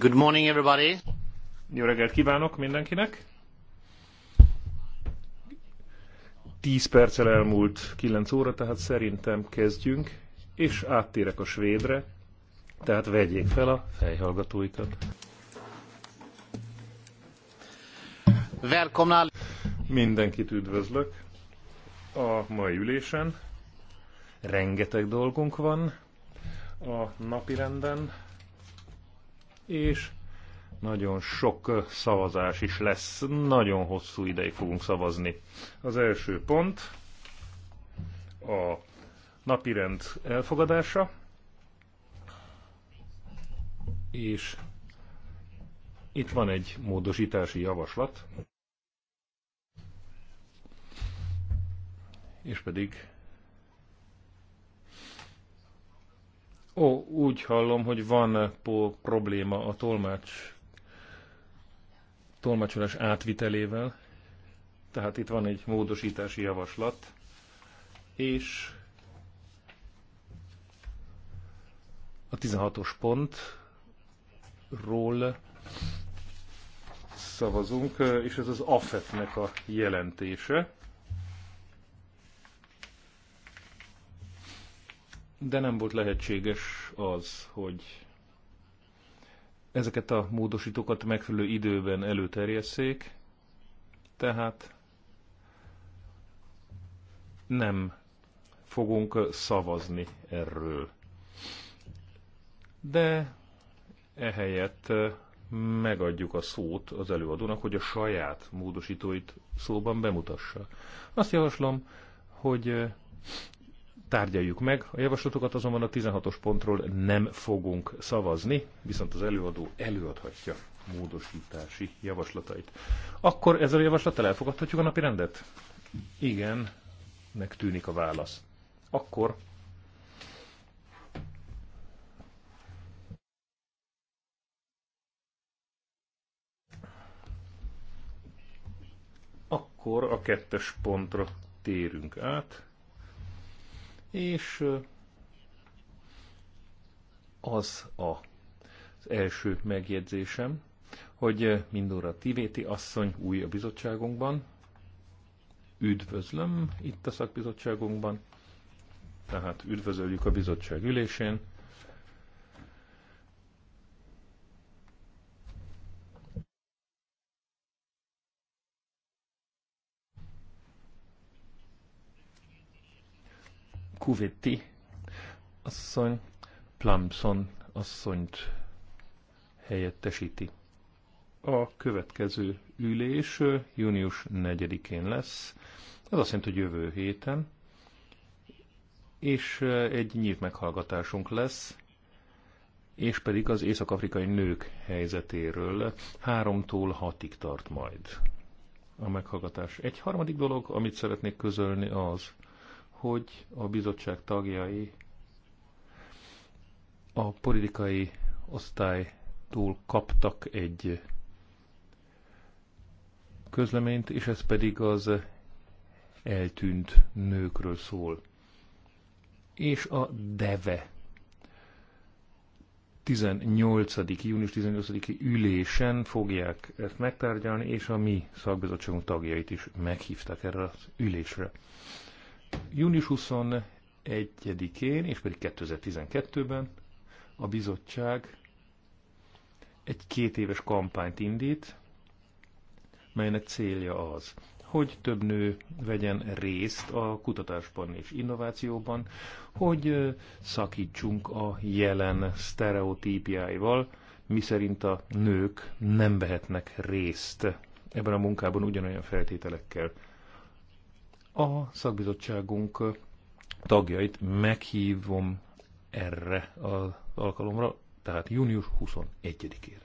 Good morning everybody. Jó reggelt kívánok mindenkinek. 10 perccel elmúlt 9 óra, tehát szerintem kezdjünk, és áttérek a svédre, tehát vegyék fel a fejhallgatóikat. Välkomna! Mindenkit üdvözlök a mai ülésen. Rengeteg dolgunk van a renden és nagyon sok szavazás is lesz. Nagyon hosszú ideig fogunk szavazni. Az első pont a napirend elfogadása, és itt van egy módosítási javaslat, és pedig Ó, úgy hallom, hogy van eh, probléma a tolmács tolmácsolás átvitelével. Tehát itt van egy módosítási javaslat, és a 16-os pontról szavazunk, eh, és ez az AFET-nek a jelentése. de nem volt lehetséges az, hogy ezeket a módosítókat megfelelő időben előterjesszék, tehát nem fogunk szavazni erről. De ehelyett megadjuk a szót az előadónak, hogy a saját módosítóit szóban bemutassa. Azt javaslom, hogy tárgyaljuk meg. A javaslatokat azonban a 16-os pontról nem fogunk szavazni, viszont az előadó előadhatja módosítási javaslatait. Akkor ezzel a javaslattal elfogadhatjuk a napi rendet? Igen, nek tűnik a válasz. Akkor akkor a kettes pontra térünk át és az a, az első megjegyzésem, hogy Mindóra Tivéti asszony új a bizottságunkban. Üdvözlöm itt a szakbizottságunkban, tehát üdvözöljük a bizottság ülésén. Kuvetti asszony Plumpson asszonyt helyettesíti. A következő ülés június 4-én lesz, ez azt jelenti, hogy jövő héten, és egy nyílt meghallgatásunk lesz, és pedig az észak-afrikai nők helyzetéről háromtól hatig tart majd a meghallgatás. Egy harmadik dolog, amit szeretnék közölni az, hogy a bizottság tagjai a politikai osztálytól kaptak egy közleményt, és ez pedig az eltűnt nőkről szól. És a DEVE 18. június 18. ülésen fogják ezt megtárgyalni, és a mi szakbizottságunk tagjait is meghívták erre az ülésre. Június 21-én, és pedig 2012-ben a bizottság egy két éves kampányt indít, melynek célja az, hogy több nő vegyen részt a kutatásban és innovációban, hogy szakítsunk a jelen sztereotípiáival, miszerint a nők nem vehetnek részt ebben a munkában ugyanolyan feltételekkel, a szakbizottságunk tagjait meghívom erre az alkalomra, tehát június 21-ére.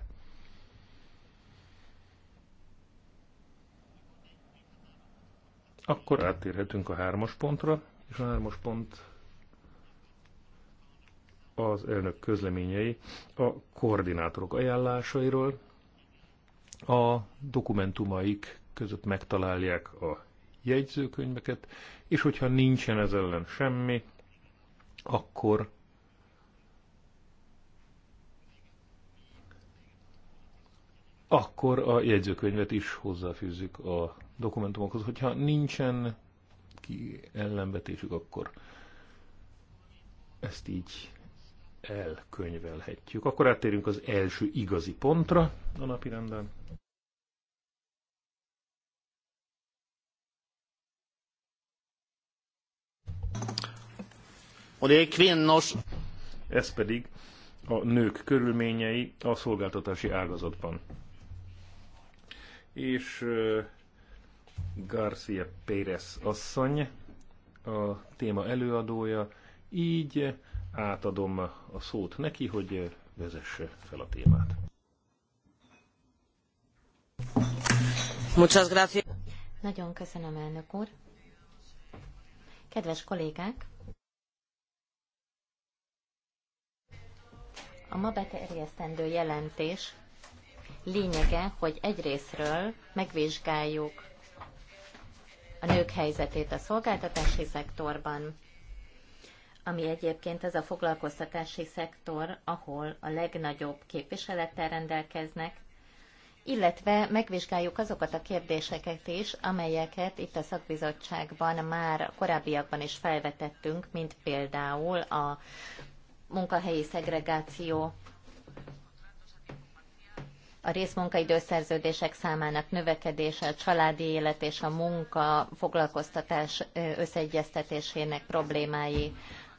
Akkor áttérhetünk a hármas pontra, és a hármas pont az elnök közleményei a koordinátorok ajánlásairól. A dokumentumaik között megtalálják a jegyzőkönyveket, és hogyha nincsen ez ellen semmi, akkor akkor a jegyzőkönyvet is hozzáfűzzük a dokumentumokhoz. Hogyha nincsen ki ellenvetésük, akkor ezt így elkönyvelhetjük. Akkor áttérünk az első igazi pontra a napirenden. Och det är kvinnors... Ez pedig a nők körülményei a szolgáltatási ágazatban. És Garcia Pérez asszony, a téma előadója, így átadom a szót neki, hogy vezesse fel a témát. Muchas gracias. Nagyon köszönöm, elnök úr. Kedves kollégák, A ma beterjesztendő jelentés lényege, hogy egyrésztről megvizsgáljuk a nők helyzetét a szolgáltatási szektorban, ami egyébként ez a foglalkoztatási szektor, ahol a legnagyobb képviselettel rendelkeznek, illetve megvizsgáljuk azokat a kérdéseket is, amelyeket itt a szakbizottságban már korábbiakban is felvetettünk, mint például a munkahelyi szegregáció, a szerződések számának növekedése, a családi élet és a munka foglalkoztatás összeegyeztetésének problémái,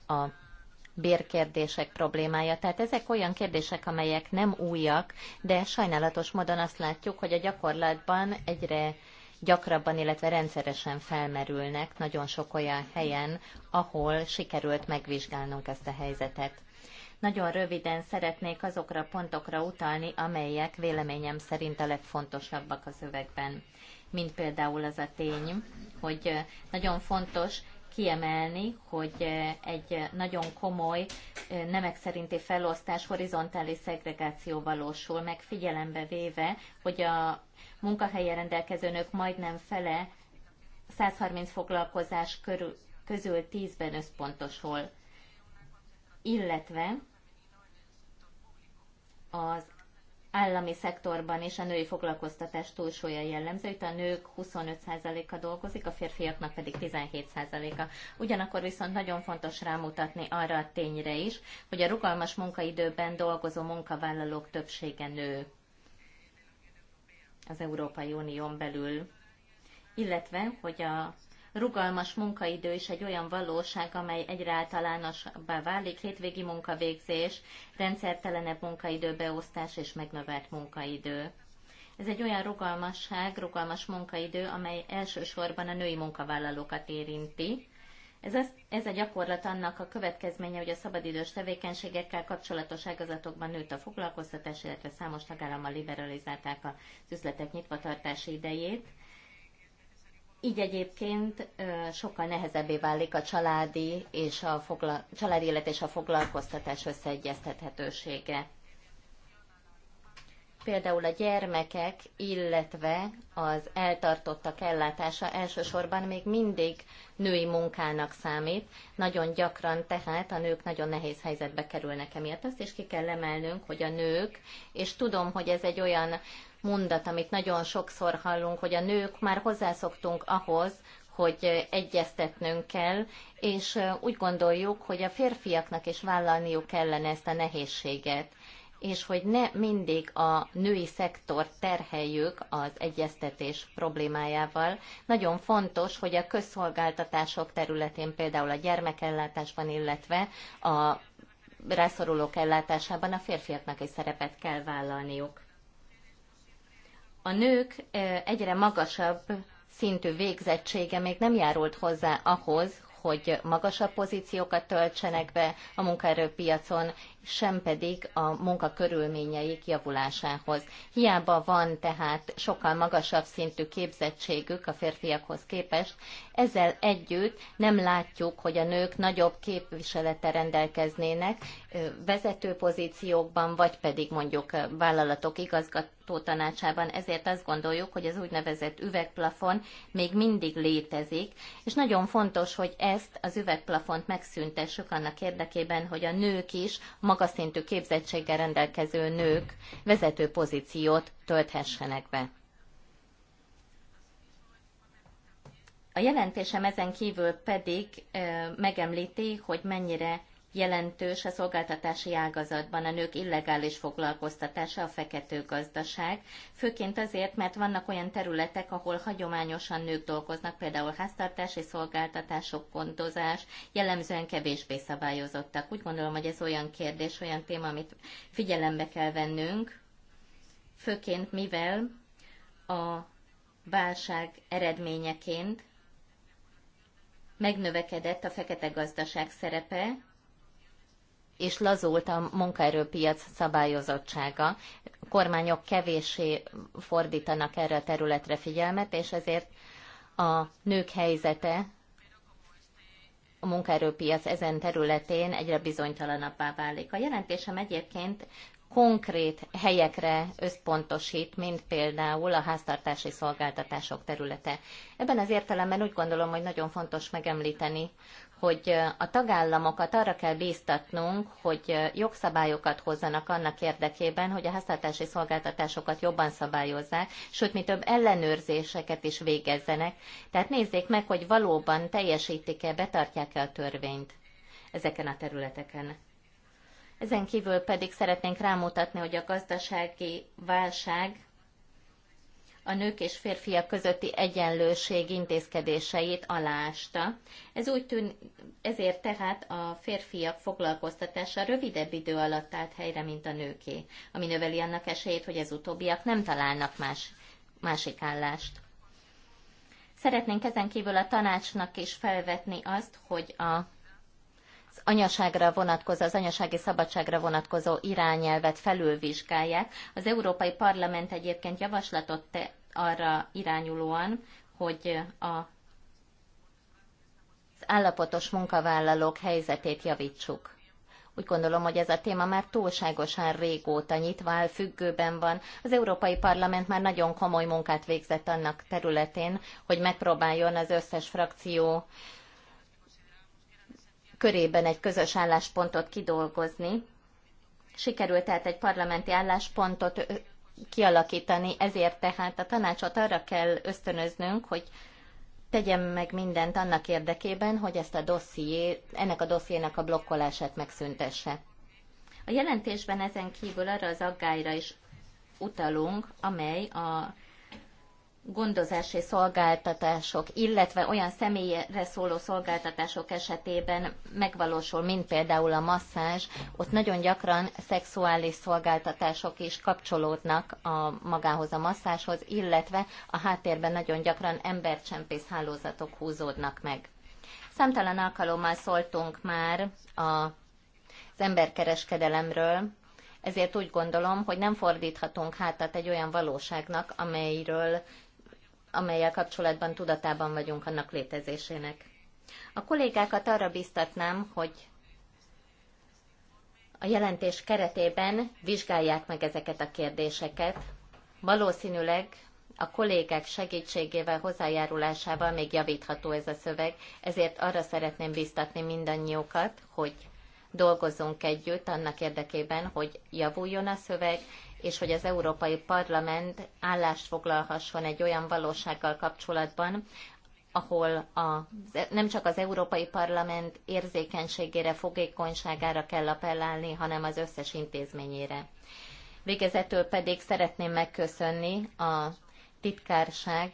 a bérkérdések problémája. Tehát ezek olyan kérdések, amelyek nem újak, de sajnálatos módon azt látjuk, hogy a gyakorlatban egyre gyakrabban, illetve rendszeresen felmerülnek nagyon sok olyan helyen, ahol sikerült megvizsgálnunk ezt a helyzetet. Nagyon röviden szeretnék azokra a pontokra utalni, amelyek véleményem szerint a legfontosabbak a szövegben. Mint például az a tény, hogy nagyon fontos kiemelni, hogy egy nagyon komoly nemek szerinti felosztás, horizontális szegregáció valósul meg, figyelembe véve, hogy a munkahelyen rendelkező nők majdnem fele 130 foglalkozás körül, közül 10-ben összpontosul illetve az állami szektorban és a női foglalkoztatás túlsója jellemző. Itt a nők 25%-a dolgozik, a férfiaknak pedig 17%-a. Ugyanakkor viszont nagyon fontos rámutatni arra a tényre is, hogy a rugalmas munkaidőben dolgozó munkavállalók többsége nő az Európai Unión belül, illetve hogy a rugalmas munkaidő is egy olyan valóság, amely egyre általánosabbá válik, hétvégi munkavégzés, rendszertelenebb munkaidőbeosztás és megnövelt munkaidő. Ez egy olyan rugalmasság, rugalmas munkaidő, amely elsősorban a női munkavállalókat érinti. Ez, az, ez a gyakorlat annak a következménye, hogy a szabadidős tevékenységekkel kapcsolatos ágazatokban nőtt a foglalkoztatás, illetve számos tagállammal liberalizálták az üzletek nyitvatartási idejét. Így egyébként sokkal nehezebbé válik a családi, és a fogla- családi élet és a foglalkoztatás összeegyeztethetősége. Például a gyermekek, illetve az eltartottak ellátása elsősorban még mindig női munkának számít. Nagyon gyakran tehát a nők nagyon nehéz helyzetbe kerülnek emiatt. Azt is ki kell emelnünk, hogy a nők, és tudom, hogy ez egy olyan mondat, amit nagyon sokszor hallunk, hogy a nők már hozzászoktunk ahhoz, hogy egyeztetnünk kell, és úgy gondoljuk, hogy a férfiaknak is vállalniuk kellene ezt a nehézséget, és hogy ne mindig a női szektort terheljük az egyeztetés problémájával. Nagyon fontos, hogy a közszolgáltatások területén, például a gyermekellátásban, illetve a rászorulók ellátásában a férfiaknak is szerepet kell vállalniuk a nők egyre magasabb szintű végzettsége még nem járult hozzá ahhoz, hogy magasabb pozíciókat töltsenek be a munkaerőpiacon, sem pedig a munkakörülményeik javulásához. Hiába van tehát sokkal magasabb szintű képzettségük a férfiakhoz képest, ezzel együtt nem látjuk, hogy a nők nagyobb képviselete rendelkeznének vezető pozíciókban, vagy pedig mondjuk vállalatok igazgató tanácsában. Ezért azt gondoljuk, hogy az úgynevezett üvegplafon még mindig létezik, és nagyon fontos, hogy ezt az üvegplafont megszüntessük annak érdekében, hogy a nők is maga magas szintű képzettséggel rendelkező nők vezető pozíciót tölthessenek be. A jelentésem ezen kívül pedig megemlíti, hogy mennyire jelentős a szolgáltatási ágazatban a nők illegális foglalkoztatása, a fekető gazdaság, főként azért, mert vannak olyan területek, ahol hagyományosan nők dolgoznak, például háztartási szolgáltatások, gondozás, jellemzően kevésbé szabályozottak. Úgy gondolom, hogy ez olyan kérdés, olyan téma, amit figyelembe kell vennünk, főként mivel a válság eredményeként megnövekedett a fekete gazdaság szerepe, és lazult a munkaerőpiac szabályozottsága. kormányok kevéssé fordítanak erre a területre figyelmet, és ezért a nők helyzete a munkaerőpiac ezen területén egyre bizonytalanabbá válik. A jelentésem egyébként konkrét helyekre összpontosít, mint például a háztartási szolgáltatások területe. Ebben az értelemben úgy gondolom, hogy nagyon fontos megemlíteni, hogy a tagállamokat arra kell bíztatnunk, hogy jogszabályokat hozzanak annak érdekében, hogy a háztartási szolgáltatásokat jobban szabályozzák, sőt, mi több ellenőrzéseket is végezzenek. Tehát nézzék meg, hogy valóban teljesítik-e, betartják-e a törvényt ezeken a területeken. Ezen kívül pedig szeretnénk rámutatni, hogy a gazdasági válság a nők és férfiak közötti egyenlőség intézkedéseit aláásta. Ez úgy tűn, ezért tehát a férfiak foglalkoztatása rövidebb idő alatt állt helyre, mint a nőké, ami növeli annak esélyét, hogy az utóbbiak nem találnak más, másik állást. Szeretnénk ezen kívül a tanácsnak is felvetni azt, hogy a anyaságra vonatkozó, az anyasági szabadságra vonatkozó irányelvet felülvizsgálják. Az Európai Parlament egyébként javaslatot te arra irányulóan, hogy a az állapotos munkavállalók helyzetét javítsuk. Úgy gondolom, hogy ez a téma már túlságosan régóta nyitva áll, függőben van. Az Európai Parlament már nagyon komoly munkát végzett annak területén, hogy megpróbáljon az összes frakció körében egy közös álláspontot kidolgozni. Sikerült tehát egy parlamenti álláspontot kialakítani, ezért tehát a tanácsot arra kell ösztönöznünk, hogy tegyen meg mindent annak érdekében, hogy ezt a dosszié, ennek a dossziének a blokkolását megszüntesse. A jelentésben ezen kívül arra az aggályra is utalunk, amely a gondozási szolgáltatások, illetve olyan személyre szóló szolgáltatások esetében megvalósul, mint például a masszázs, ott nagyon gyakran szexuális szolgáltatások is kapcsolódnak a, magához a masszázshoz, illetve a háttérben nagyon gyakran embercsempész hálózatok húzódnak meg. Számtalan alkalommal szóltunk már a, az emberkereskedelemről, ezért úgy gondolom, hogy nem fordíthatunk hátat egy olyan valóságnak, amelyről amelyel kapcsolatban tudatában vagyunk annak létezésének. A kollégákat arra biztatnám, hogy a jelentés keretében vizsgálják meg ezeket a kérdéseket. Valószínűleg a kollégák segítségével, hozzájárulásával még javítható ez a szöveg, ezért arra szeretném biztatni mindannyiukat, hogy dolgozzunk együtt annak érdekében, hogy javuljon a szöveg, és hogy az Európai Parlament állást foglalhasson egy olyan valósággal kapcsolatban, ahol a, nem csak az Európai Parlament érzékenységére, fogékonyságára kell appellálni, hanem az összes intézményére. Végezetül pedig szeretném megköszönni a titkárság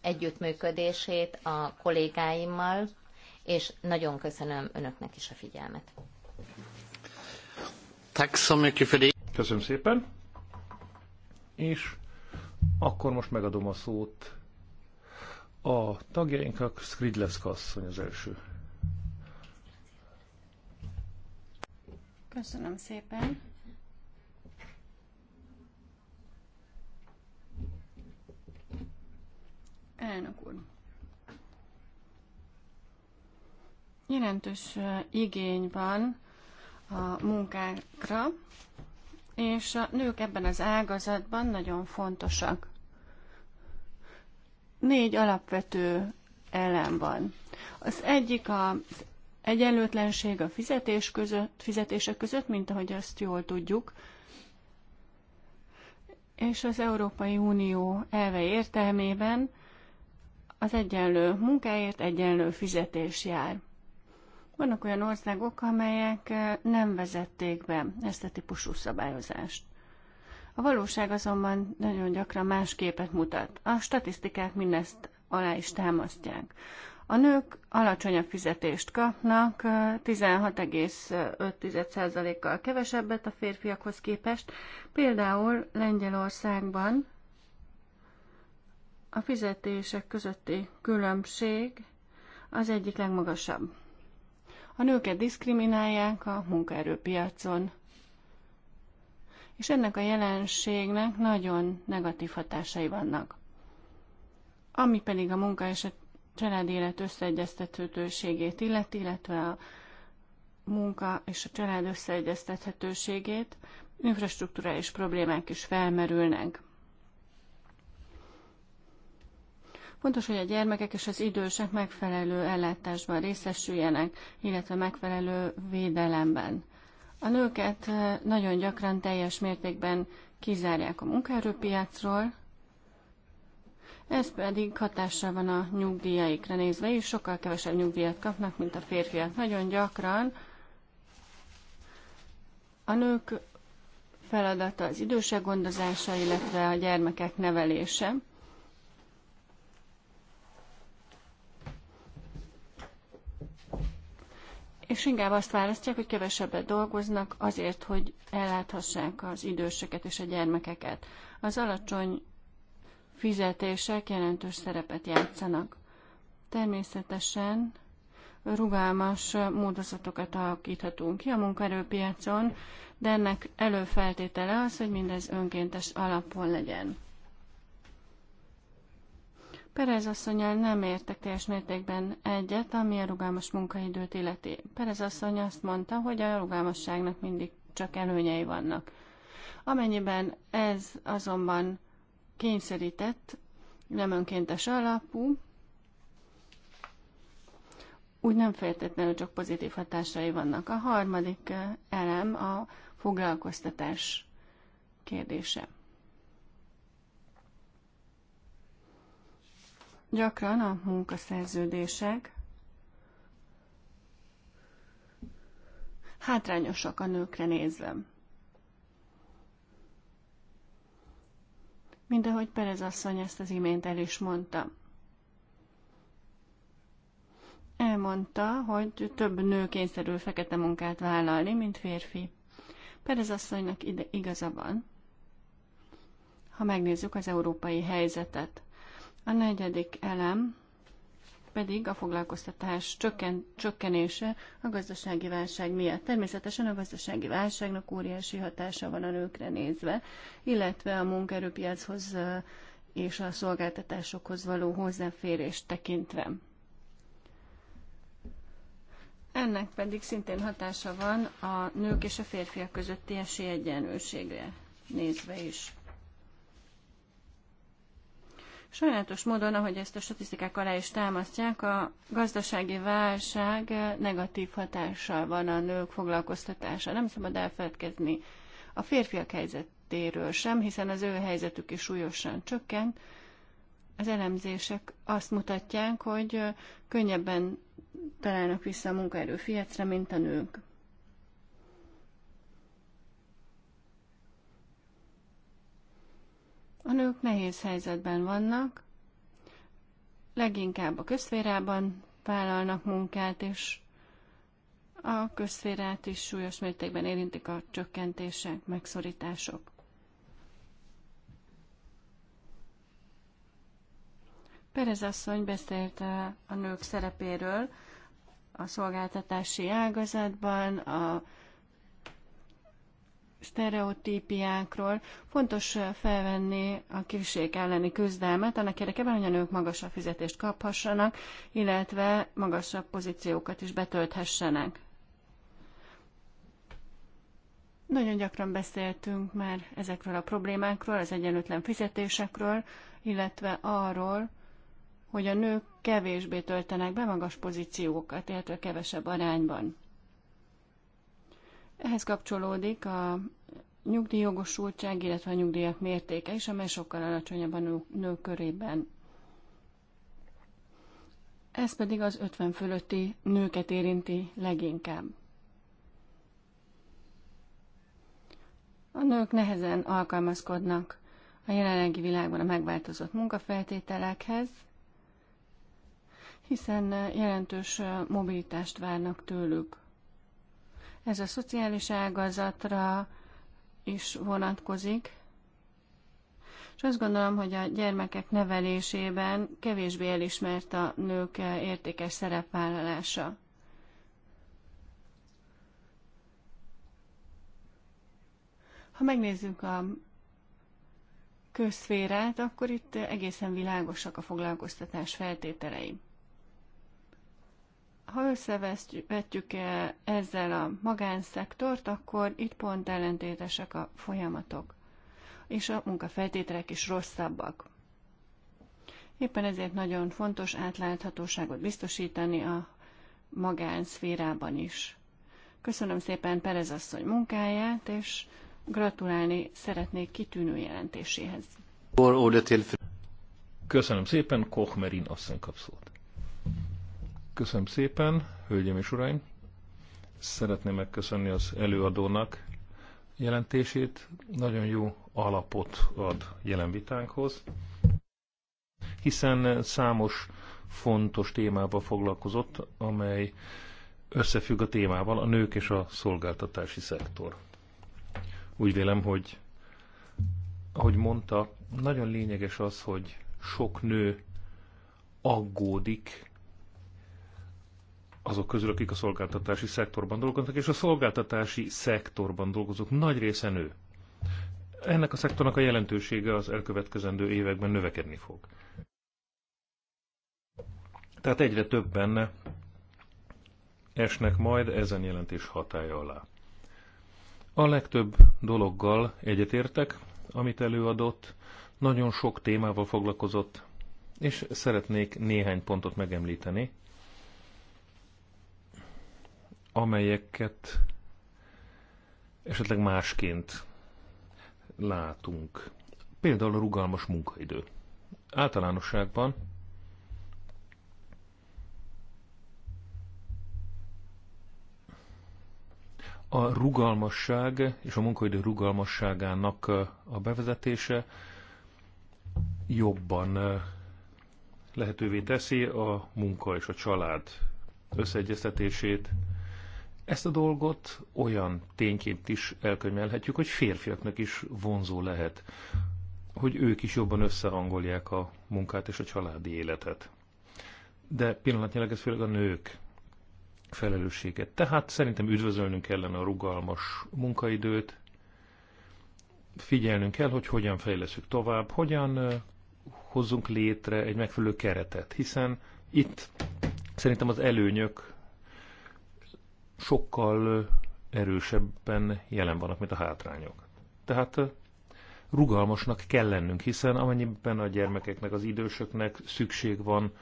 együttműködését a kollégáimmal, és nagyon köszönöm önöknek is a figyelmet. Köszönöm szépen. És akkor most megadom a szót a tagjainknak, Skridlevska asszony az első. Köszönöm szépen. Elnök úr. Jelentős uh, igény van a munkákra, és a nők ebben az ágazatban nagyon fontosak. Négy alapvető elem van. Az egyik az egyenlőtlenség a fizetés között, fizetések között, mint ahogy azt jól tudjuk, és az Európai Unió elve értelmében az egyenlő munkáért egyenlő fizetés jár. Vannak olyan országok, amelyek nem vezették be ezt a típusú szabályozást. A valóság azonban nagyon gyakran más képet mutat. A statisztikák mindezt alá is támasztják. A nők alacsonyabb fizetést kapnak, 16,5%-kal kevesebbet a férfiakhoz képest. Például Lengyelországban a fizetések közötti különbség az egyik legmagasabb. A nőket diszkriminálják a munkaerőpiacon. És ennek a jelenségnek nagyon negatív hatásai vannak. Ami pedig a munka és a család élet összeegyeztethetőségét illeti, illetve a munka és a család összeegyeztethetőségét, infrastruktúrális problémák is felmerülnek. Fontos, hogy a gyermekek és az idősek megfelelő ellátásban részesüljenek, illetve megfelelő védelemben. A nőket eh, nagyon gyakran teljes mértékben kizárják a munkaerőpiacról, ez pedig hatással van a nyugdíjaikra nézve is, sokkal kevesebb nyugdíjat kapnak, mint a férfiak. Nagyon gyakran a nők feladata az idősek gondozása, illetve a gyermekek nevelése. és inkább azt választják, hogy kevesebbet dolgoznak azért, hogy elláthassák az időseket és a gyermekeket. Az alacsony fizetések jelentős szerepet játszanak. Természetesen rugalmas módozatokat alakíthatunk ki a munkaerőpiacon, de ennek előfeltétele az, hogy mindez önkéntes alapon legyen. Perez asszonyal nem értek teljes mértékben egyet, ami a rugalmas munkaidőt illeti. Perez asszony azt mondta, hogy a rugalmasságnak mindig csak előnyei vannak. Amennyiben ez azonban kényszerített, nem önkéntes alapú, úgy nem feltétlenül csak pozitív hatásai vannak. A harmadik eh, elem a foglalkoztatás kérdése. Gyakran a munkaszerződések hátrányosak a nőkre nézve. Mint ahogy Perez asszony ezt az imént el is mondta. Elmondta, hogy több nő kényszerül fekete munkát vállalni, mint férfi. Perez asszonynak ide igaza van, ha megnézzük az európai helyzetet. A negyedik elem pedig a foglalkoztatás csökken, csökkenése a gazdasági válság miatt. Természetesen a gazdasági válságnak óriási hatása van a nőkre nézve, illetve a munkaerőpiachoz és a szolgáltatásokhoz való hozzáférést tekintve. Ennek pedig szintén hatása van a nők és a férfiak közötti esélyegyenlőségre nézve is. Sajnálatos módon, ahogy ezt a statisztikák alá is támasztják, a gazdasági válság negatív hatással van a nők foglalkoztatása. Nem szabad elfeledkezni a férfiak helyzetéről sem, hiszen az ő helyzetük is súlyosan csökken. Az elemzések azt mutatják, hogy könnyebben találnak vissza a munkaerőpiacra, mint a nők. A nők nehéz helyzetben vannak, leginkább a közférában vállalnak munkát, és a közférát is súlyos mértékben érintik a csökkentések, megszorítások. Perez asszony beszélt a nők szerepéről a szolgáltatási ágazatban, a sztereotípiákról. Fontos felvenni a kiviség elleni küzdelmet, annak érdekében, hogy a nők magasabb fizetést kaphassanak, illetve magasabb pozíciókat is betölthessenek. Nagyon gyakran beszéltünk már ezekről a problémákról, az egyenlőtlen fizetésekről, illetve arról, hogy a nők kevésbé töltenek be magas pozíciókat, illetve kevesebb arányban. Ehhez kapcsolódik a nyugdíjjogosultság, illetve a nyugdíjak mértéke is, amely sokkal alacsonyabb a nők nő körében. Ez pedig az 50 fölötti nőket érinti leginkább. A nők nehezen alkalmazkodnak a jelenlegi világban a megváltozott munkafeltételekhez, hiszen jelentős mobilitást várnak tőlük. Ez a szociális ágazatra is vonatkozik. És azt gondolom, hogy a gyermekek nevelésében kevésbé elismert a nők értékes szerepvállalása. Ha megnézzük a közszférát, akkor itt egészen világosak a foglalkoztatás feltételei ha összevetjük -e ezzel a magánszektort, akkor itt pont ellentétesek a folyamatok, és a munkafeltételek is rosszabbak. Éppen ezért nagyon fontos átláthatóságot biztosítani a magánszférában is. Köszönöm szépen Perez asszony munkáját, és gratulálni szeretnék kitűnő jelentéséhez. Köszönöm szépen, Kochmerin asszony kap Köszönöm szépen, hölgyeim és uraim! Szeretném megköszönni az előadónak jelentését. Nagyon jó alapot ad jelen vitánkhoz, hiszen számos fontos témával foglalkozott, amely összefügg a témával a nők és a szolgáltatási szektor. Úgy vélem, hogy ahogy mondta, nagyon lényeges az, hogy sok nő aggódik azok közül, akik a szolgáltatási szektorban dolgoznak, és a szolgáltatási szektorban dolgozók nagy része nő. Ennek a szektornak a jelentősége az elkövetkezendő években növekedni fog. Tehát egyre benne esnek majd ezen jelentés hatája alá. A legtöbb dologgal egyetértek, amit előadott, nagyon sok témával foglalkozott, és szeretnék néhány pontot megemlíteni, amelyeket esetleg másként látunk. Például a rugalmas munkaidő. Általánosságban a rugalmasság és a munkaidő rugalmasságának a bevezetése jobban lehetővé teszi a munka és a család összeegyeztetését, ezt a dolgot olyan tényként is elkönyvelhetjük, hogy férfiaknak is vonzó lehet, hogy ők is jobban összehangolják a munkát és a családi életet. De pillanatnyilag ez főleg a nők felelősséget. Tehát szerintem üdvözölnünk kellene a rugalmas munkaidőt, figyelnünk kell, hogy hogyan fejleszünk tovább, hogyan hozzunk létre egy megfelelő keretet, hiszen itt szerintem az előnyök sokkal erősebben jelen vannak, mint a hátrányok. Tehát rugalmasnak kell lennünk, hiszen amennyiben a gyermekeknek, az idősöknek szükség van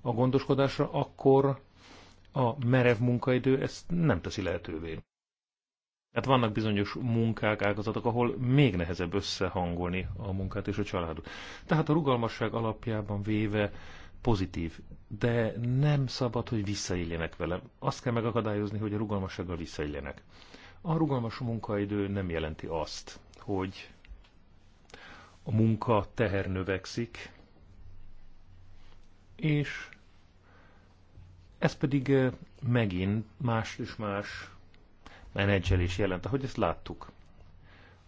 a gondoskodásra, akkor a merev munkaidő ezt nem teszi lehetővé. Hát vannak bizonyos munkák, ágazatok, ahol még nehezebb összehangolni a munkát és a családot. Tehát a rugalmasság alapjában véve pozitív, de nem szabad, hogy visszaéljenek vele. Azt kell megakadályozni, hogy a rugalmassággal visszaéljenek. A rugalmas munkaidő nem jelenti azt, hogy a munka teher növekszik, és ez pedig eh, megint más és más menedzselés jelent, ahogy ezt láttuk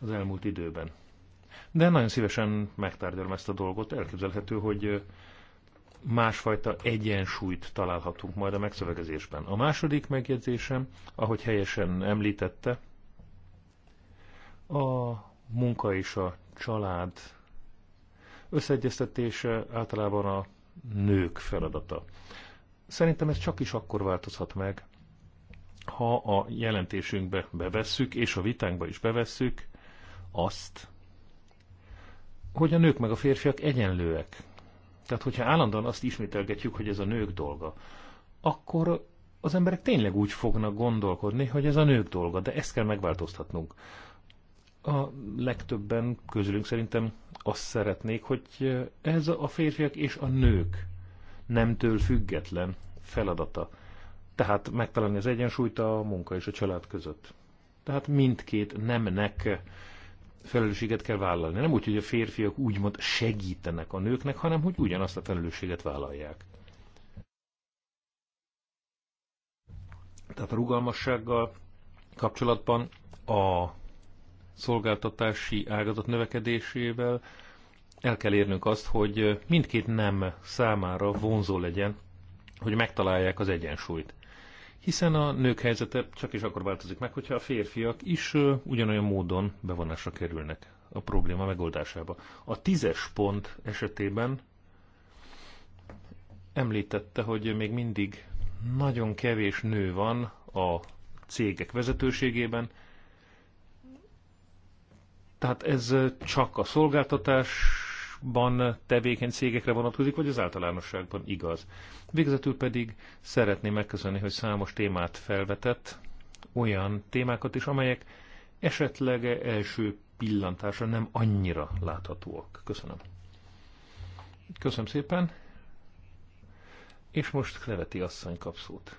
az elmúlt időben. De nagyon szívesen megtárgyalom ezt a dolgot, elképzelhető, hogy eh, másfajta egyensúlyt találhatunk majd a megszövegezésben. A második megjegyzésem, ahogy helyesen említette, a munka és a család összeegyeztetése általában a nők feladata. Szerintem ez csak is akkor változhat meg, ha a jelentésünkbe bevesszük, és a vitánkba is bevesszük azt, hogy a nők meg a férfiak egyenlőek tehát, hogyha állandóan azt ismételgetjük, hogy ez a nők dolga, akkor az emberek tényleg úgy fognak gondolkodni, hogy ez a nők dolga, de ezt kell megváltoztatnunk. A legtöbben közülünk szerintem azt szeretnék, hogy ez a férfiak és a nők nemtől független feladata. Tehát megtalálni az egyensúlyt a munka és a család között. Tehát mindkét nemnek felelősséget kell vállalni. Nem úgy, hogy a férfiak úgymond segítenek a nőknek, hanem hogy ugyanazt a felelősséget vállalják. Tehát a rugalmassággal kapcsolatban a szolgáltatási ágazat növekedésével el kell érnünk azt, hogy mindkét nem számára vonzó legyen, hogy megtalálják az egyensúlyt hiszen a nők helyzete csak is akkor változik meg, hogyha a férfiak is ugyanolyan módon bevonásra kerülnek a probléma megoldásába. A tízes pont esetében említette, hogy még mindig nagyon kevés nő van a cégek vezetőségében, tehát ez csak a szolgáltatás ágazatban tevékeny cégekre vonatkozik, vagy az általánosságban igaz. Végezetül pedig szeretném megköszönni, hogy számos témát felvetett, olyan témákat is, amelyek esetleg első pillantásra nem annyira láthatóak. Köszönöm. Köszönöm szépen. És most Kleveti asszony kap szót.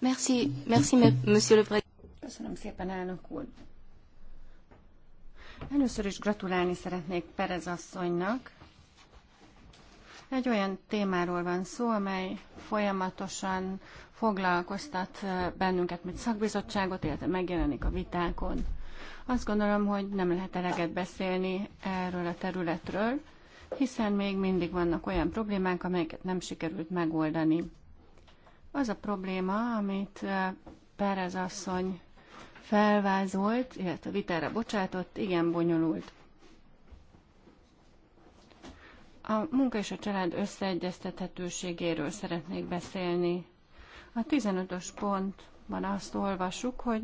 Merci, merci, monsieur le Président. Köszönöm szépen, elnök úr. Először is gratulálni szeretnék Perez asszonynak. Egy olyan témáról van szó, amely folyamatosan foglalkoztat bennünket, mint szakbizottságot, illetve megjelenik a vitákon. Azt gondolom, hogy nem lehet eleget beszélni erről a területről, hiszen még mindig vannak olyan problémák, amelyeket nem sikerült megoldani. Az a probléma, amit Perez asszony felvázolt, illetve vitára bocsátott, igen bonyolult. A munka és a család összeegyeztethetőségéről szeretnék beszélni. A 15-ös pontban azt olvasuk, hogy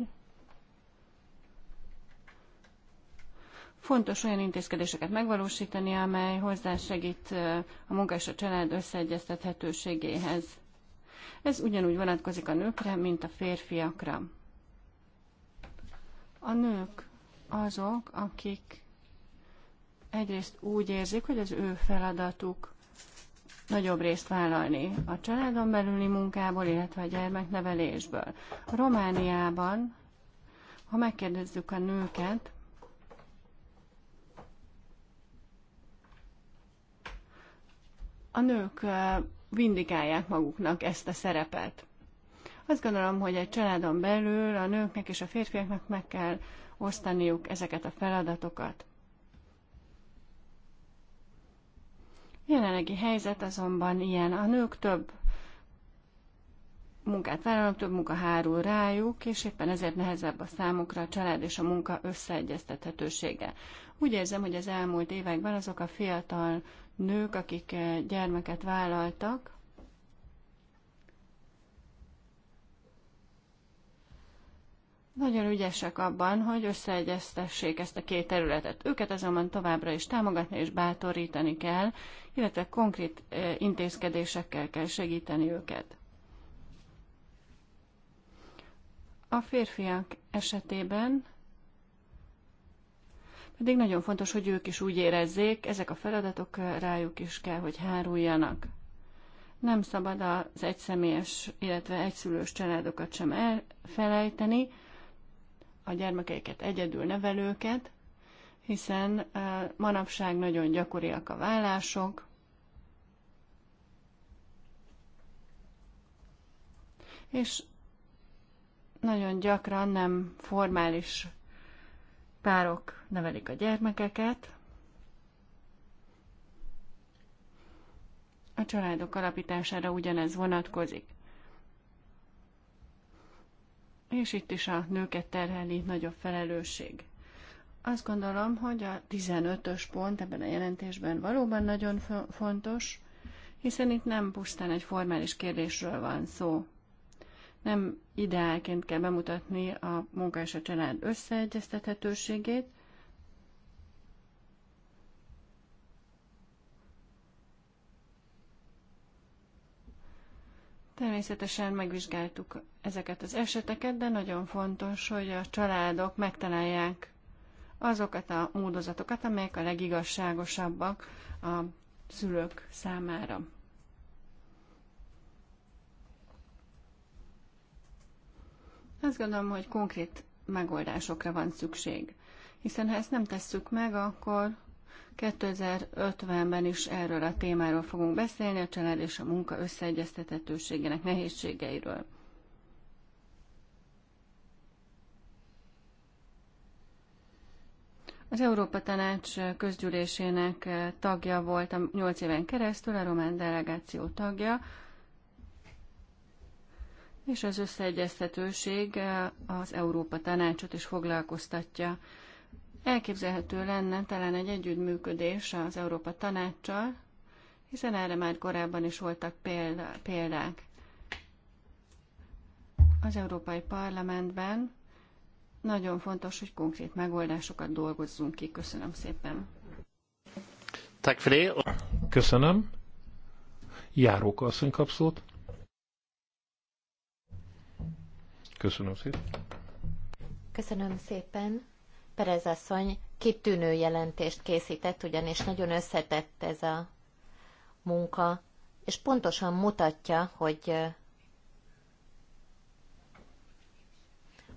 fontos olyan intézkedéseket megvalósítani, amely hozzásegít a munka és a család összeegyeztethetőségéhez. Ez ugyanúgy vonatkozik a nőkre, mint a férfiakra. A nők azok, akik egyrészt úgy érzik, hogy az ő feladatuk nagyobb részt vállalni a családon belüli munkából, illetve a gyermeknevelésből. Romániában, ha megkérdezzük a nőket, a nők vindikálják maguknak ezt a szerepet. Azt gondolom, hogy egy családon belül a nőknek és a férfiaknak meg kell osztaniuk ezeket a feladatokat. jelenlegi helyzet azonban ilyen. A nők több munkát vállalnak, több munka hárul rájuk, és éppen ezért nehezebb a számukra a család és a munka összeegyeztethetősége. Úgy érzem, hogy az elmúlt években azok a fiatal nők, akik eh, gyermeket vállaltak, nagyon ügyesek abban, hogy összeegyeztessék ezt a két területet. Őket azonban továbbra is támogatni és bátorítani kell, illetve konkrét eh, intézkedésekkel kell segíteni őket. A férfiak esetében pedig nagyon fontos, hogy ők is úgy érezzék, ezek a feladatok eh, rájuk is kell, hogy háruljanak. Nem szabad az egyszemélyes, illetve egyszülős családokat sem elfelejteni, a gyermekeiket egyedül nevelőket, hiszen manapság nagyon gyakoriak a vállások, és nagyon gyakran nem formális párok nevelik a gyermekeket. A családok alapítására ugyanez vonatkozik és itt is a nőket terheli nagyobb felelősség. Azt gondolom, hogy a 15-ös pont ebben a jelentésben valóban nagyon fontos, hiszen itt nem pusztán egy formális kérdésről van szó. Nem ideálként kell bemutatni a munka és a család összeegyeztethetőségét, Természetesen megvizsgáltuk ezeket az eseteket, de nagyon fontos, hogy a családok megtalálják azokat a módozatokat, amelyek a legigazságosabbak a szülők számára. Azt gondolom, hogy konkrét megoldásokra van szükség, hiszen ha ezt nem tesszük meg, akkor 2050-ben is erről a témáról fogunk beszélni, a család és a munka összeegyeztethetőségének nehézségeiről. Az Európa Tanács közgyűlésének tagja volt a 8 éven keresztül, a román delegáció tagja, és az összeegyeztetőség az Európa Tanácsot is foglalkoztatja. Elképzelhető lenne talán egy együttműködés az Európa Tanácssal, hiszen erre már korábban is voltak példa, példák. Az Európai Parlamentben nagyon fontos, hogy konkrét megoldásokat dolgozzunk ki. Köszönöm szépen. Köszönöm. Járóka asszony kap szót. Köszönöm szépen. Köszönöm szépen. Perez asszony kitűnő jelentést készített, ugyanis nagyon összetett ez a munka, és pontosan mutatja, hogy,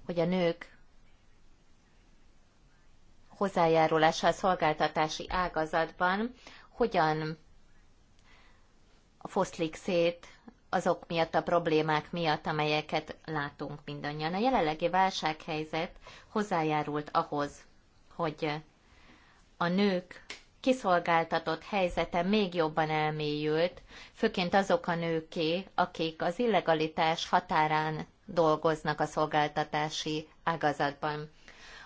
hogy a nők hozzájárulása a szolgáltatási ágazatban hogyan foszlik szét azok miatt a problémák miatt, amelyeket látunk mindannyian. A jelenlegi válsághelyzet hozzájárult ahhoz, hogy a nők kiszolgáltatott helyzete még jobban elmélyült, főként azok a nőké, akik az illegalitás határán dolgoznak a szolgáltatási ágazatban.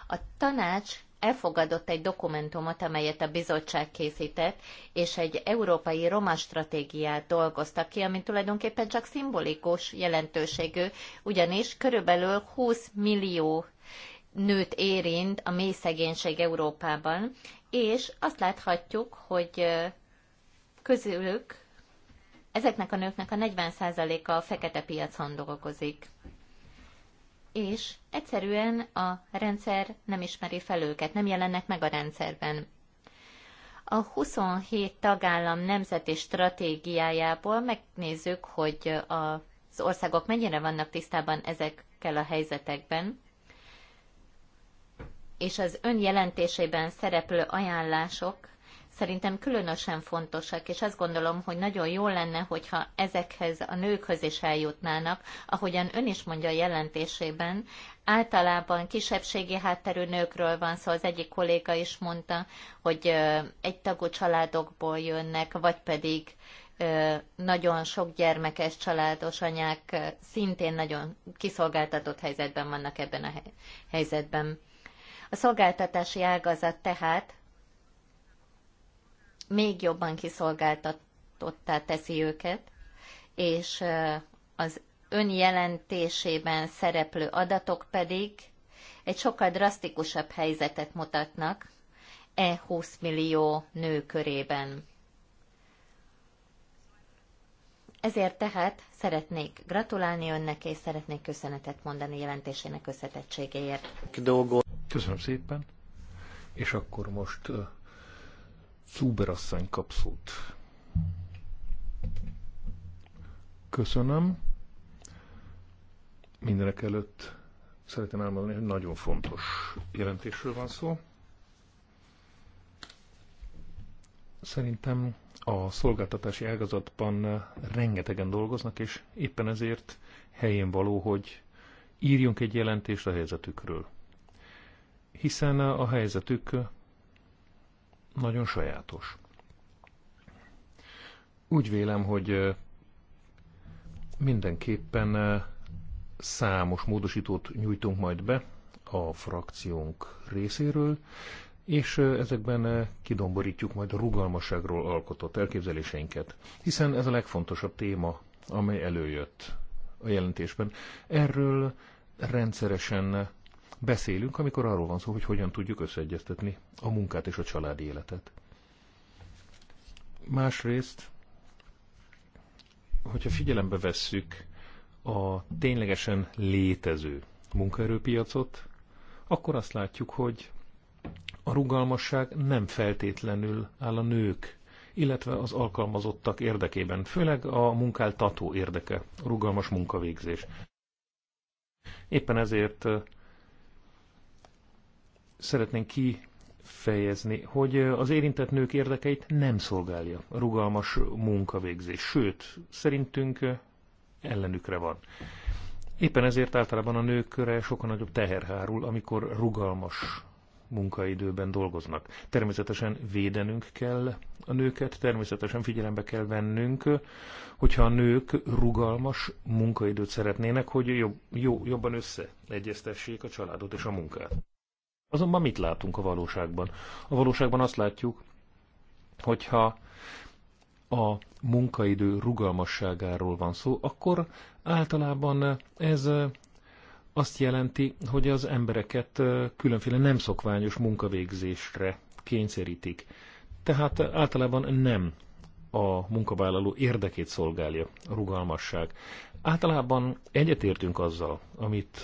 A tanács elfogadott egy dokumentumot, amelyet a bizottság készített, és egy európai roma stratégiát dolgoztak ki, ami tulajdonképpen csak szimbolikus jelentőségű, ugyanis körülbelül 20 millió nőt érint a mély szegénység Európában, és azt láthatjuk, hogy közülük ezeknek a nőknek a 40%-a a fekete piacon dolgozik és egyszerűen a rendszer nem ismeri fel őket, nem jelennek meg a rendszerben. A 27 tagállam nemzeti stratégiájából megnézzük, hogy az országok mennyire vannak tisztában ezekkel a helyzetekben, és az önjelentésében szereplő ajánlások szerintem különösen fontosak, és azt gondolom, hogy nagyon jó lenne, hogyha ezekhez a nőkhöz is eljutnának, ahogyan ön is mondja a jelentésében, általában kisebbségi hátterű nőkről van szó, szóval az egyik kolléga is mondta, hogy egy tagú családokból jönnek, vagy pedig nagyon sok gyermekes családos anyák szintén nagyon kiszolgáltatott helyzetben vannak ebben a helyzetben. A szolgáltatási ágazat tehát még jobban kiszolgáltatottá teszi őket, és az önjelentésében szereplő adatok pedig egy sokkal drasztikusabb helyzetet mutatnak e 20 millió nő körében. Ezért tehát szeretnék gratulálni önnek, és szeretnék köszönetet mondani jelentésének összetettségéért. Köszönöm szépen, és akkor most Cúberasszony kap Köszönöm. Mindenek előtt szeretném elmondani, hogy nagyon fontos jelentésről van szó. Szerintem a szolgáltatási ágazatban rengetegen dolgoznak, és éppen ezért helyén való, hogy írjunk egy jelentést a helyzetükről. Hiszen a helyzetük nagyon sajátos. Úgy vélem, hogy mindenképpen számos módosítót nyújtunk majd be a frakciónk részéről, és ezekben kidomborítjuk majd a rugalmasságról alkotott elképzeléseinket, hiszen ez a legfontosabb téma, amely előjött a jelentésben. Erről rendszeresen beszélünk, amikor arról van szó, hogy hogyan tudjuk összeegyeztetni a munkát és a családi életet. Másrészt, hogyha figyelembe vesszük a ténylegesen létező munkaerőpiacot, akkor azt látjuk, hogy a rugalmasság nem feltétlenül áll a nők, illetve az alkalmazottak érdekében, főleg a munkáltató érdeke, a rugalmas munkavégzés. Éppen ezért szeretnénk kifejezni, hogy az érintett nők érdekeit nem szolgálja a rugalmas munkavégzés, sőt, szerintünk ellenükre van. Éppen ezért általában a nőkre sokkal nagyobb teher hárul, amikor rugalmas munkaidőben dolgoznak. Természetesen védenünk kell a nőket, természetesen figyelembe kell vennünk, hogyha a nők rugalmas munkaidőt szeretnének, hogy jobb, jó, jobban összeegyeztessék a családot és a munkát. Azonban mit látunk a valóságban? A valóságban azt látjuk, hogyha a munkaidő rugalmasságáról van szó, akkor általában ez azt jelenti, hogy az embereket különféle nem szokványos munkavégzésre kényszerítik. Tehát általában nem a munkavállaló érdekét szolgálja a rugalmasság. Általában egyetértünk azzal, amit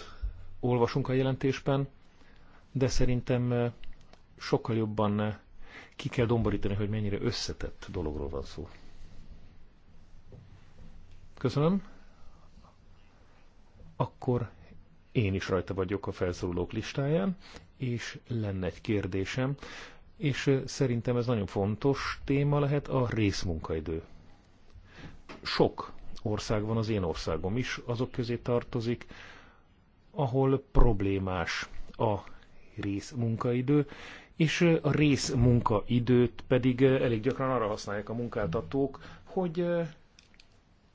olvasunk a jelentésben, de szerintem sokkal jobban ki kell domborítani, hogy mennyire összetett dologról van szó. Köszönöm. Akkor én is rajta vagyok a felszólulók listáján, és lenne egy kérdésem, és szerintem ez nagyon fontos téma lehet a részmunkaidő. Sok ország van, az én országom is azok közé tartozik, ahol problémás a rész munkaidő, és a rész munkaidőt pedig elég gyakran arra használják a munkáltatók, hogy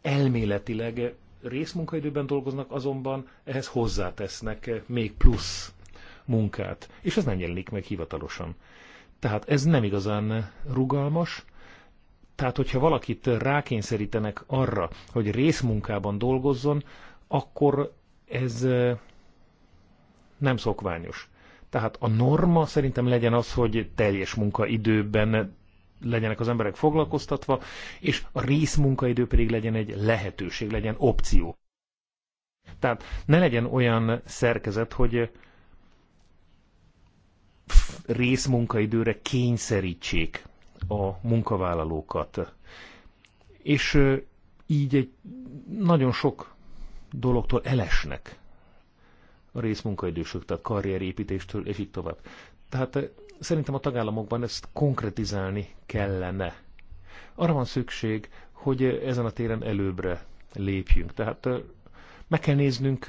elméletileg részmunkaidőben dolgoznak, azonban ehhez hozzátesznek még plusz munkát, és ez nem jelenik meg hivatalosan. Tehát ez nem igazán rugalmas, tehát hogyha valakit rákényszerítenek arra, hogy részmunkában dolgozzon, akkor ez nem szokványos. Tehát a norma szerintem legyen az, hogy teljes munkaidőben legyenek az emberek foglalkoztatva, és a részmunkaidő pedig legyen egy lehetőség, legyen opció. Tehát ne legyen olyan szerkezet, hogy részmunkaidőre kényszerítsék a munkavállalókat. És így egy nagyon sok dologtól elesnek a részmunkaidősök, tehát karrierépítéstől, és így tovább. Tehát eh, szerintem a tagállamokban ezt konkretizálni kellene. Arra van szükség, hogy eh, ezen a téren előbbre lépjünk. Tehát eh, meg kell néznünk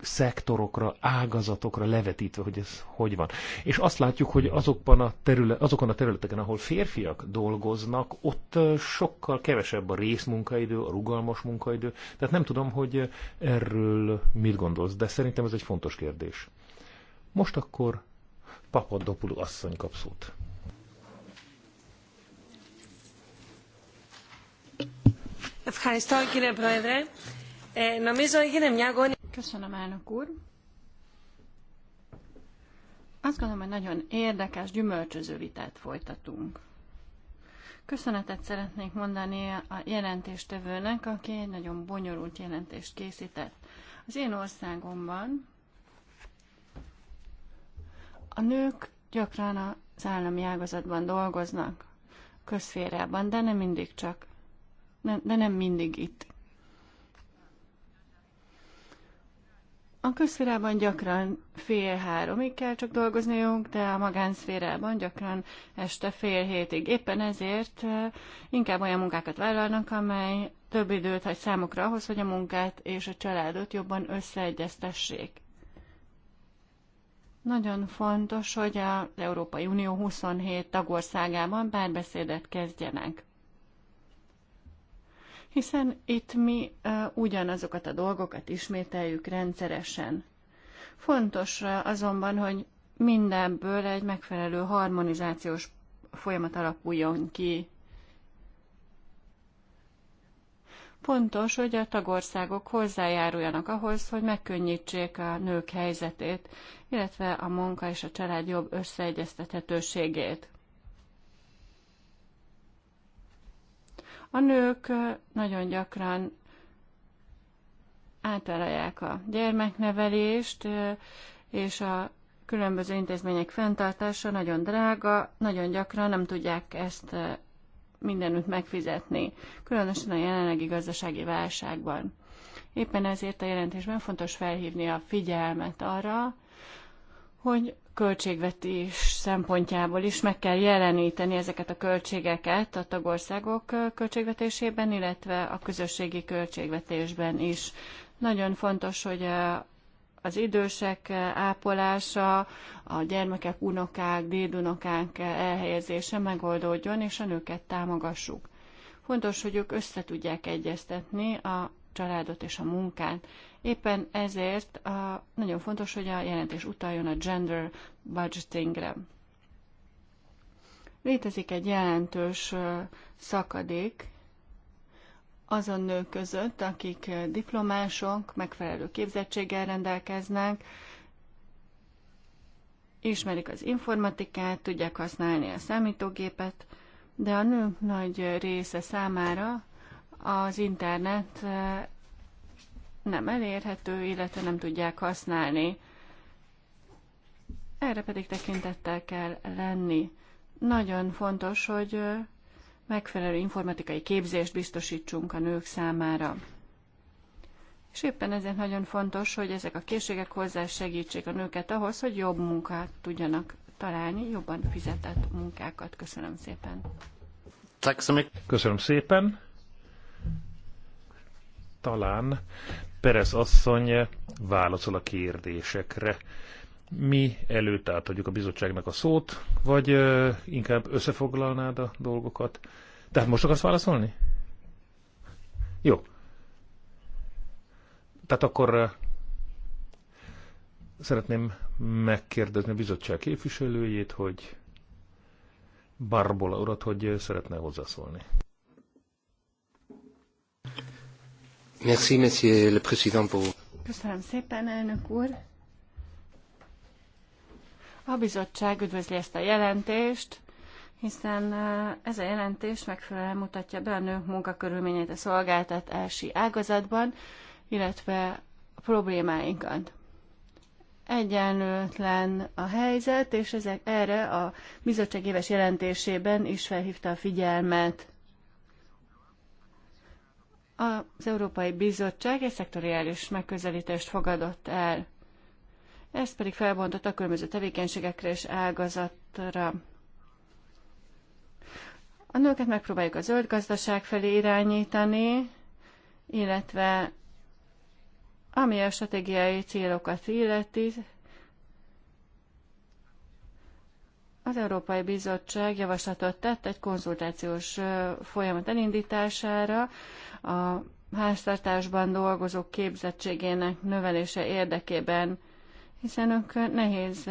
szektorokra, ágazatokra levetítve, hogy ez hogy van. És azt látjuk, hogy azokban a terület, azokon a területeken, ahol férfiak dolgoznak, ott sokkal kevesebb a részmunkaidő, a rugalmas munkaidő. Tehát nem tudom, hogy erről mit gondolsz, de szerintem ez egy fontos kérdés. Most akkor Papadopoulou asszony kap szót. Ευχαριστώ κύριε Πρόεδρε. Ε, νομίζω έγινε μια Köszönöm, elnök úr. Azt gondolom, hogy nagyon érdekes, gyümölcsöző vitát folytatunk. Köszönetet szeretnék mondani a jelentéstevőnek, aki egy nagyon bonyolult jelentést készített. Az én országomban a nők gyakran az állami ágazatban dolgoznak, közférában, de nem mindig csak, de nem mindig itt A közszférában gyakran fél háromig kell csak dolgozniunk, de a magánszférában gyakran este fél hétig. Éppen ezért eh, inkább olyan munkákat vállalnak, amely több időt hagy számukra ahhoz, hogy a munkát és a családot jobban összeegyeztessék. Nagyon fontos, hogy az Európai Unió 27 tagországában párbeszédet kezdjenek hiszen itt mi ugyanazokat a dolgokat ismételjük rendszeresen. Fontos azonban, hogy mindenből egy megfelelő harmonizációs folyamat alakuljon ki. Fontos, hogy a tagországok hozzájáruljanak ahhoz, hogy megkönnyítsék a nők helyzetét, illetve a munka és a család jobb összeegyeztethetőségét. A nők nagyon gyakran átállják a gyermeknevelést, és a különböző intézmények fenntartása nagyon drága, nagyon gyakran nem tudják ezt mindenütt megfizetni, különösen a jelenlegi gazdasági válságban. Éppen ezért a jelentésben fontos felhívni a figyelmet arra, hogy költségvetés szempontjából is meg kell jeleníteni ezeket a költségeket a tagországok költségvetésében, illetve a közösségi költségvetésben is. Nagyon fontos, hogy az idősek ápolása, a gyermekek, unokák, dédunokák elhelyezése megoldódjon, és a nőket támogassuk. Fontos, hogy ők összetudják egyeztetni a családot és a munkát. Éppen ezért a, nagyon fontos, hogy a jelentés utaljon a gender budgetingre. Létezik egy jelentős szakadék azon nők között, akik diplomások, megfelelő képzettséggel rendelkeznek, ismerik az informatikát, tudják használni a számítógépet, de a nők nagy része számára az internet nem elérhető, illetve nem tudják használni. Erre pedig tekintettel kell lenni. Nagyon fontos, hogy megfelelő informatikai képzést biztosítsunk a nők számára. És éppen ezért nagyon fontos, hogy ezek a készségek hozzá segítsék a nőket ahhoz, hogy jobb munkát tudjanak találni, jobban fizetett munkákat. Köszönöm szépen. Köszönöm szépen talán Perez asszony válaszol a kérdésekre. Mi előtt átadjuk a bizottságnak a szót, vagy inkább összefoglalnád a dolgokat? Tehát most akarsz válaszolni? Jó. Tehát akkor szeretném megkérdezni a bizottság képviselőjét, hogy Barbola urat, hogy szeretne hozzászólni. Merci, monsieur le président, pour... Köszönöm szépen, elnök úr. A bizottság üdvözli ezt a jelentést, hiszen eh, ez a jelentés megfelelően mutatja be a nők munkakörülményeit a szolgáltatási ágazatban, illetve a problémáinkat. Egyenlőtlen a helyzet, és ezek erre a bizottság éves jelentésében is felhívta a figyelmet az Európai Bizottság egy szektoriális megközelítést fogadott el. Ez pedig felbontott a különböző tevékenységekre és ágazatra. A nőket megpróbáljuk a zöld gazdaság felé irányítani, illetve ami a stratégiai célokat illeti, Az Európai Bizottság javaslatot tett egy konzultációs folyamat elindítására a háztartásban dolgozók képzettségének növelése érdekében, hiszen ők nehéz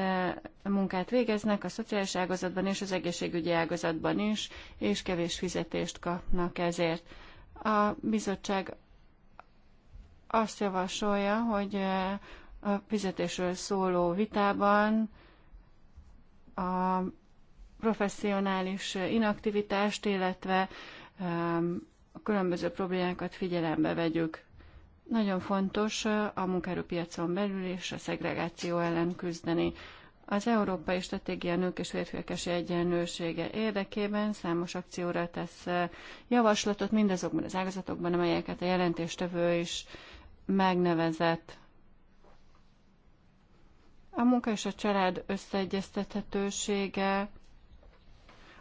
munkát végeznek a szociális ágazatban és az egészségügyi ágazatban is, és kevés fizetést kapnak ezért. A bizottság azt javasolja, hogy a fizetésről szóló vitában a professzionális inaktivitást, illetve um, a különböző problémákat figyelembe vegyük. Nagyon fontos a munkaerőpiacon belül és a szegregáció ellen küzdeni. Az Európai Stratégia Nők és Férfiakesi Egyenlősége érdekében számos akcióra tesz uh, javaslatot mindazokban az ágazatokban, amelyeket a jelentéstevő is megnevezett. A munka és a család összeegyeztethetősége,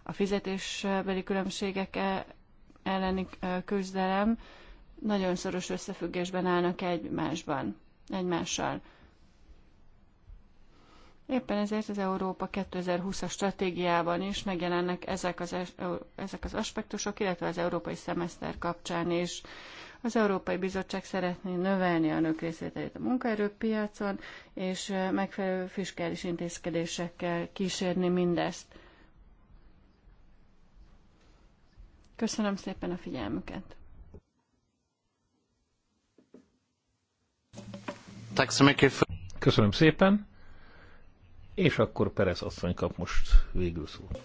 a fizetésbeli különbségek e- elleni küzdelem nagyon szoros összefüggésben állnak egymásban, egymással. Éppen ezért az Európa 2020-as stratégiában is megjelennek ezek az, ezek az aspektusok, illetve az európai szemeszter kapcsán is az Európai Bizottság szeretné növelni a nők részvételét a munkaerőpiacon, és megfelelő fiskális intézkedésekkel kísérni mindezt. Köszönöm szépen a figyelmüket! Köszönöm szépen! És akkor Perez asszony kap most végül szót.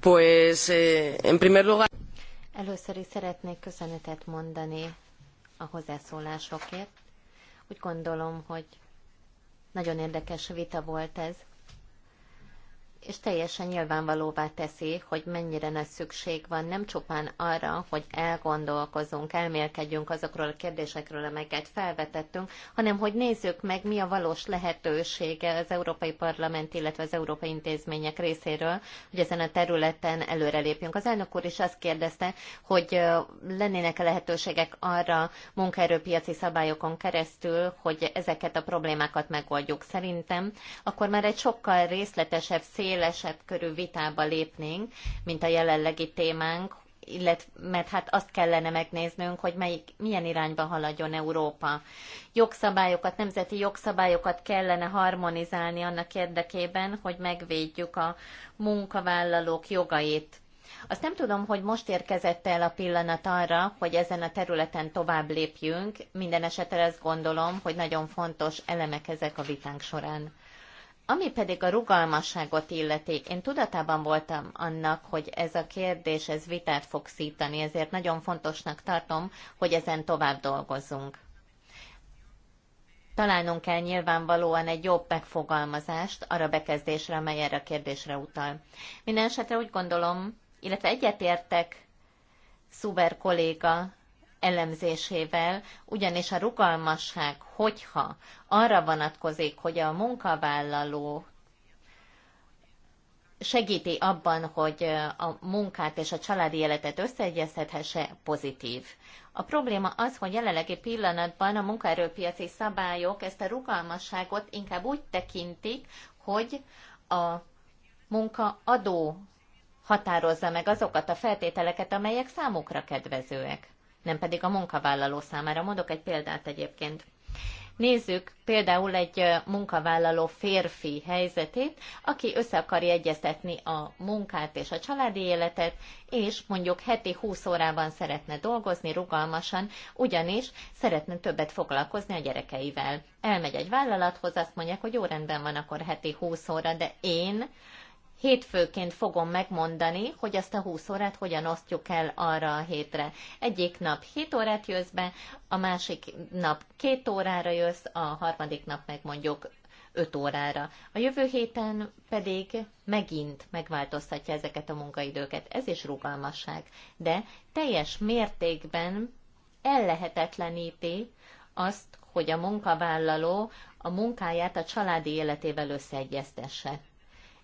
Pues, eh, en primer lugar... Először is szeretnék köszönetet mondani a hozzászólásokért. Úgy gondolom, hogy nagyon érdekes vita volt ez, és teljesen nyilvánvalóvá teszi, hogy mennyire nagy szükség van nem csupán arra, hogy elgondolkozunk, elmélkedjünk azokról a kérdésekről, amelyeket felvetettünk, hanem hogy nézzük meg, mi a valós lehetősége az Európai Parlament, illetve az Európai Intézmények részéről, hogy ezen a területen előrelépjünk. Az elnök úr is azt kérdezte, hogy lennének-e lehetőségek arra munkaerőpiaci szabályokon keresztül, hogy ezeket a problémákat megoldjuk. Szerintem akkor már egy sokkal részletesebb, szél szélesebb körű vitába lépnénk, mint a jelenlegi témánk, illetve, mert hát azt kellene megnéznünk, hogy melyik, milyen irányba haladjon Európa. Jogszabályokat, nemzeti jogszabályokat kellene harmonizálni annak érdekében, hogy megvédjük a munkavállalók jogait. Azt nem tudom, hogy most érkezett el a pillanat arra, hogy ezen a területen tovább lépjünk. Minden esetre azt gondolom, hogy nagyon fontos elemek ezek a vitánk során. Ami pedig a rugalmasságot illeti, én tudatában voltam annak, hogy ez a kérdés, ez vitát fog szítani, ezért nagyon fontosnak tartom, hogy ezen tovább dolgozzunk. Találnunk kell nyilvánvalóan egy jobb megfogalmazást arra bekezdésre, amely erre a kérdésre utal. Minden esetre úgy gondolom, illetve egyetértek Szuber kolléga elemzésével, ugyanis a rugalmasság, hogyha arra vonatkozik, hogy a munkavállaló segíti abban, hogy a munkát és a családi életet összeegyeztethesse, pozitív. A probléma az, hogy jelenlegi pillanatban a munkaerőpiaci szabályok ezt a rugalmasságot inkább úgy tekintik, hogy a munkaadó határozza meg azokat a feltételeket, amelyek számukra kedvezőek nem pedig a munkavállaló számára. Mondok egy példát egyébként. Nézzük például egy munkavállaló férfi helyzetét, aki össze akarja egyeztetni a munkát és a családi életet, és mondjuk heti 20 órában szeretne dolgozni rugalmasan, ugyanis szeretne többet foglalkozni a gyerekeivel. Elmegy egy vállalathoz, azt mondják, hogy jó rendben van akkor heti 20 óra, de én hétfőként fogom megmondani, hogy azt a 20 órát hogyan osztjuk el arra a hétre. Egyik nap 7 órát jössz be, a másik nap 2 órára jössz, a harmadik nap meg mondjuk 5 órára. A jövő héten pedig megint megváltoztatja ezeket a munkaidőket. Ez is rugalmasság. De teljes mértékben ellehetetleníti azt, hogy a munkavállaló a munkáját a családi életével összeegyeztesse.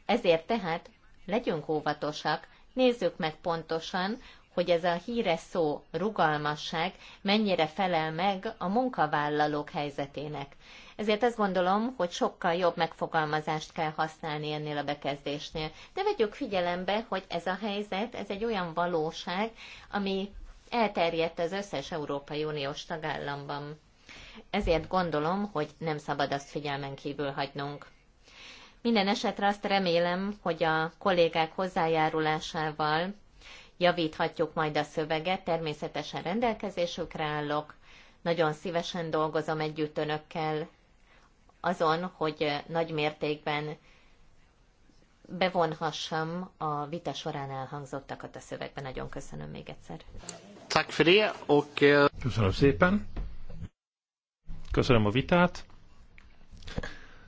Ezért tehát legyünk óvatosak, nézzük meg pontosan, hogy ez a híres szó rugalmasság mennyire felel meg a munkavállalók helyzetének. Ezért azt gondolom, hogy sokkal jobb megfogalmazást kell használni ennél a bekezdésnél. De vegyük figyelembe, hogy ez a helyzet, ez egy olyan valóság, ami elterjedt az összes Európai Uniós tagállamban. Ezért gondolom, hogy nem szabad azt figyelmen kívül hagynunk. Minden esetre azt remélem, hogy a kollégák hozzájárulásával javíthatjuk majd a szöveget, természetesen rendelkezésükre állok, nagyon szívesen dolgozom együtt önökkel azon, hogy nagy mértékben bevonhassam a vita során elhangzottakat a szövegben. Nagyon köszönöm még egyszer. Eh, köszönöm szépen. Köszönöm a vitát.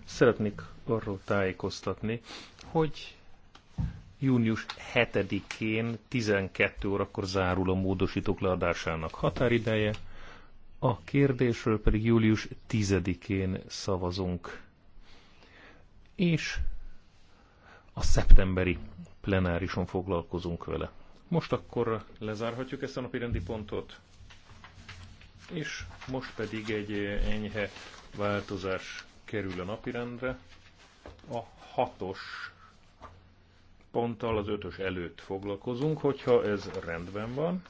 Szeretnék arról tájékoztatni, hogy június 7-én 12 órakor zárul a módosítók leadásának határideje, a kérdésről pedig július 10-én szavazunk. És a szeptemberi plenárison foglalkozunk vele. Most akkor lezárhatjuk ezt a napi rendi pontot. És most pedig egy enyhe változás kerül a napirendre a hatos ponttal az ötös előtt foglalkozunk, hogyha ez rendben van.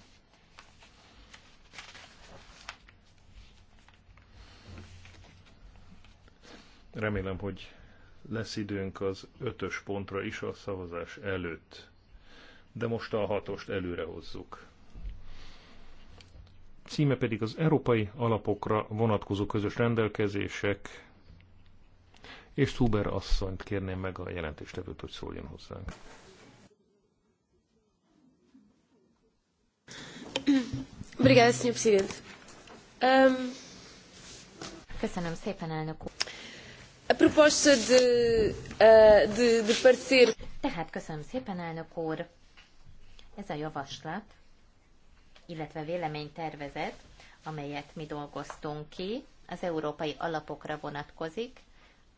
Remélem, hogy lesz időnk az ötös pontra is a szavazás előtt. De most a hatost előre hozzuk. Címe pedig az európai alapokra vonatkozó közös rendelkezések és Huber asszonyt kérném meg a jelentéstevőt, hogy szóljon hozzánk. Um... Köszönöm szépen, elnök úr. A proposta de, ah, de, de parecer... Tehát köszönöm szépen, elnök úr. Ez a javaslat, illetve véleménytervezet, amelyet mi dolgoztunk ki, az európai alapokra vonatkozik,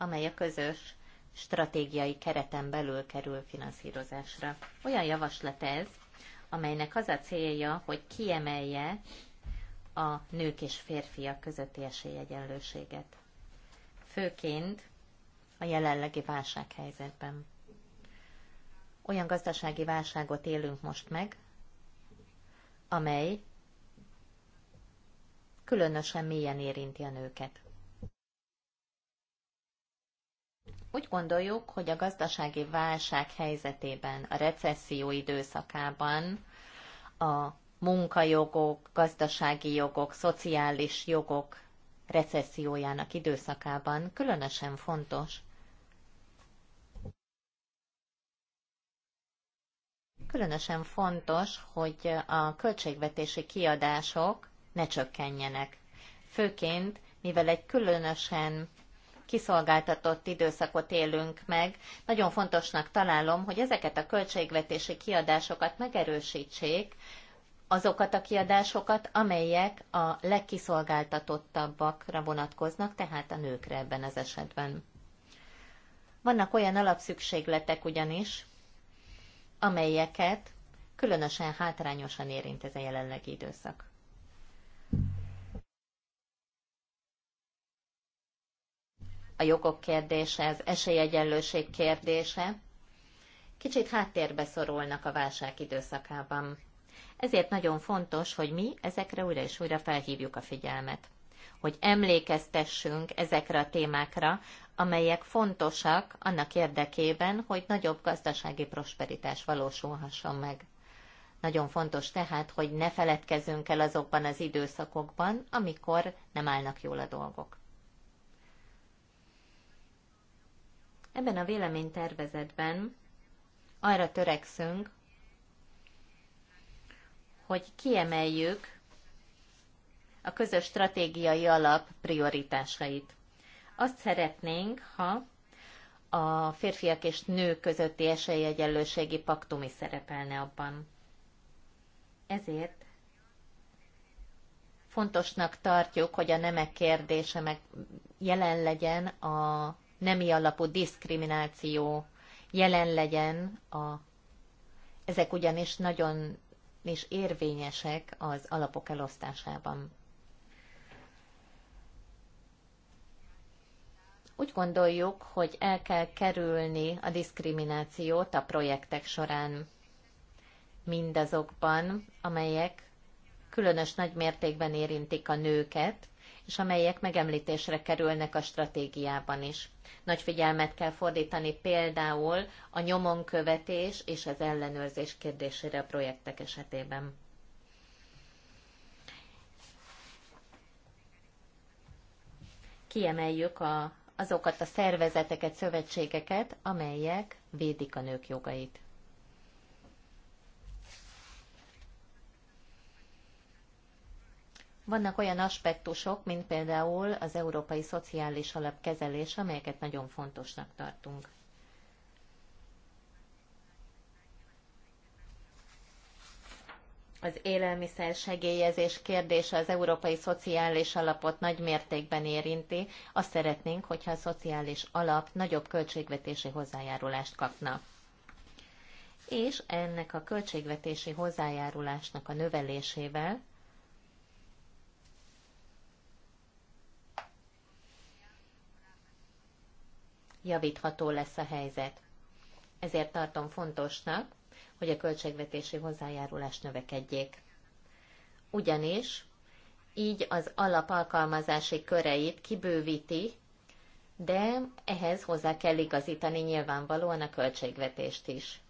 amely a közös stratégiai kereten belül kerül finanszírozásra. Olyan javaslat ez, amelynek az a célja, hogy kiemelje a nők és férfiak közötti esélyegyenlőséget. Főként a jelenlegi válsághelyzetben. Olyan gazdasági válságot élünk most meg, amely különösen mélyen érinti a nőket. Úgy gondoljuk, hogy a gazdasági válság helyzetében, a recesszió időszakában a munkajogok, gazdasági jogok, szociális jogok recessziójának időszakában különösen fontos, különösen fontos, hogy a költségvetési kiadások ne csökkenjenek. Főként, mivel egy különösen kiszolgáltatott időszakot élünk meg. Nagyon fontosnak találom, hogy ezeket a költségvetési kiadásokat megerősítsék, azokat a kiadásokat, amelyek a legkiszolgáltatottabbakra vonatkoznak, tehát a nőkre ebben az esetben. Vannak olyan alapszükségletek ugyanis, amelyeket különösen hátrányosan érint ez a jelenlegi időszak. a jogok kérdése, az esélyegyenlőség kérdése kicsit háttérbe szorulnak a válság időszakában. Ezért nagyon fontos, hogy mi ezekre újra és újra felhívjuk a figyelmet. Hogy emlékeztessünk ezekre a témákra, amelyek fontosak annak érdekében, hogy nagyobb gazdasági prosperitás valósulhasson meg. Nagyon fontos tehát, hogy ne feledkezzünk el azokban az időszakokban, amikor nem állnak jól a dolgok. Ebben a véleménytervezetben arra törekszünk, hogy kiemeljük a közös stratégiai alap prioritásait. Azt szeretnénk, ha a férfiak és nők közötti esélyegyenlőségi paktum is szerepelne abban. Ezért fontosnak tartjuk, hogy a nemek kérdése meg jelen legyen a nemi alapú diszkrimináció jelen legyen a ezek ugyanis nagyon és érvényesek az alapok elosztásában. Úgy gondoljuk, hogy el kell kerülni a diszkriminációt a projektek során mindazokban, amelyek különös nagy mértékben érintik a nőket, és amelyek megemlítésre kerülnek a stratégiában is. Nagy figyelmet kell fordítani például a nyomonkövetés és az ellenőrzés kérdésére a projektek esetében. Kiemeljük a, azokat a szervezeteket, szövetségeket, amelyek védik a nők jogait. Vannak olyan aspektusok, mint például az Európai Szociális Alap kezelése, amelyeket nagyon fontosnak tartunk. az élelmiszer segélyezés kérdése az európai szociális alapot nagy mértékben érinti. Azt szeretnénk, hogyha a szociális alap nagyobb költségvetési hozzájárulást kapna. És ennek a költségvetési hozzájárulásnak a növelésével javítható lesz a helyzet. Ezért tartom fontosnak, hogy a költségvetési hozzájárulás növekedjék. Ugyanis így az alap alkalmazási köreit kibővíti, de ehhez hozzá kell igazítani nyilvánvalóan a költségvetést is.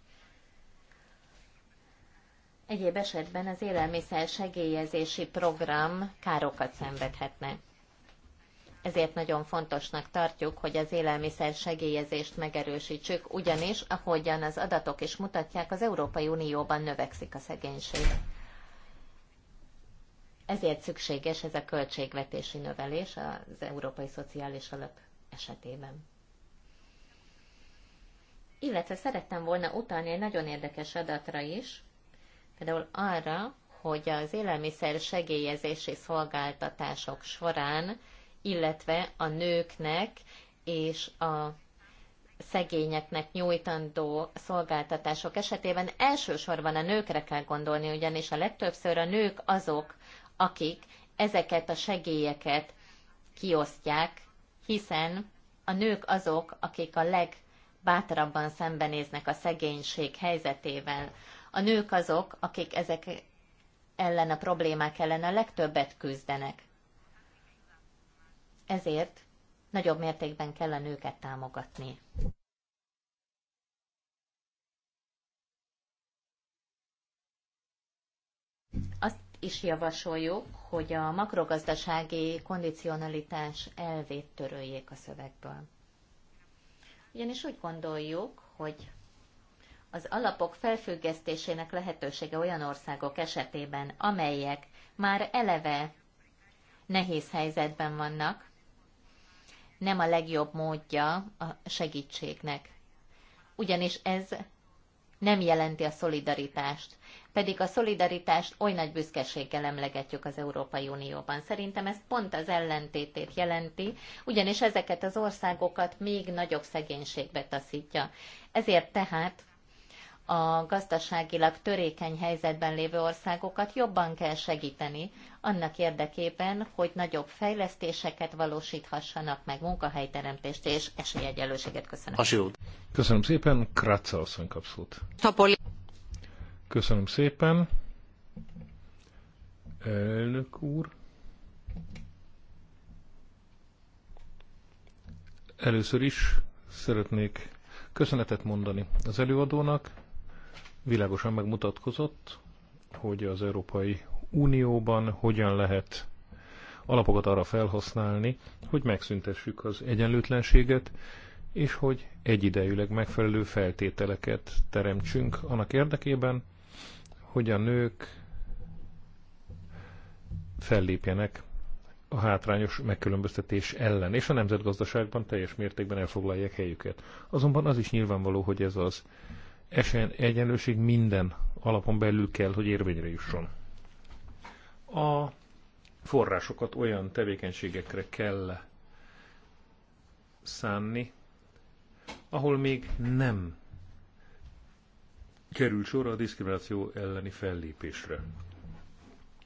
Egyéb esetben az élelmiszer segélyezési program károkat szenvedhetne ezért nagyon fontosnak tartjuk, hogy az élelmiszer segélyezést megerősítsük, ugyanis, ahogyan az adatok is mutatják, az Európai Unióban növekszik a szegénység. Ezért szükséges ez a költségvetési növelés az Európai Szociális Alap esetében. Illetve szerettem volna utalni egy nagyon érdekes adatra is, például arra, hogy az élelmiszer segélyezési szolgáltatások során illetve a nőknek és a szegényeknek nyújtandó szolgáltatások esetében elsősorban a nőkre kell gondolni, ugyanis a legtöbbször a nők azok, akik ezeket a segélyeket kiosztják, hiszen a nők azok, akik a legbátrabban szembenéznek a szegénység helyzetével. A nők azok, akik ezek ellen a problémák ellen a legtöbbet küzdenek ezért nagyobb mértékben kellene őket támogatni. Azt is javasoljuk, hogy a makrogazdasági kondicionalitás elvét töröljék a szövegből. Ugyanis úgy gondoljuk, hogy az alapok felfüggesztésének lehetősége olyan országok esetében, amelyek már eleve nehéz helyzetben vannak, nem a legjobb módja a segítségnek. Ugyanis ez nem jelenti a szolidaritást. Pedig a szolidaritást oly nagy büszkeséggel emlegetjük az Európai Unióban. Szerintem ez pont az ellentétét jelenti, ugyanis ezeket az országokat még nagyobb szegénységbe taszítja. Ezért tehát a gazdaságilag törékeny helyzetben lévő országokat jobban kell segíteni, annak érdekében, hogy nagyobb fejlesztéseket valósíthassanak meg, munkahelyteremtést és esélyegyelőséget. Köszönöm. Köszönöm szépen, Kratza asszony kapszót. Köszönöm szépen. Elnök úr. Először is szeretnék köszönetet mondani az előadónak, világosan megmutatkozott, hogy az Európai Unióban hogyan lehet alapokat arra felhasználni, hogy megszüntessük az egyenlőtlenséget, és hogy egyidejűleg megfelelő feltételeket teremtsünk annak érdekében, hogy a nők fellépjenek a hátrányos megkülönböztetés ellen, és a nemzetgazdaságban teljes mértékben elfoglalják helyüket. Azonban az is nyilvánvaló, hogy ez az esen egyenlőség minden alapon belül kell, hogy érvényre jusson. A forrásokat olyan tevékenységekre kell szánni, ahol még nem kerül sor a diszkrimináció elleni fellépésre.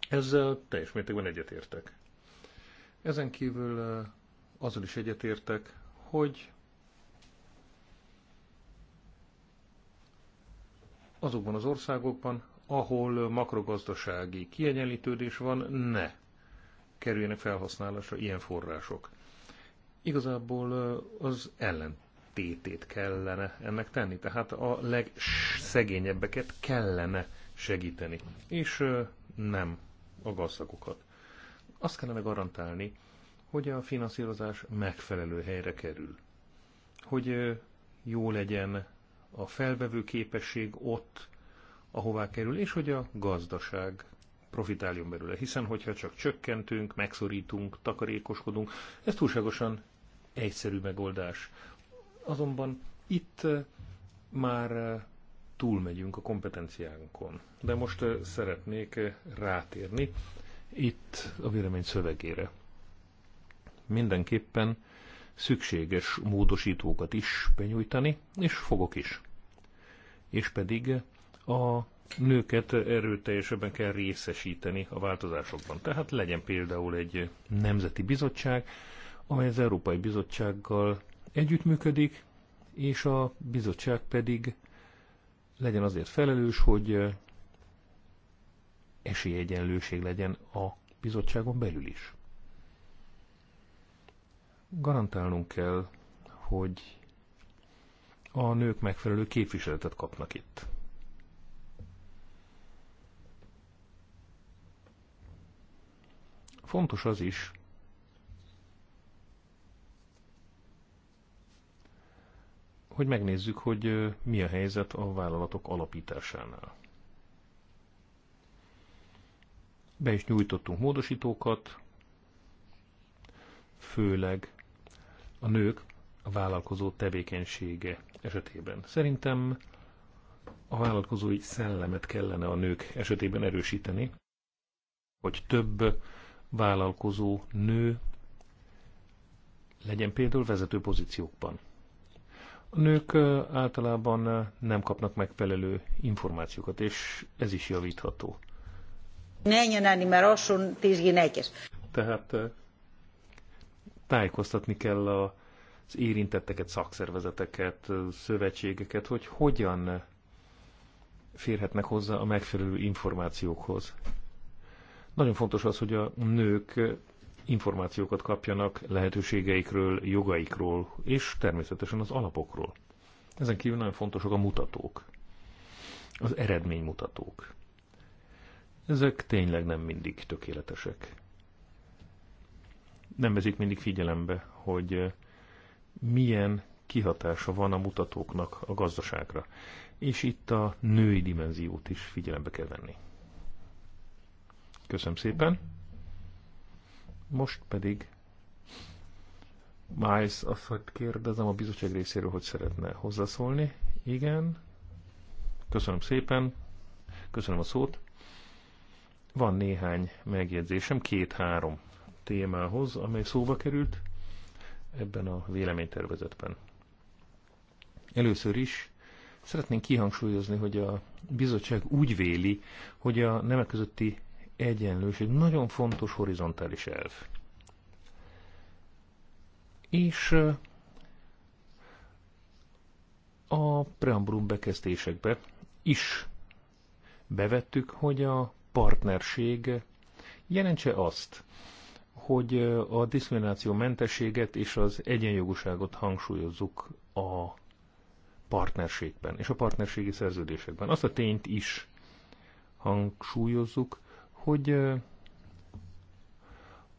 Ezzel teljes mértékben egyetértek. Ezen kívül eh, azon is egyetértek, hogy azokban az országokban, ahol makrogazdasági kiegyenlítődés van, ne kerüljenek felhasználásra ilyen források. Igazából az ellentétét kellene ennek tenni, tehát a legszegényebbeket kellene segíteni, és nem a gazdagokat. Azt kellene garantálni, hogy a finanszírozás megfelelő helyre kerül, hogy jó legyen a felvevő képesség ott, ahová kerül, és hogy a gazdaság profitáljon belőle. Hiszen, hogyha csak csökkentünk, megszorítunk, takarékoskodunk, ez túlságosan egyszerű megoldás. Azonban itt eh, már eh, túlmegyünk a kompetenciánkon. De most eh, szeretnék rátérni itt a vélemény szövegére. Mindenképpen szükséges módosítókat is benyújtani, és fogok is. És pedig a nőket erőteljesebben kell részesíteni a változásokban. Tehát legyen például egy nemzeti bizottság, amely az Európai Bizottsággal együttműködik, és a bizottság pedig legyen azért felelős, hogy esélyegyenlőség legyen a bizottságon belül is garantálnunk kell, hogy a nők megfelelő képviseletet kapnak itt. Fontos az is, hogy megnézzük, hogy mi a helyzet a vállalatok alapításánál. Be is nyújtottunk módosítókat, főleg a nők a vállalkozó tevékenysége esetében. Szerintem a vállalkozói szellemet kellene a nők esetében erősíteni, hogy több vállalkozó nő legyen például vezető pozíciókban. A nők általában nem kapnak megfelelő információkat, és ez is javítható. Tehát tájékoztatni kell az érintetteket, szakszervezeteket, szövetségeket, hogy hogyan férhetnek hozzá a megfelelő információkhoz. Nagyon fontos az, hogy a nők információkat kapjanak lehetőségeikről, jogaikról, és természetesen az alapokról. Ezen kívül nagyon fontosak a mutatók, az eredménymutatók. Ezek tényleg nem mindig tökéletesek nem vezik mindig figyelembe, hogy milyen kihatása van a mutatóknak a gazdaságra. És itt a női dimenziót is figyelembe kell venni. Köszönöm szépen. Most pedig Miles azt, hogy kérdezem a bizottság részéről, hogy szeretne hozzászólni. Igen. Köszönöm szépen. Köszönöm a szót. Van néhány megjegyzésem, két-három témához, amely szóba került ebben a véleménytervezetben. Először is szeretnénk kihangsúlyozni, hogy a bizottság úgy véli, hogy a nemek közötti egyenlőség nagyon fontos horizontális elv. És uh, a preambulum bekezdésekbe is bevettük, hogy a partnerség jelentse azt, hogy a diszkrimináció mentességet és az egyenjogúságot hangsúlyozzuk a partnerségben és a partnerségi szerződésekben. Azt a tényt is hangsúlyozzuk, hogy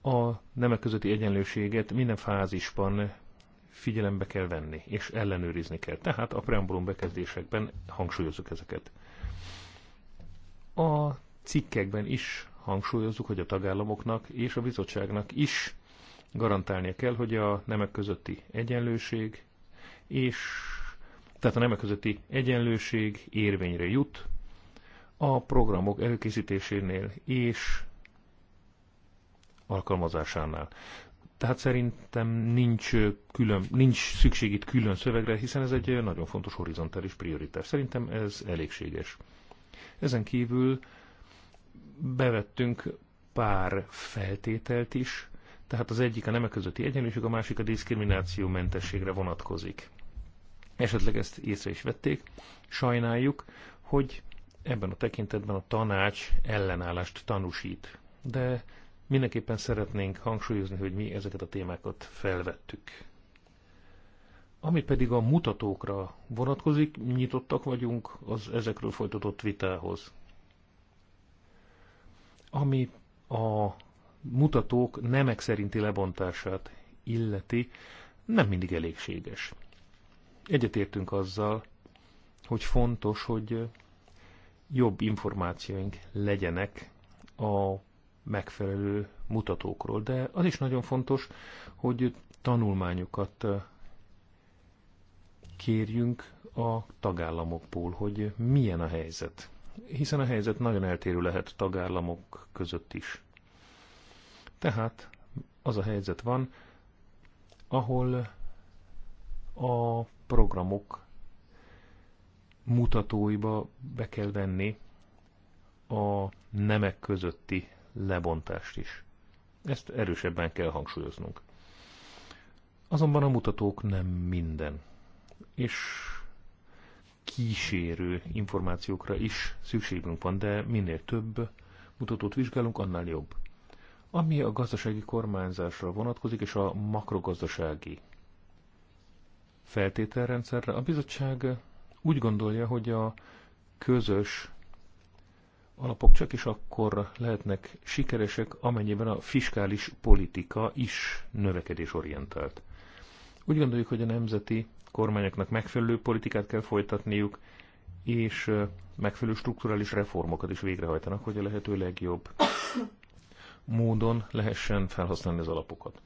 a nemek közötti egyenlőséget minden fázisban figyelembe kell venni, és ellenőrizni kell. Tehát a preambulum bekezdésekben hangsúlyozzuk ezeket. A cikkekben is hangsúlyozzuk, hogy a tagállamoknak és a bizottságnak is garantálnia kell, hogy a nemek közötti egyenlőség és tehát a nemek közötti egyenlőség érvényre jut a programok előkészítésénél és alkalmazásánál. Tehát szerintem nincs, külön, nincs szükség itt külön szövegre, hiszen ez egy nagyon fontos horizontális prioritás. Szerintem ez elégséges. Ezen kívül bevettünk pár feltételt is, tehát az egyik a nemek közötti egyenlőség, a másik a diszkrimináció mentességre vonatkozik. Esetleg ezt észre is vették. Sajnáljuk, hogy ebben a tekintetben a tanács ellenállást tanúsít. De mindenképpen szeretnénk hangsúlyozni, hogy mi ezeket a témákat felvettük. Ami pedig a mutatókra vonatkozik, nyitottak vagyunk az ezekről folytatott vitához. Ami a mutatók nemek szerinti lebontását illeti, nem mindig elégséges. Egyetértünk azzal, hogy fontos, hogy jobb információink legyenek a megfelelő mutatókról, de az is nagyon fontos, hogy tanulmányokat kérjünk a tagállamokból, hogy milyen a helyzet hiszen a helyzet nagyon eltérő lehet tagállamok között is. Tehát az a helyzet van, ahol a programok mutatóiba be kell venni a nemek közötti lebontást is. Ezt erősebben kell hangsúlyoznunk. Azonban a mutatók nem minden, és kísérő információkra is szükségünk van, de minél több mutatót vizsgálunk, annál jobb. Ami a gazdasági kormányzásra vonatkozik, és a makrogazdasági feltételrendszerre, a bizottság úgy gondolja, hogy a közös alapok csak is akkor lehetnek sikeresek, amennyiben a fiskális politika is növekedésorientált. Úgy gondoljuk, hogy a nemzeti kormányoknak megfelelő politikát kell folytatniuk, és megfelelő strukturális reformokat is végrehajtanak, hogy a lehető legjobb módon lehessen felhasználni az alapokat.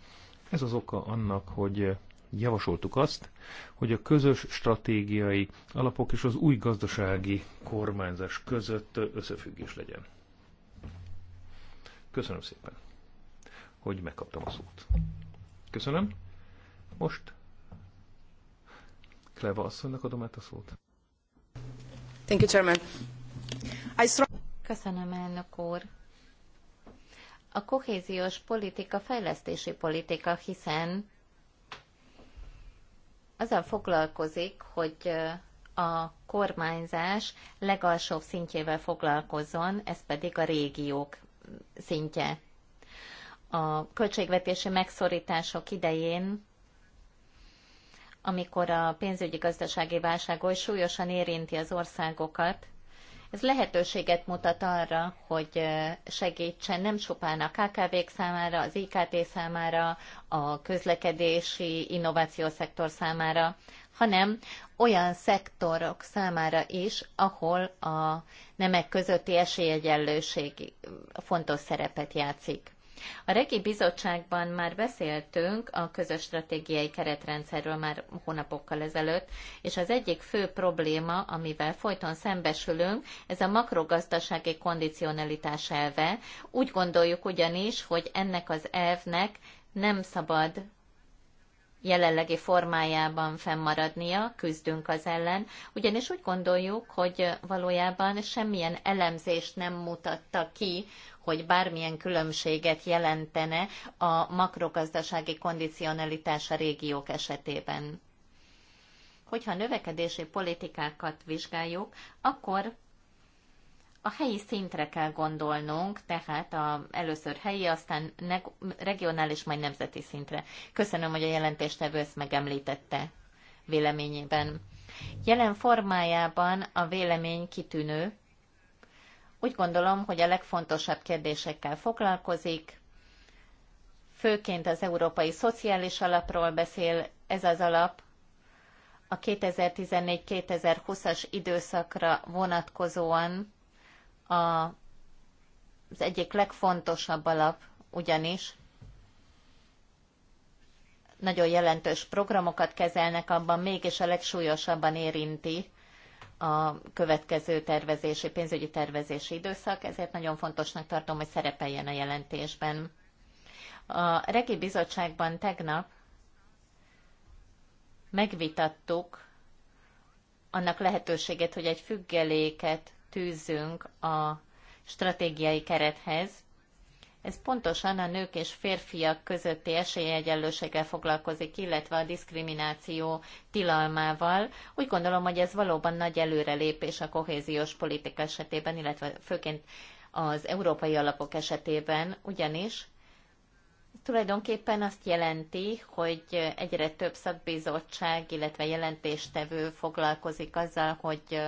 Ez az oka annak, hogy javasoltuk azt, hogy a közös stratégiai alapok és az új gazdasági kormányzás között összefüggés legyen. Köszönöm szépen, hogy megkaptam a szót. Köszönöm. Most Kleva asszonynak adom át a szót. Thank you, Chairman. I Köszönöm, elnök úr. A kohéziós politika fejlesztési politika, hiszen azzal foglalkozik, hogy a kormányzás legalsóbb szintjével foglalkozzon, ez pedig a régiók szintje. A költségvetési megszorítások idején amikor a pénzügyi gazdasági válság oly súlyosan érinti az országokat, ez lehetőséget mutat arra, hogy segítsen nem csupán a KKV-k számára, az IKT számára, a közlekedési innováció szektor számára, hanem olyan szektorok számára is, ahol a nemek közötti esélyegyenlőség fontos szerepet játszik. A Regi Bizottságban már beszéltünk a közös stratégiai keretrendszerről már hónapokkal ezelőtt, és az egyik fő probléma, amivel folyton szembesülünk, ez a makrogazdasági kondicionalitás elve. Úgy gondoljuk ugyanis, hogy ennek az elvnek nem szabad jelenlegi formájában fennmaradnia, küzdünk az ellen, ugyanis úgy gondoljuk, hogy valójában semmilyen elemzést nem mutatta ki hogy bármilyen különbséget jelentene a makrogazdasági kondicionalitás a régiók esetében. Hogyha növekedési politikákat vizsgáljuk, akkor a helyi szintre kell gondolnunk, tehát a, először helyi, aztán neg, regionális, majd nemzeti szintre. Köszönöm, hogy a jelentéstevő ezt megemlítette véleményében. Jelen formájában a vélemény kitűnő, úgy gondolom, hogy a legfontosabb kérdésekkel foglalkozik, főként az Európai Szociális Alapról beszél, ez az alap a 2014-2020-as időszakra vonatkozóan a, az egyik legfontosabb alap, ugyanis nagyon jelentős programokat kezelnek, abban mégis a legsúlyosabban érinti a következő tervezési, pénzügyi tervezési időszak, ezért nagyon fontosnak tartom, hogy szerepeljen a jelentésben. A Regi Bizottságban tegnap megvitattuk annak lehetőségét, hogy egy függeléket tűzzünk a stratégiai kerethez, ez pontosan a nők és férfiak közötti esélyegyenlőséggel foglalkozik, illetve a diszkrimináció tilalmával. Úgy gondolom, hogy ez valóban nagy előrelépés a kohéziós politika esetében, illetve főként az európai alapok esetében, ugyanis tulajdonképpen azt jelenti, hogy egyre több szakbizottság, illetve jelentéstevő foglalkozik azzal, hogy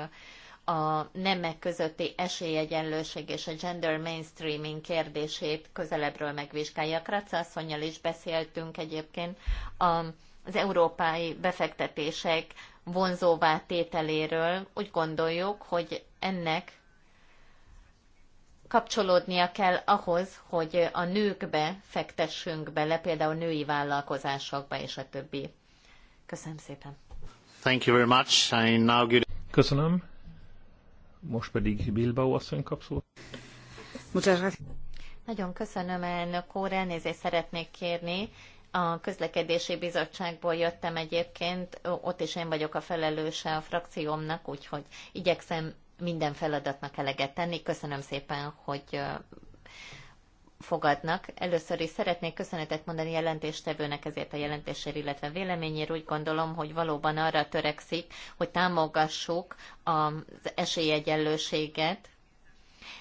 a nemek közötti esélyegyenlőség és a gender mainstreaming kérdését közelebbről megvizsgálja. Kratza asszonynal is beszéltünk egyébként az európai befektetések vonzóvá tételéről. Úgy gondoljuk, hogy ennek kapcsolódnia kell ahhoz, hogy a nőkbe fektessünk bele, például női vállalkozásokba és a többi. Köszönöm szépen. Thank you very much. I now give... Köszönöm. Most pedig Bilbao asszony kap Nagyon köszönöm, elnök úr, elnézést szeretnék kérni. A közlekedési bizottságból jöttem egyébként, ott is én vagyok a felelőse a frakciómnak, úgyhogy igyekszem minden feladatnak eleget tenni. Köszönöm szépen, hogy fogadnak. Először is szeretnék köszönetet mondani jelentéstevőnek ezért a jelentésért, illetve véleményért. Úgy gondolom, hogy valóban arra törekszik, hogy támogassuk az esélyegyenlőséget,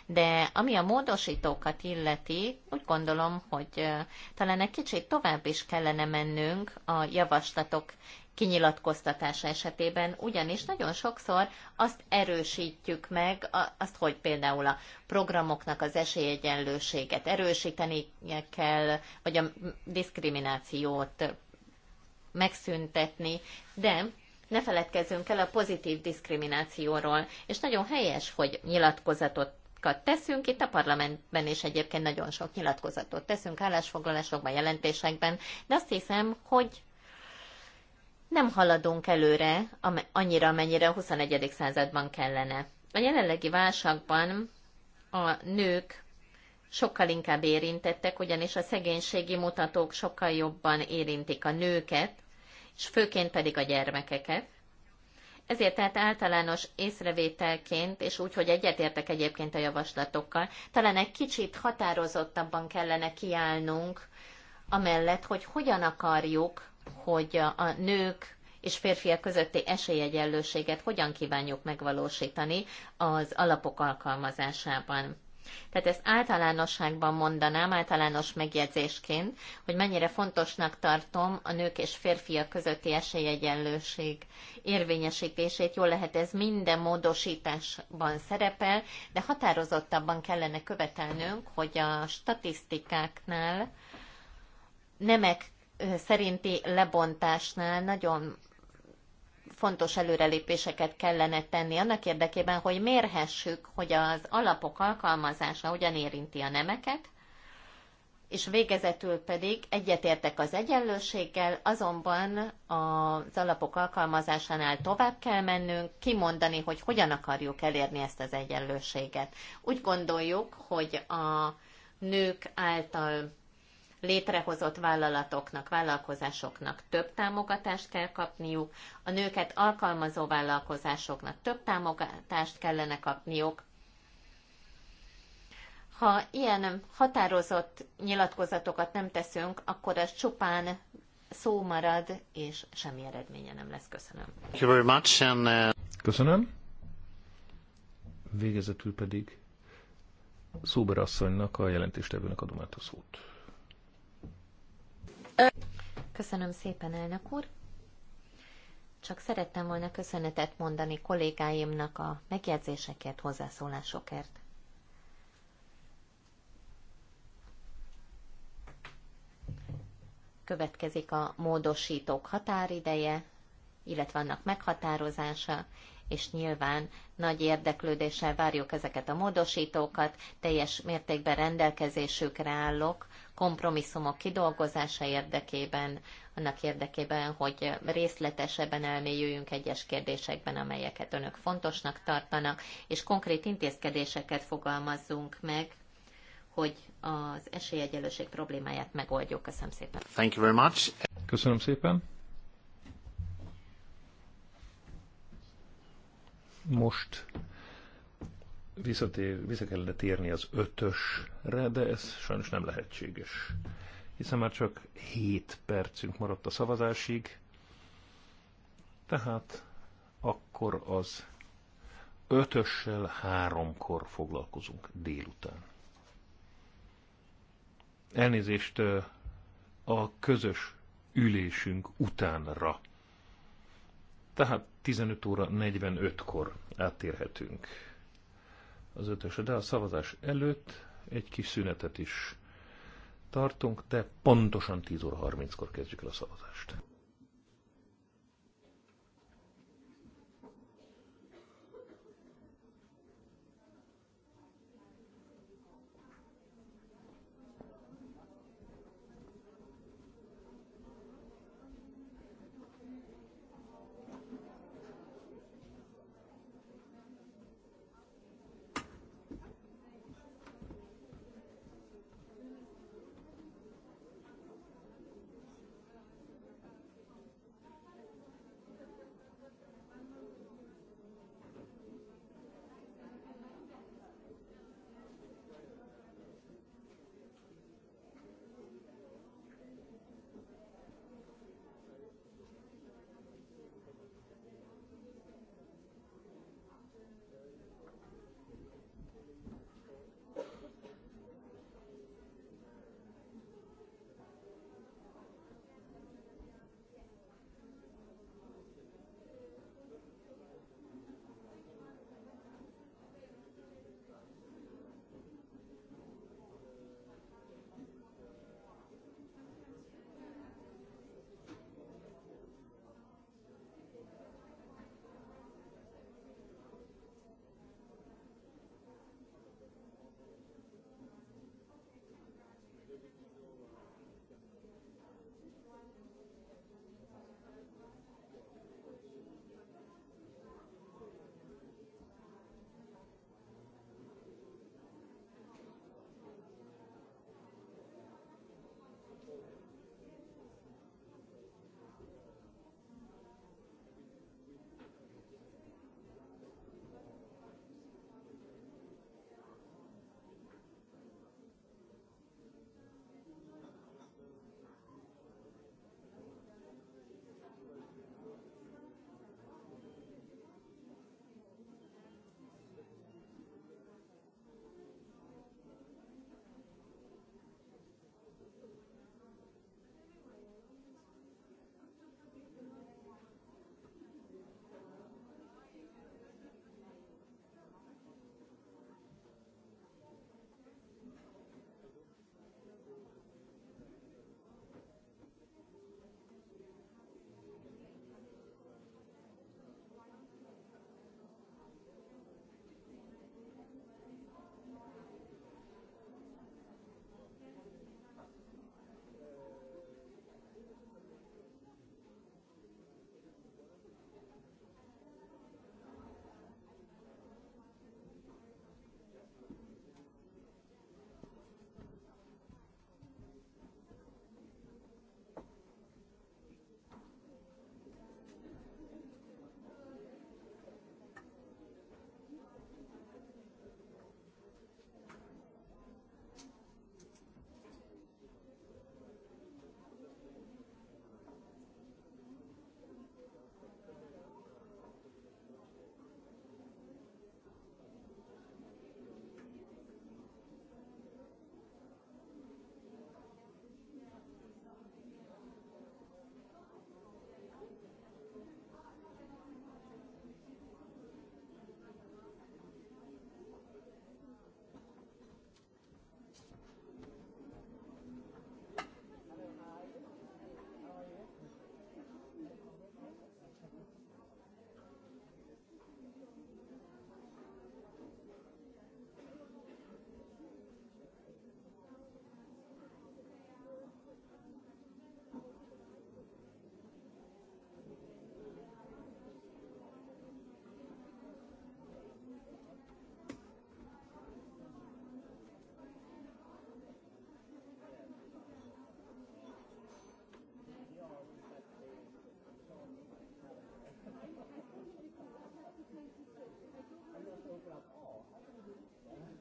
de ami a módosítókat illeti, úgy gondolom, hogy talán egy kicsit tovább is kellene mennünk a javaslatok kinyilatkoztatása esetében, ugyanis nagyon sokszor azt erősítjük meg, azt, hogy például a programoknak az esélyegyenlőséget erősíteni kell, vagy a diszkriminációt megszüntetni, de ne feledkezzünk el a pozitív diszkriminációról, és nagyon helyes, hogy nyilatkozatot teszünk, itt a parlamentben is egyébként nagyon sok nyilatkozatot teszünk állásfoglalásokban, jelentésekben, de azt hiszem, hogy nem haladunk előre annyira, amennyire a 21. században kellene. A jelenlegi válságban a nők sokkal inkább érintettek, ugyanis a szegénységi mutatók sokkal jobban érintik a nőket, és főként pedig a gyermekeket. Ezért tehát általános észrevételként, és úgy, hogy egyetértek egyébként a javaslatokkal, talán egy kicsit határozottabban kellene kiállnunk, amellett, hogy hogyan akarjuk hogy a nők és férfiak közötti esélyegyenlőséget hogyan kívánjuk megvalósítani az alapok alkalmazásában. Tehát ezt általánosságban mondanám, általános megjegyzésként, hogy mennyire fontosnak tartom a nők és férfiak közötti esélyegyenlőség érvényesítését. Jól lehet, ez minden módosításban szerepel, de határozottabban kellene követelnünk, hogy a statisztikáknál nemek szerinti lebontásnál nagyon fontos előrelépéseket kellene tenni annak érdekében, hogy mérhessük, hogy az alapok alkalmazása hogyan érinti a nemeket, és végezetül pedig egyetértek az egyenlőséggel, azonban az alapok alkalmazásánál tovább kell mennünk, kimondani, hogy hogyan akarjuk elérni ezt az egyenlőséget. Úgy gondoljuk, hogy a nők által létrehozott vállalatoknak, vállalkozásoknak több támogatást kell kapniuk, a nőket alkalmazó vállalkozásoknak több támogatást kellene kapniuk. Ha ilyen határozott nyilatkozatokat nem teszünk, akkor ez csupán szó marad, és semmi eredménye nem lesz. Köszönöm. Thank you very much, and, uh... Köszönöm. Végezetül pedig Szóber asszonynak, a jelentéstevőnek adom át a szót. Köszönöm szépen, elnök úr. Csak szerettem volna köszönetet mondani kollégáimnak a megjegyzésekért, hozzászólásokért. Következik a módosítók határideje, illetve annak meghatározása, és nyilván nagy érdeklődéssel várjuk ezeket a módosítókat, teljes mértékben rendelkezésükre állok kompromisszumok kidolgozása érdekében, annak érdekében, hogy részletesebben elmélyüljünk egyes kérdésekben, amelyeket önök fontosnak tartanak, és konkrét intézkedéseket fogalmazzunk meg, hogy az esélyegyelőség problémáját megoldjuk. Köszönöm szépen. Thank you very much. Köszönöm szépen. Most visszatér, vissza kellene térni az ötösre, de ez sajnos nem lehetséges. Hiszen már csak 7 percünk maradt a szavazásig, tehát akkor az ötössel háromkor foglalkozunk délután. Elnézést a közös ülésünk utánra. Tehát 15 óra 45-kor áttérhetünk az ötöse, de a szavazás előtt egy kis szünetet is tartunk, de pontosan 10 óra 30-kor kezdjük el a szavazást.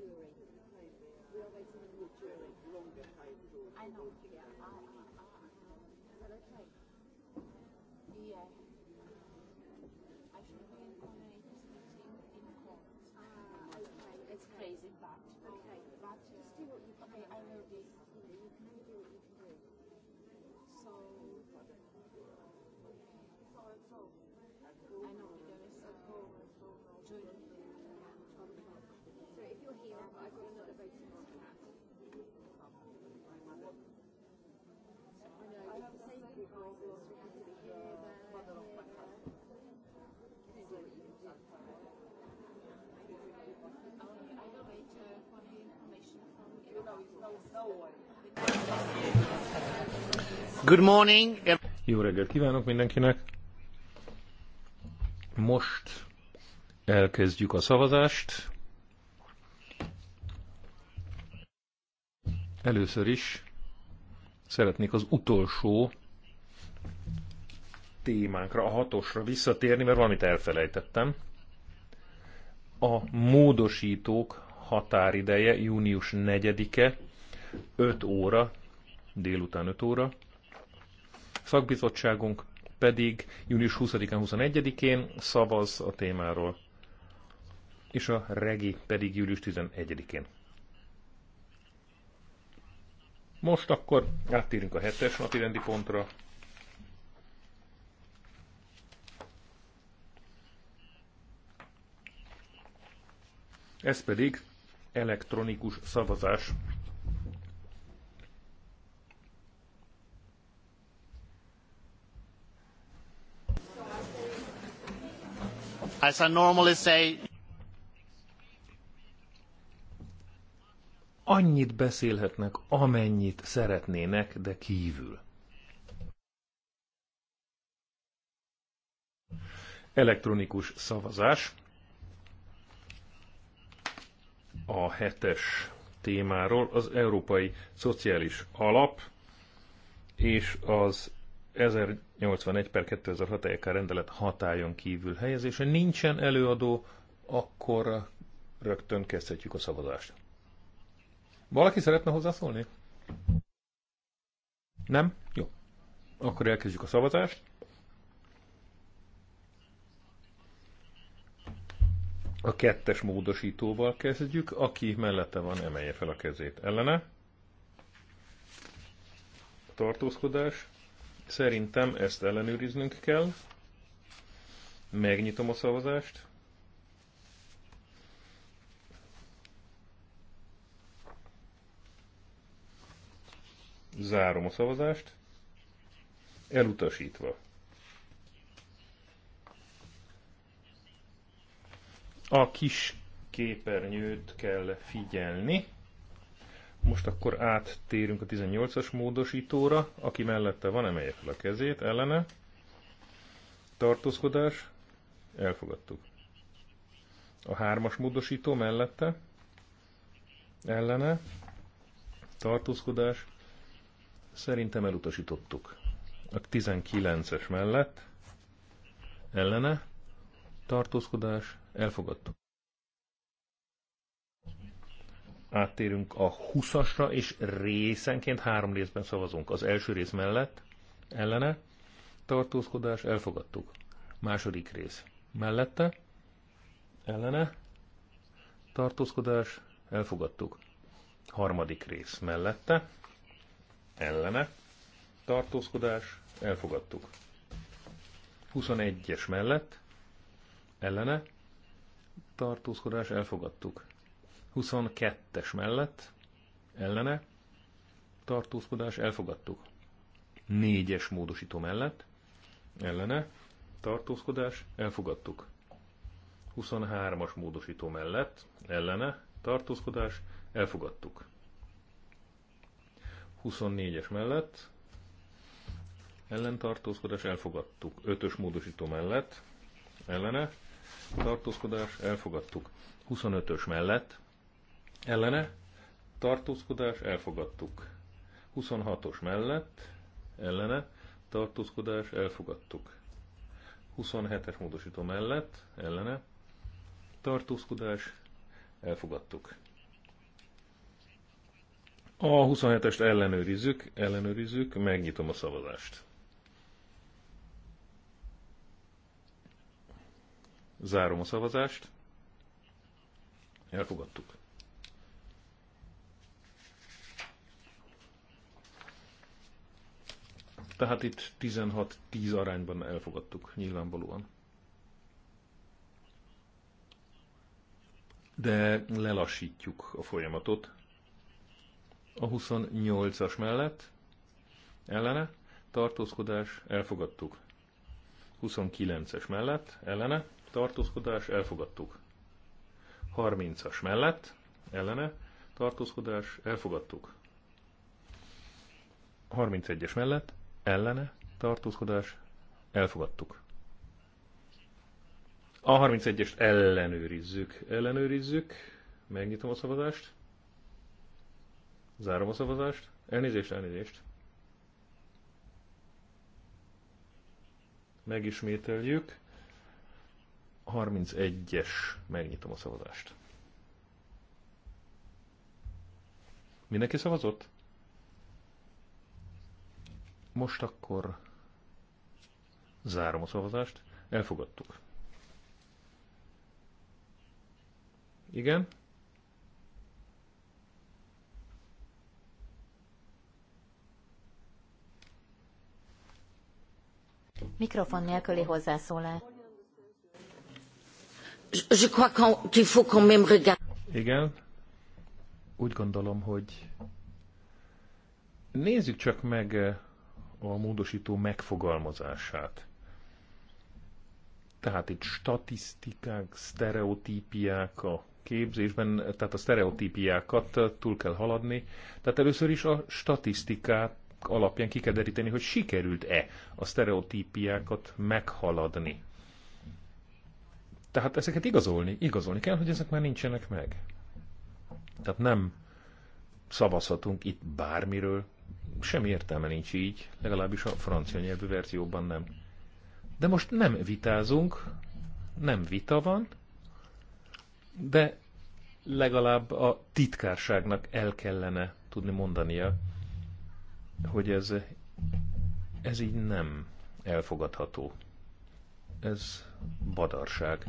jury. No, we are waiting Longer time. I know, yeah. Good morning. Jó reggelt kívánok mindenkinek. Most elkezdjük a szavazást. Először is szeretnék az utolsó témánkra, a hatosra visszatérni, mert valamit elfelejtettem. A módosítók határideje június 4-e 5 óra, délután 5 óra. Szakbizottságunk pedig június 20-án, 21-én szavaz a témáról, és a regi pedig július 11-én. Most akkor áttérünk a hetes napi rendi pontra. Ez pedig elektronikus szavazás As I normally say, annyit beszélhetnek, amennyit szeretnének, de kívül. Elektronikus szavazás. A hetes témáról az Európai Szociális Alap és az 81 per 2006 EK rendelet hatályon kívül helyezése nincsen előadó, akkor rögtön kezdhetjük a szavazást. Valaki szeretne hozzászólni? Nem? Jó. Akkor elkezdjük a szavazást. A kettes módosítóval kezdjük. Aki mellette van, emelje fel a kezét. Ellene? Tartózkodás. Szerintem ezt ellenőriznünk kell. Megnyitom a szavazást. Zárom a szavazást. Elutasítva. A kis képernyőt kell figyelni. Most akkor áttérünk a 18-as módosítóra. Aki mellette van, emelje fel a kezét, ellene. Tartózkodás. Elfogadtuk. A hármas módosító mellette. Ellene. Tartózkodás. Szerintem elutasítottuk. A 19-es mellett. Ellene. Tartózkodás. Elfogadtuk. áttérünk a 20-asra, és részenként három részben szavazunk. Az első rész mellett, ellene, tartózkodás, elfogadtuk. Második rész, mellette, ellene, tartózkodás, elfogadtuk. Harmadik rész, mellette, ellene, tartózkodás, elfogadtuk. 21-es mellett, ellene, tartózkodás, elfogadtuk. 22-es mellett ellene tartózkodás elfogadtuk. 4-es módosító mellett ellene tartózkodás elfogadtuk. 23-as módosító mellett ellene tartózkodás elfogadtuk. 24-es mellett ellentartózkodás elfogadtuk. 5-ös módosító mellett ellene tartózkodás elfogadtuk. 25-ös mellett ellene, tartózkodás, elfogadtuk. 26-os mellett, ellene, tartózkodás, elfogadtuk. 27-es módosító mellett, ellene, tartózkodás, elfogadtuk. A 27-est ellenőrizzük, ellenőrizzük, megnyitom a szavazást. Zárom a szavazást. Elfogadtuk. Tehát itt 16-10 arányban elfogadtuk nyilvánvalóan. De lelassítjuk a folyamatot. A 28-as mellett ellene tartózkodás elfogadtuk. 29-es mellett ellene tartózkodás elfogadtuk. 30-as mellett ellene tartózkodás elfogadtuk. 31-es mellett ellene tartózkodás elfogadtuk. A 31-est ellenőrizzük. Ellenőrizzük. Megnyitom a szavazást. Zárom a szavazást. Elnézést, elnézést. Megismételjük. 31-es. Megnyitom a szavazást. Mindenki szavazott? Most akkor zárom a szavazást. Elfogadtuk. Igen. Mikrofon nélküli hozzászólás. Je crois qu'il faut qu'on même regarder. Igen. Úgy gondolom, hogy nézzük csak meg eh, a módosító megfogalmazását. Tehát itt statisztikák, sztereotípiák a képzésben, tehát a sztereotípiákat túl kell haladni. Tehát először is a statisztikát alapján ki kell deríteni, hogy sikerült-e a sztereotípiákat meghaladni. Tehát ezeket igazolni, igazolni kell, hogy ezek már nincsenek meg. Tehát nem szavazhatunk itt bármiről, semmi értelme nincs így, legalábbis a francia nyelvű verzióban nem. De most nem vitázunk, nem vita van, de legalább a titkárságnak el kellene tudni mondania, hogy ez, ez így nem elfogadható. Ez badarság.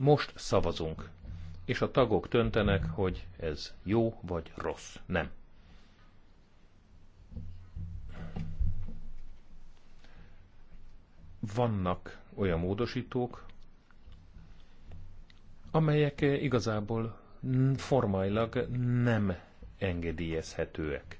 Most szavazunk, és a tagok döntenek, hogy ez jó vagy rossz. Nem. vannak olyan módosítók, amelyek igazából formailag nem engedélyezhetőek.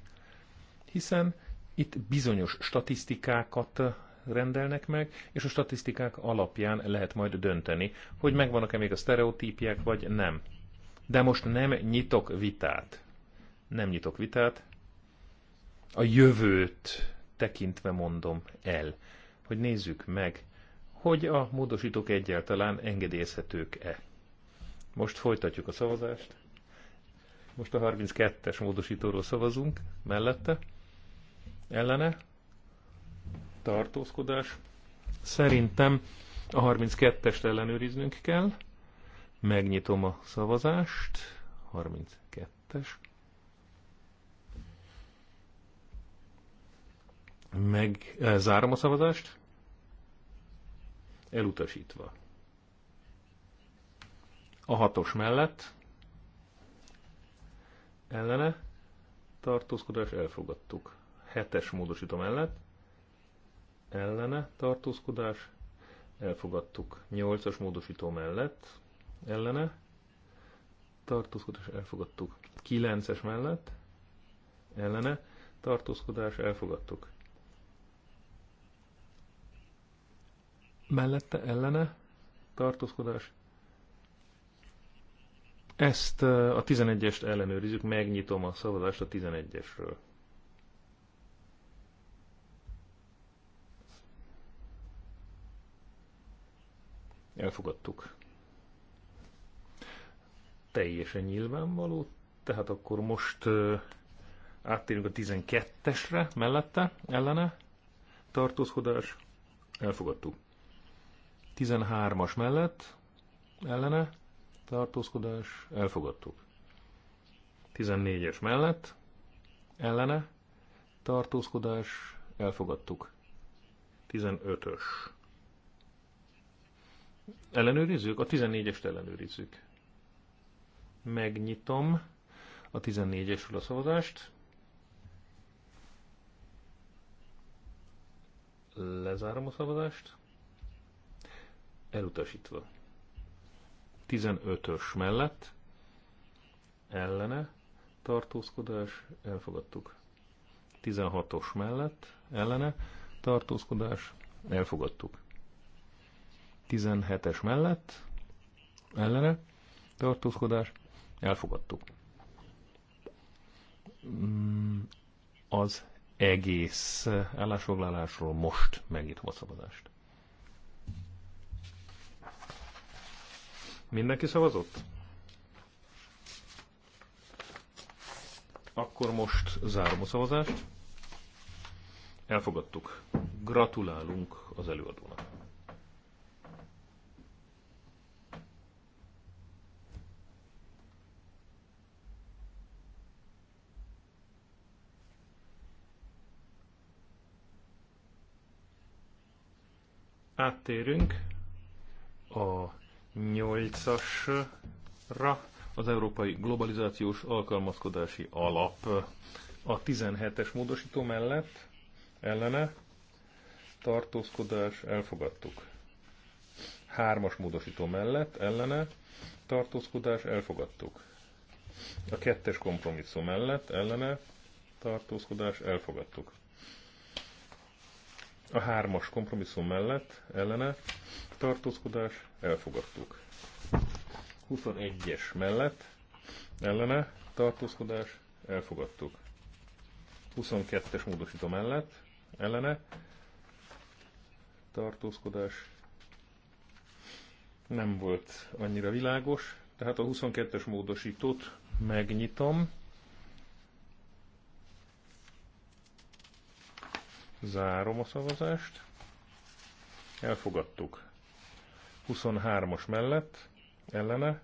Hiszen itt bizonyos statisztikákat rendelnek meg, és a statisztikák alapján lehet majd dönteni, hogy megvannak-e még a sztereotípiák, vagy nem. De most nem nyitok vitát. Nem nyitok vitát. A jövőt tekintve mondom el hogy nézzük meg, hogy a módosítók egyáltalán engedélyezhetők-e. Most folytatjuk a szavazást. Most a 32-es módosítóról szavazunk, mellette, ellene, tartózkodás. Szerintem a 32-est ellenőriznünk kell. Megnyitom a szavazást. 32-es. Meg eh, zárom a szavazást. Elutasítva. A hatos mellett. Ellene. Tartózkodás elfogadtuk. Hetes módosító mellett. Ellene. Tartózkodás elfogadtuk. Nyolcas módosító mellett. Ellene. Tartózkodás elfogadtuk. Kilences mellett. Ellene. Tartózkodás elfogadtuk mellette ellene tartózkodás. Ezt a 11-est ellenőrizzük, megnyitom a szavazást a 11-esről. Elfogadtuk. Teljesen nyilvánvaló, tehát akkor most áttérünk a 12-esre mellette, ellene tartózkodás. Elfogadtuk. 13-as mellett ellene tartózkodás elfogadtuk. 14-es mellett ellene tartózkodás elfogadtuk. 15-ös. Ellenőrizzük? A 14-est ellenőrizzük. Megnyitom a 14-esről a szavazást. Lezárom a szavazást elutasítva. 15-ös mellett ellene tartózkodás, elfogadtuk. 16-os mellett ellene tartózkodás, elfogadtuk. 17-es mellett ellene tartózkodás, elfogadtuk. Mm, az egész állásfoglalásról most megnyitom a szavazást. Mindenki szavazott? Akkor most zárom a szavazást. Elfogadtuk. Gratulálunk az előadónak. áttérünk a 8-asra az Európai Globalizációs Alkalmazkodási Alap a 17-es módosító mellett ellene tartózkodás elfogadtuk. 3-as módosító mellett ellene tartózkodás elfogadtuk. A 2-es kompromisszum mellett ellene tartózkodás elfogadtuk. A 3-as kompromisszum mellett ellene tartózkodás, elfogadtuk. 21-es mellett, ellene, tartózkodás, elfogadtuk. 22-es módosító mellett, ellene, tartózkodás nem volt annyira világos, tehát a 22-es módosítót megnyitom, zárom a szavazást, elfogadtuk. 23-as mellett, ellene,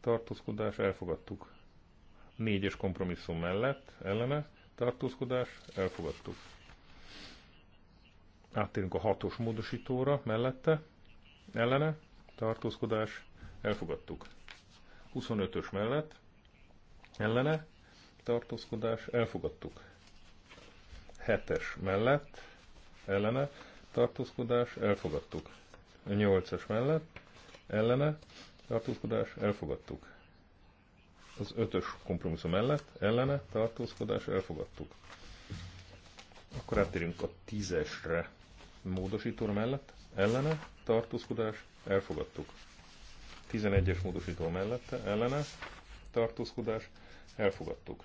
tartózkodás, elfogadtuk. 4-es kompromisszum mellett, ellene, tartózkodás, elfogadtuk. Áttérünk a 6-os módosítóra mellette, ellene, tartózkodás, elfogadtuk. 25-ös mellett, ellene, tartózkodás, elfogadtuk. 7-es mellett, ellene, tartózkodás, elfogadtuk a 8-as mellett, ellene, tartózkodás, elfogadtuk. Az 5-ös kompromisszum mellett, ellene, tartózkodás, elfogadtuk. Akkor áttérünk a 10-esre mellett, ellene, tartózkodás, elfogadtuk. 11-es módosító mellette, ellene, tartózkodás, elfogadtuk.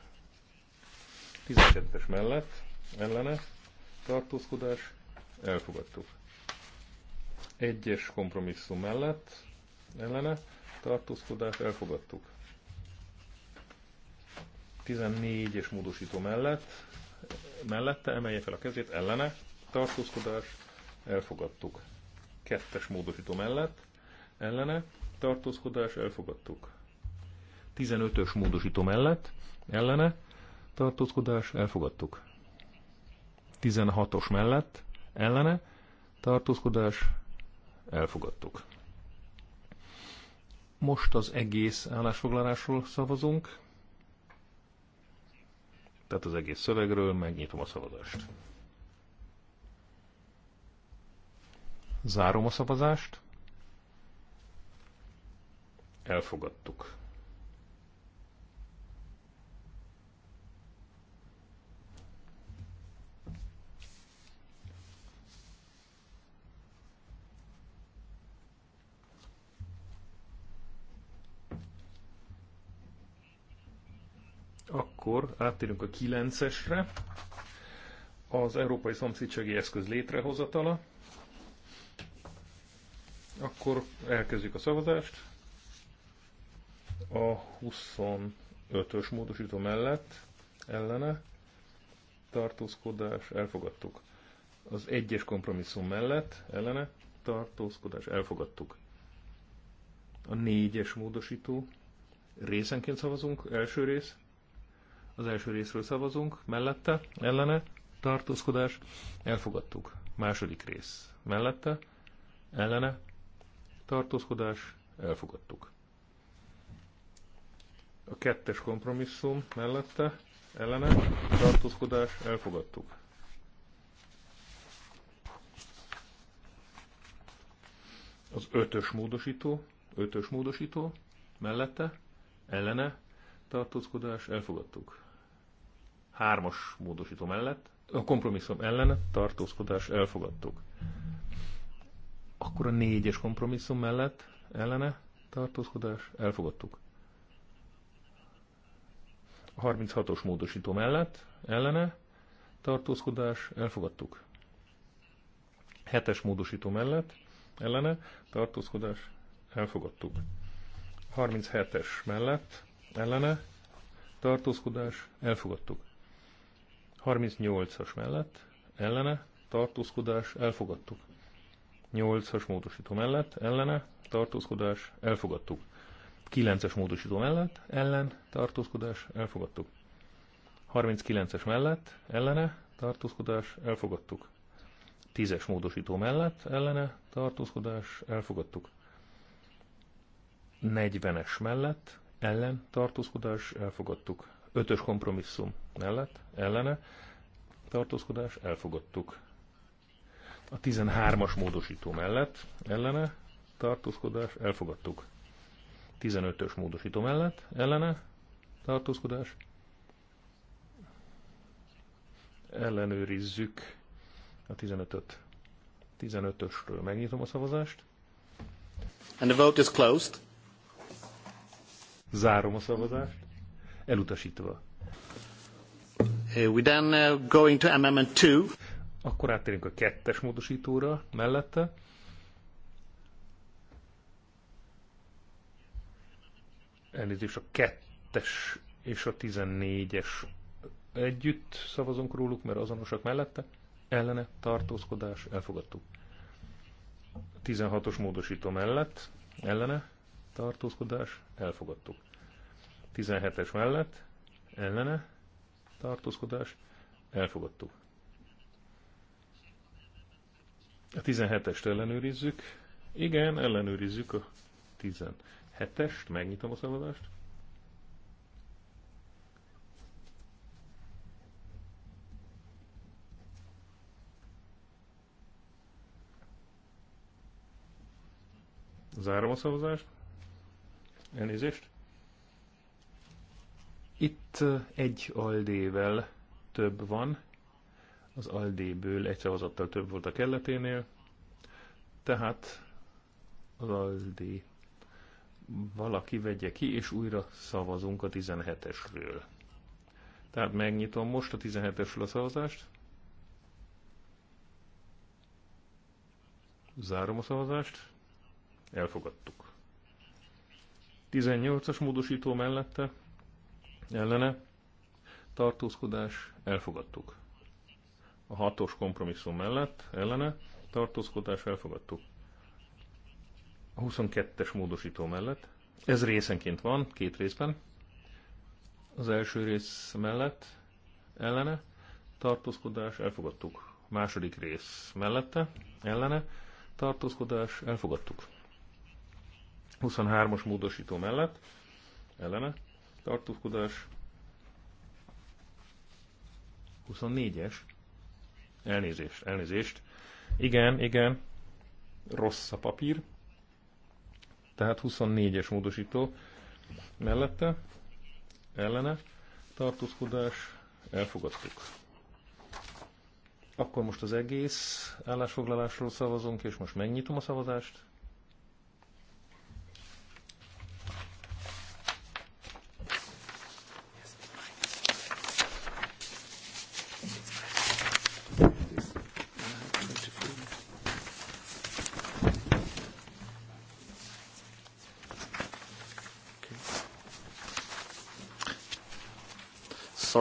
12-es mellett, ellene, tartózkodás, elfogadtuk. Egyes kompromisszum mellett ellene tartózkodást elfogadtuk. 14 és módosító mellett, mellette emelje fel a kezét, ellene tartózkodás elfogadtuk. Kettes módosító mellett ellene tartózkodás elfogadtuk. 15-ös módosító mellett ellene tartózkodás elfogadtuk. 16-os mellett ellene tartózkodás elfogadtuk. Most az egész állásfoglalásról szavazunk, tehát az egész szövegről megnyitom a szavazást. Zárom a szavazást. Elfogadtuk. Akkor áttérünk a 9-esre, az Európai Szomszédsági Eszköz létrehozatala. Akkor elkezdjük a szavazást. A 25-ös módosító mellett ellene tartózkodás elfogadtuk. Az egyes kompromisszum mellett ellene tartózkodás elfogadtuk. A négyes módosító részenként szavazunk, első rész az első részről szavazunk, mellette, ellene, tartózkodás, elfogadtuk. Második rész, mellette, ellene, tartózkodás, elfogadtuk. A kettes kompromisszum mellette, ellene, tartózkodás, elfogadtuk. Az ötös módosító, ötös módosító, mellette, ellene, tartózkodás, elfogadtuk. Hármas módosító mellett, a kompromisszum ellen tartózkodás elfogadtuk. Akkor a négyes kompromisszum mellett ellene tartózkodás elfogadtuk. A 36-os módosító mellett ellene tartózkodás elfogadtuk. 7-es módosító mellett ellene tartózkodás elfogadtuk. 37-es mellett ellene tartózkodás elfogadtuk. 38-as mellett ellene tartózkodás elfogadtuk. 8-as módosító mellett ellene tartózkodás elfogadtuk. 9-es módosító mellett ellen tartózkodás elfogadtuk. 39-es mellett ellene tartózkodás elfogadtuk. 10-es módosító mellett ellene tartózkodás elfogadtuk. 40-es mellett ellen tartózkodás elfogadtuk. Ötös kompromisszum mellett, ellene, tartózkodás, elfogadtuk. A 13-as módosító mellett, ellene, tartózkodás, elfogadtuk. 15-ös módosító mellett, ellene, tartózkodás, ellenőrizzük a 15-öt. 15-ösről megnyitom a szavazást. And the vote is closed. Zárom a szavazást elutasítva. Eh, we then eh, going to amendment two. Akkor áttérünk a kettes módosítóra mellette. Elnézést, a kettes és a tizennégyes együtt szavazunk róluk, mert azonosak mellette. Ellene tartózkodás, elfogadtuk. 16-os módosító mellett, ellene tartózkodás, elfogadtuk. 17-es mellett ellene tartózkodás elfogadtuk. A 17-est ellenőrizzük. Igen, ellenőrizzük a 17-est. Megnyitom a szavazást. Zárom a szavazást. Elnézést. Itt egy aldével több van, az aldéből egy szavazattal több volt a kelleténél, tehát az aldé valaki vegye ki, és újra szavazunk a 17-esről. Tehát megnyitom most a 17-esről a szavazást. Zárom a szavazást. Elfogadtuk. 18-as módosító mellette ellene tartózkodás elfogadtuk. A hatos kompromisszum mellett ellene tartózkodás elfogadtuk. A 22-es módosító mellett. Ez részenként van, két részben. Az első rész mellett ellene tartózkodás elfogadtuk. A második rész mellette ellene tartózkodás elfogadtuk. 23-as módosító mellett ellene tartózkodás, 24-es, elnézést, elnézést, igen, igen, rossz a papír, tehát 24-es módosító mellette, ellene, tartózkodás, elfogadtuk. Akkor most az egész állásfoglalásról szavazunk, és most megnyitom a szavazást.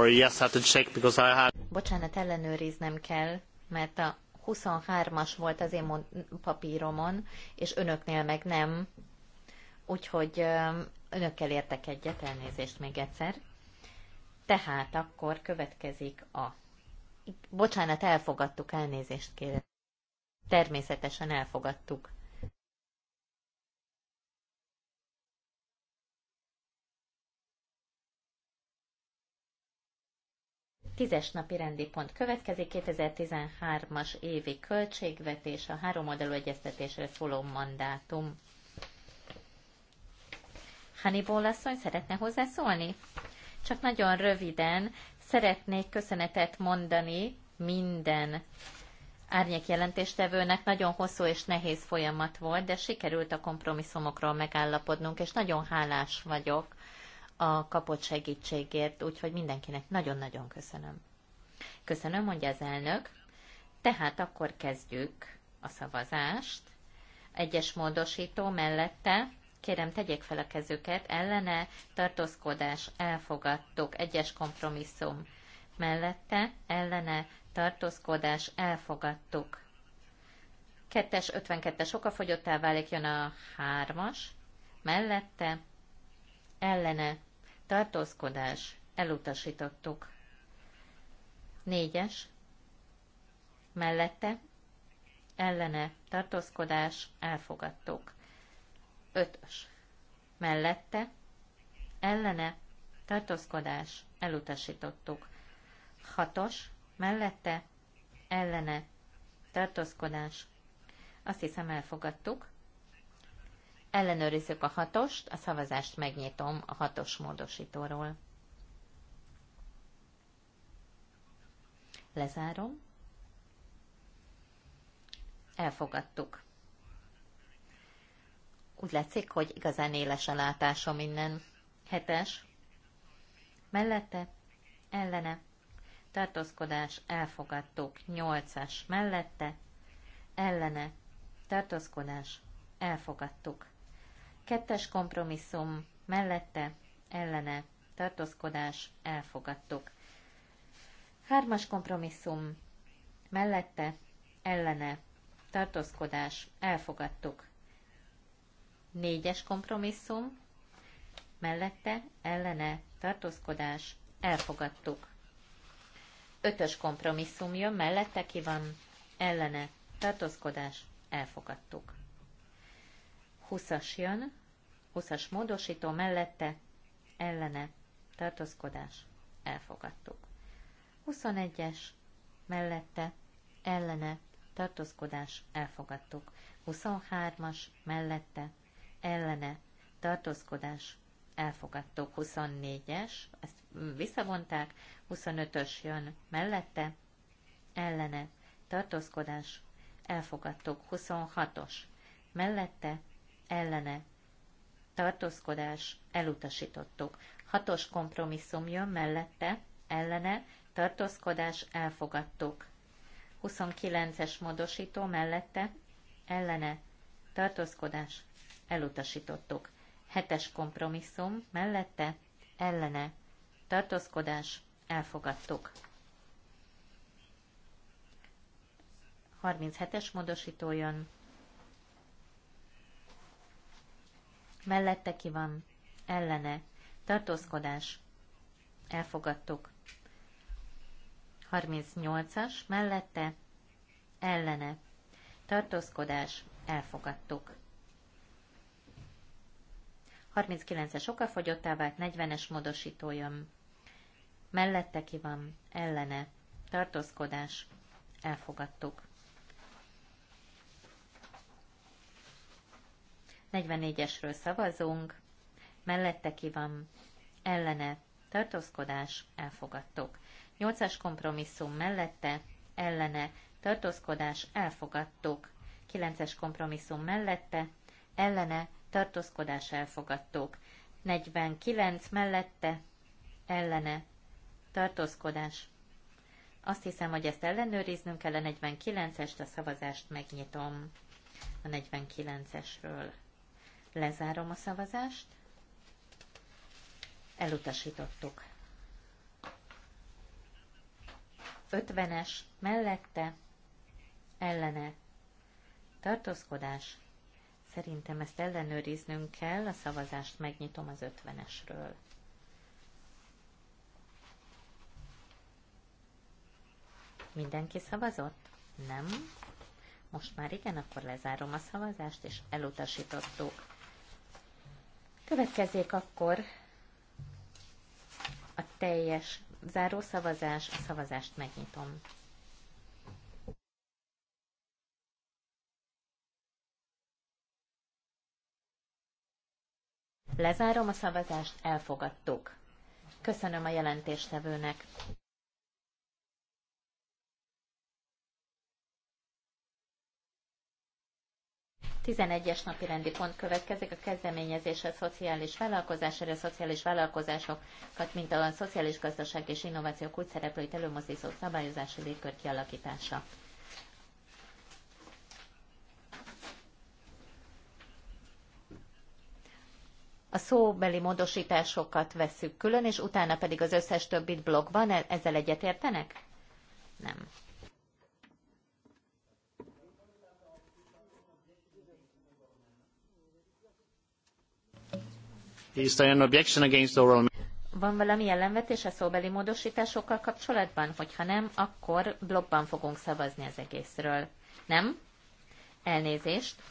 sorry, yes, I had to check because I had... Bocsánat, ellenőriznem kell, mert a 23-as volt az én papíromon, és önöknél meg nem. Úgyhogy önökkel értek egyet, elnézést még egyszer. Tehát akkor következik a... Bocsánat, elfogadtuk, elnézést kérek. Természetesen elfogadtuk. Tízes napi rendi pont következik, 2013-as évi költségvetés, a három oldalú egyeztetésre szóló mandátum. Hannibal asszony szeretne hozzászólni? Csak nagyon röviden szeretnék köszönetet mondani minden árnyék jelentéstevőnek nagyon hosszú és nehéz folyamat volt, de sikerült a kompromisszumokról megállapodnunk, és nagyon hálás vagyok a kapott segítségért, úgyhogy mindenkinek nagyon-nagyon köszönöm. Köszönöm, mondja az elnök. Tehát akkor kezdjük a szavazást. Egyes módosító mellette, kérem tegyék fel a kezüket, ellene tartózkodás elfogadtuk, egyes kompromisszum mellette, ellene tartózkodás elfogadtuk. Kettes, 52-es okafogyottá válik, jön a hármas, mellette, ellene tartózkodás elutasítottuk. Négyes mellette ellene tartózkodás elfogadtuk. Ötös mellette ellene tartózkodás elutasítottuk. Hatos mellette ellene tartózkodás. Azt hiszem elfogadtuk. Ellenőrizzük a hatost, a szavazást megnyitom a hatos módosítóról. Lezárom. Elfogadtuk. Úgy látszik, hogy igazán éles a látásom minden. Hetes. Mellette, ellene, tartózkodás, elfogadtuk. Nyolcas, mellette, ellene, tartózkodás, elfogadtuk. Kettes kompromisszum mellette ellene tartózkodás elfogadtuk. Hármas kompromisszum mellette ellene tartózkodás elfogadtuk. Négyes kompromisszum mellette ellene tartózkodás elfogadtuk. Ötös kompromisszum jön, mellette ki van ellene tartózkodás elfogadtuk. 20-as jön, 20-as módosító mellette ellene tartózkodás elfogadtuk. 21-es mellette ellene tartózkodás elfogadtuk. 23-as mellette ellene tartózkodás elfogadtuk. 24-es, ezt visszavonták, 25-ös jön mellette ellene tartózkodás elfogadtuk. 26-os mellette ellene tartózkodás, elutasítottuk. Hatos kompromisszum jön mellette, ellene, tartózkodás, elfogadtuk. 29-es módosító mellette, ellene, tartózkodás, elutasítottuk. Hetes kompromisszum mellette, ellene, tartózkodás, elfogadtuk. 37-es módosító jön Mellette ki van? Ellene. Tartózkodás. Elfogadtuk. 38-as. Mellette. Ellene. Tartózkodás. Elfogadtuk. 39-es okafogyottá vált 40-es módosító jön. Mellette ki van, ellene, tartózkodás, elfogadtuk. 44-esről szavazunk, mellette ki van, ellene, tartózkodás, elfogadtok. 8-as kompromisszum mellette, ellene, tartózkodás, elfogadtok. 9-es kompromisszum mellette, ellene, tartózkodás, elfogadtok. 49 mellette, ellene, tartózkodás. Azt hiszem, hogy ezt ellenőriznünk kell, a 49-est, a szavazást megnyitom a 49-esről. Lezárom a szavazást. Elutasítottuk. 50-es mellette ellene tartózkodás. Szerintem ezt ellenőriznünk kell, a szavazást megnyitom az 50-esről. Mindenki szavazott? Nem. Most már igen, akkor lezárom a szavazást, és elutasítottuk. Következzék akkor a teljes záró szavazás, a szavazást megnyitom. Lezárom a szavazást, elfogadtuk. Köszönöm a jelentéstevőnek. 11-es napi rendi pont következik a kezdeményezésre a szociális vállalkozásra, a szociális vállalkozásokat, mint a szociális gazdaság és innovációk úgy szereplőit előmozdító szabályozási légkör kialakítása. A szóbeli módosításokat veszük külön, és utána pedig az összes többit blogban. E- ezzel egyetértenek? Nem. Is there an objection against oral... Van valami ellenvetés a szóbeli módosításokkal kapcsolatban? Hogyha nem, akkor blogban fogunk szavazni az egészről. Nem? Elnézést.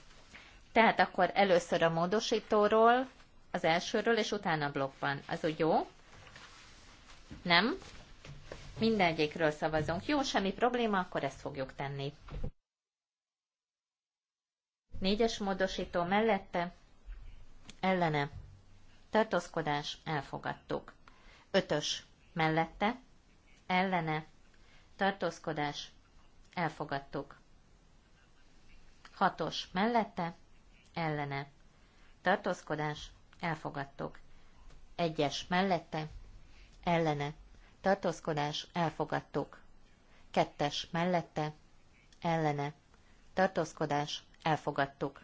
Tehát akkor először a módosítóról, az elsőről, és utána blogban. Az úgy jó? Nem? Mindegyikről szavazunk. Jó, semmi probléma, akkor ezt fogjuk tenni. Négyes módosító mellette, ellene, tartózkodás, elfogadtuk. Ötös, mellette, ellene, tartózkodás, elfogadtuk. Hatos, mellette, ellene, tartózkodás, elfogadtuk. Egyes, mellette, ellene, tartózkodás, elfogadtuk. Kettes, mellette, ellene, tartózkodás, elfogadtuk.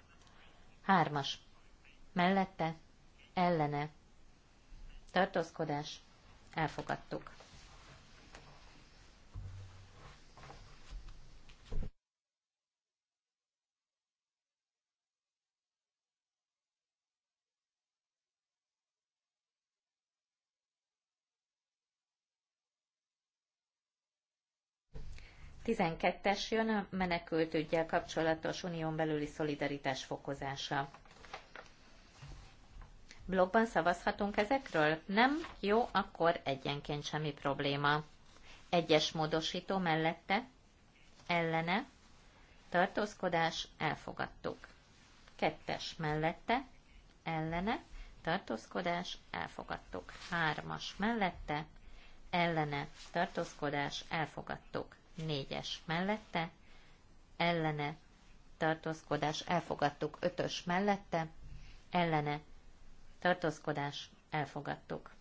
Hármas, mellette, ellene tartózkodás elfogadtuk. Tizenkettes jön a menekült kapcsolatos unión belüli szolidaritás fokozása. Blogban szavazhatunk ezekről? Nem? Jó, akkor egyenként semmi probléma. Egyes módosító mellette, ellene, tartózkodás, elfogadtuk. Kettes mellette, ellene, tartózkodás, elfogadtuk. Hármas mellette, ellene, tartózkodás, elfogadtuk. Négyes mellette, ellene, tartózkodás, elfogadtuk. Ötös mellette, ellene, tartózkodás, elfogadtuk.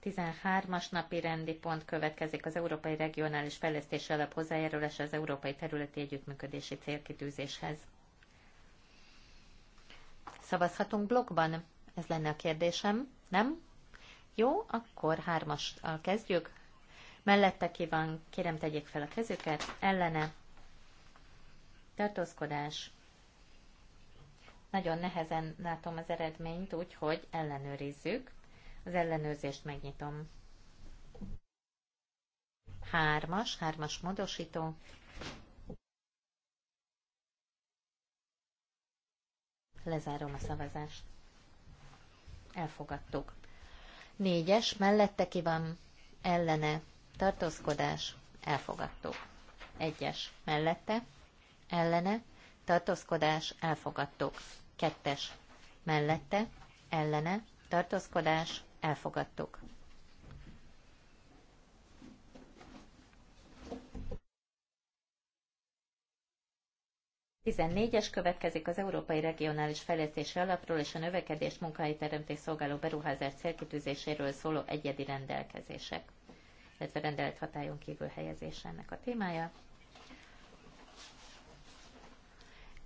Tizenhármas napi rendi pont következik az Európai Regionális Fejlesztési Alap hozzájárulása az Európai Területi Együttműködési Célkitűzéshez. Szavazhatunk blogban? Ez lenne a kérdésem, nem? Jó, akkor hármas kezdjük. Mellette kíván, van, kérem tegyék fel a kezüket, ellene tartózkodás. Nagyon nehezen látom az eredményt, úgyhogy ellenőrizzük. Az ellenőrzést megnyitom. Hármas, hármas módosító. Lezárom a szavazást. Elfogadtuk. Négyes, mellette ki van, ellene, tartózkodás, elfogadtuk. Egyes, mellette, ellene, tartózkodás, elfogadtuk. Kettes, mellette, ellene, tartózkodás, elfogadtuk. Tizennégyes következik az Európai Regionális Fejlesztési Alapról és a növekedés munkahelyteremtés szolgáló beruházás célkitűzéséről szóló egyedi rendelkezések, illetve rendelet hatályon kívül helyezésének ennek a témája.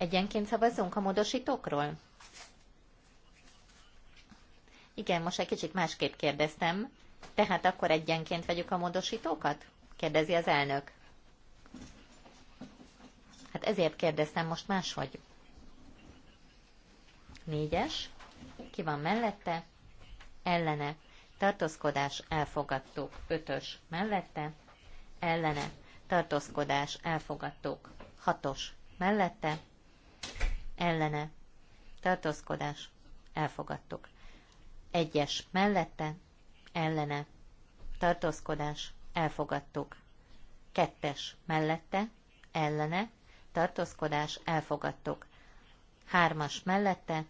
Egyenként szavazzunk a módosítókról? Igen, most egy kicsit másképp kérdeztem. Tehát akkor egyenként vegyük a módosítókat? Kérdezi az elnök. Hát ezért kérdeztem most máshogy. Négyes. Ki van mellette? Ellene. Tartózkodás elfogadtuk. Ötös. Mellette. Ellene. Tartózkodás elfogadtuk. Hatos. Mellette ellene, tartózkodás, elfogadtuk. Egyes mellette, ellene, tartózkodás, elfogadtuk. Kettes mellette, ellene, tartózkodás, elfogadtuk. Hármas mellette,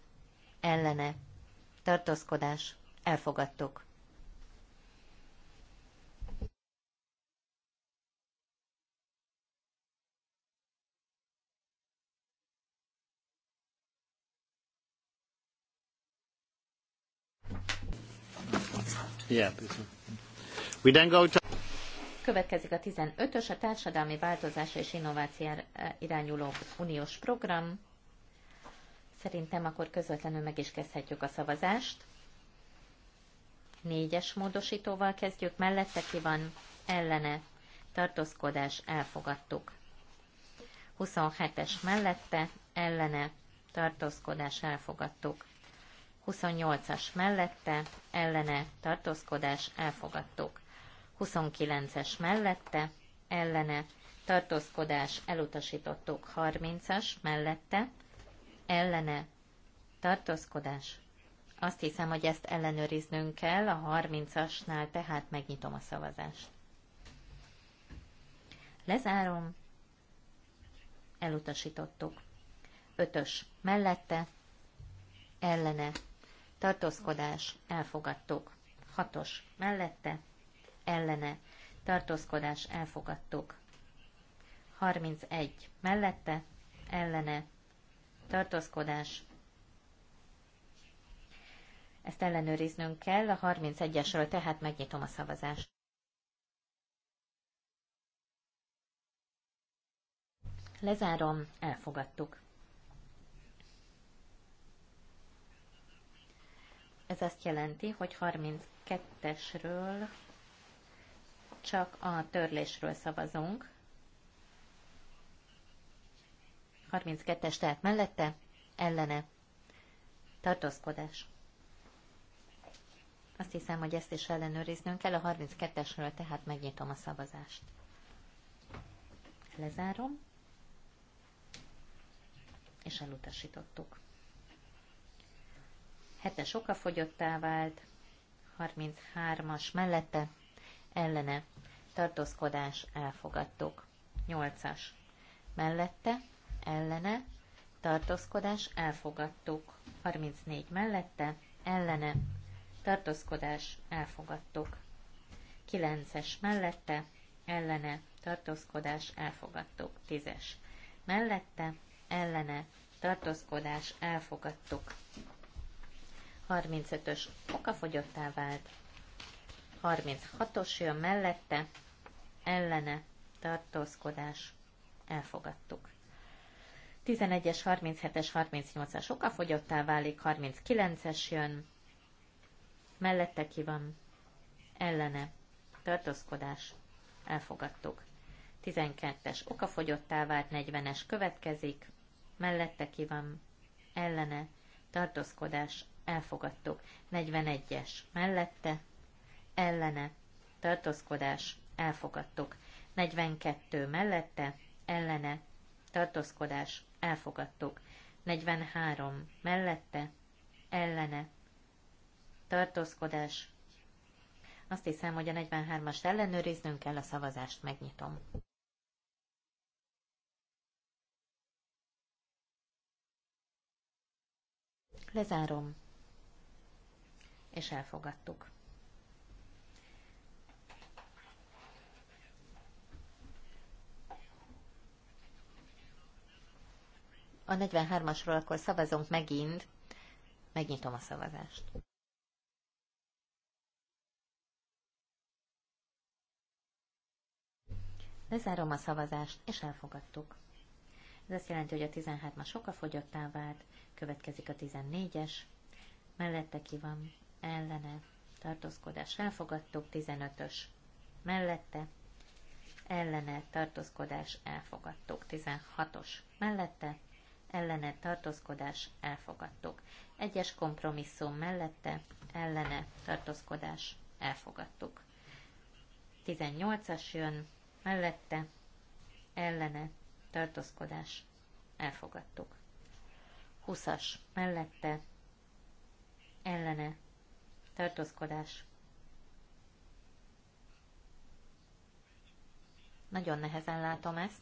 ellene, tartózkodás, elfogadtuk. Yeah. We then go to... Következik a 15-ös, a társadalmi változás és innováció irányuló uniós program. Szerintem akkor közvetlenül meg is kezdhetjük a szavazást. Négyes módosítóval kezdjük, mellette ki van, ellene, tartózkodás, elfogadtuk. 27-es mellette, ellene, tartózkodás, elfogadtuk. 28-as mellette, ellene tartózkodás elfogadtuk. 29-es mellette, ellene tartózkodás elutasítottuk. 30-as mellette, ellene tartózkodás. Azt hiszem, hogy ezt ellenőriznünk kell a 30-asnál, tehát megnyitom a szavazást. Lezárom. Elutasítottuk. 5-ös mellette, ellene tartózkodás, elfogadtuk. Hatos mellette, ellene, tartózkodás, elfogadtuk. 31 mellette, ellene, tartózkodás. Ezt ellenőriznünk kell, a 31-esről tehát megnyitom a szavazást. Lezárom, elfogadtuk. Ez azt jelenti, hogy 32-esről csak a törlésről szavazunk. 32-es tehát mellette, ellene, tartózkodás. Azt hiszem, hogy ezt is ellenőriznünk kell. A 32-esről tehát megnyitom a szavazást. Lezárom. És elutasítottuk. 7-es fogyottá vált, 33-as mellette, ellene, tartózkodás, elfogadtuk. 8-as mellette, ellene, tartózkodás, elfogadtuk. 34 mellette, ellene, tartózkodás, elfogadtuk. 9-es mellette, ellene, tartózkodás, elfogadtuk. 10-es mellette, ellene, tartózkodás, elfogadtuk. 35-ös okafogyottá vált, 36-os jön mellette, ellene, tartózkodás, elfogadtuk. 11-es, 37-es, 38-as okafogyottá válik, 39-es jön, mellette ki van, ellene, tartózkodás, elfogadtuk. 12-es okafogyottá vált, 40-es következik, mellette ki van, ellene, tartózkodás, elfogadtuk. 41-es mellette, ellene, tartózkodás, elfogadtuk. 42 mellette, ellene, tartózkodás, elfogadtuk. 43 mellette, ellene, tartózkodás. Azt hiszem, hogy a 43-as ellenőriznünk kell, a szavazást megnyitom. Lezárom és elfogadtuk. A 43-asról akkor szavazunk megint. Megnyitom a szavazást. Lezárom a szavazást, és elfogadtuk. Ez azt jelenti, hogy a 13-as fogyottá vált, következik a 14-es, mellette ki van, ellene tartózkodás elfogadtuk, 15-ös mellette, ellene tartózkodás elfogadtuk, 16-os mellette, ellene tartózkodás elfogadtuk, egyes kompromisszum mellette, ellene tartózkodás elfogadtuk. 18-as jön, mellette, ellene tartózkodás elfogadtuk. 20-as mellette, ellene tartózkodás. Nagyon nehezen látom ezt.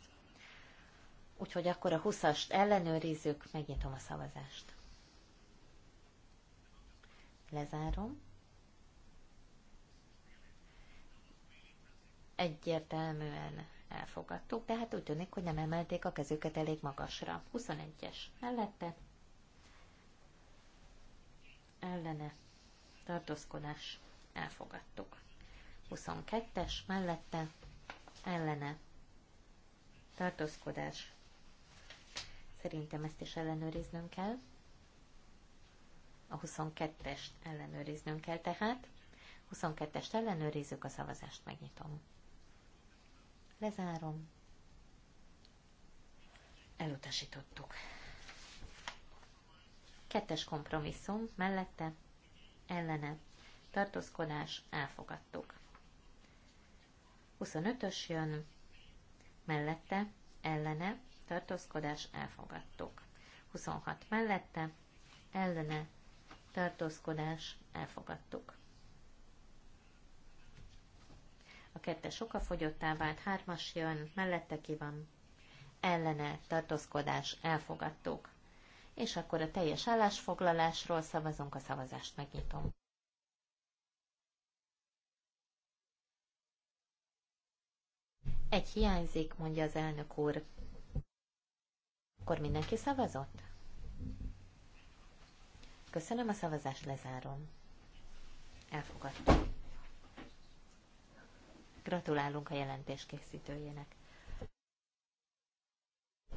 Úgyhogy akkor a 20-ast ellenőrizzük, megnyitom a szavazást. Lezárom. Egyértelműen elfogadtuk, Tehát úgy tűnik, hogy nem emelték a kezüket elég magasra. 21-es mellette. Ellene tartózkodás elfogadtuk. 22-es mellette ellene tartózkodás. Szerintem ezt is ellenőriznünk kell. A 22-est ellenőriznünk kell tehát. 22-est ellenőrizzük, a szavazást megnyitom. Lezárom. Elutasítottuk. Kettes kompromisszum mellette ellene, tartózkodás, elfogadtuk. 25-ös jön, mellette, ellene, tartózkodás, elfogadtuk. 26 mellette, ellene, tartózkodás, elfogadtuk. A kettes fogyottá vált, hármas jön, mellette ki van, ellene, tartózkodás, elfogadtuk és akkor a teljes állásfoglalásról szavazunk, a szavazást megnyitom. Egy hiányzik, mondja az elnök úr. Akkor mindenki szavazott? Köszönöm, a szavazást lezárom. Elfogadtam. Gratulálunk a jelentés készítőjének.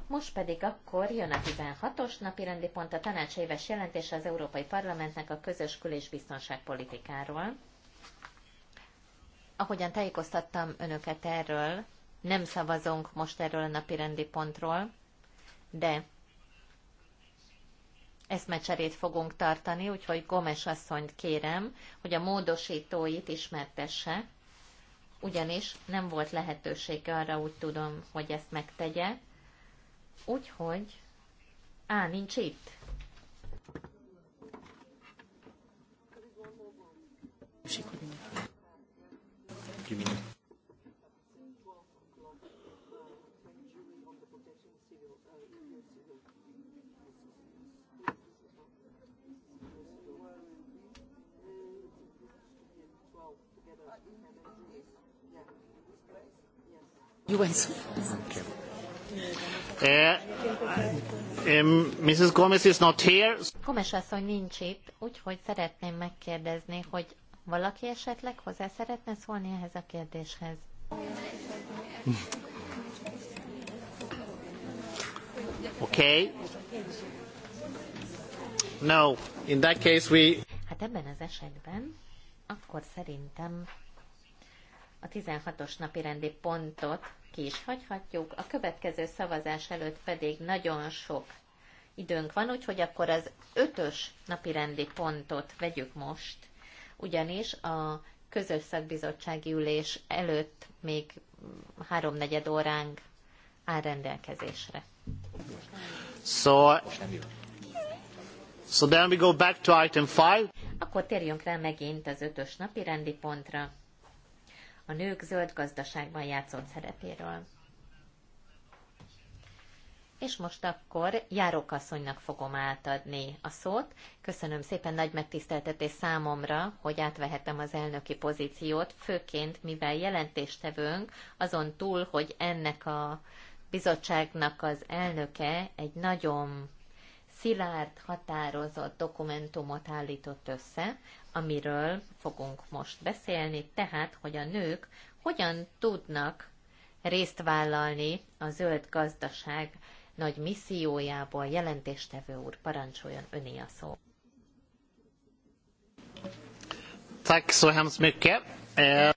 Most pedig akkor jön a 16-os napi rendi pont a tanács éves jelentése az Európai Parlamentnek a közös kül- és biztonságpolitikáról. Ahogyan tájékoztattam önöket erről, nem szavazunk most erről a napi rendi pontról, de eszmecserét fogunk tartani, úgyhogy Gomes asszonyt kérem, hogy a módosítóit ismertesse, ugyanis nem volt lehetősége arra, úgy tudom, hogy ezt megtegye, Úgyhogy... Á, nincs itt. You went. Okay. Eh, Mrs. Gomez is not here. Gomes asszony nincs itt, úgyhogy szeretném megkérdezni, hogy valaki esetleg hozzá szeretne szólni ehhez a kérdéshez. Okay. No, in that case we... Hát ebben az esetben akkor szerintem a 16-os napi rendi pontot ki is hagyhatjuk. A következő szavazás előtt pedig nagyon sok időnk van, úgyhogy akkor az ötös napi rendi pontot vegyük most, ugyanis a közös szakbizottsági ülés előtt még háromnegyed óránk áll rendelkezésre. So, so then we go back to item five. Akkor térjünk rá megint az ötös napi rendi pontra a nők zöld gazdaságban játszott szerepéről. És most akkor járókasszonynak fogom átadni a szót. Köszönöm szépen, nagy megtiszteltetés számomra, hogy átvehetem az elnöki pozíciót, főként mivel jelentéstevőnk, azon túl, hogy ennek a bizottságnak az elnöke egy nagyon szilárd, határozott dokumentumot állított össze, amiről fogunk most beszélni, tehát, hogy a nők hogyan tudnak részt vállalni a zöld gazdaság nagy missziójából. Jelentéstevő úr, parancsoljon öné a szó. Eh,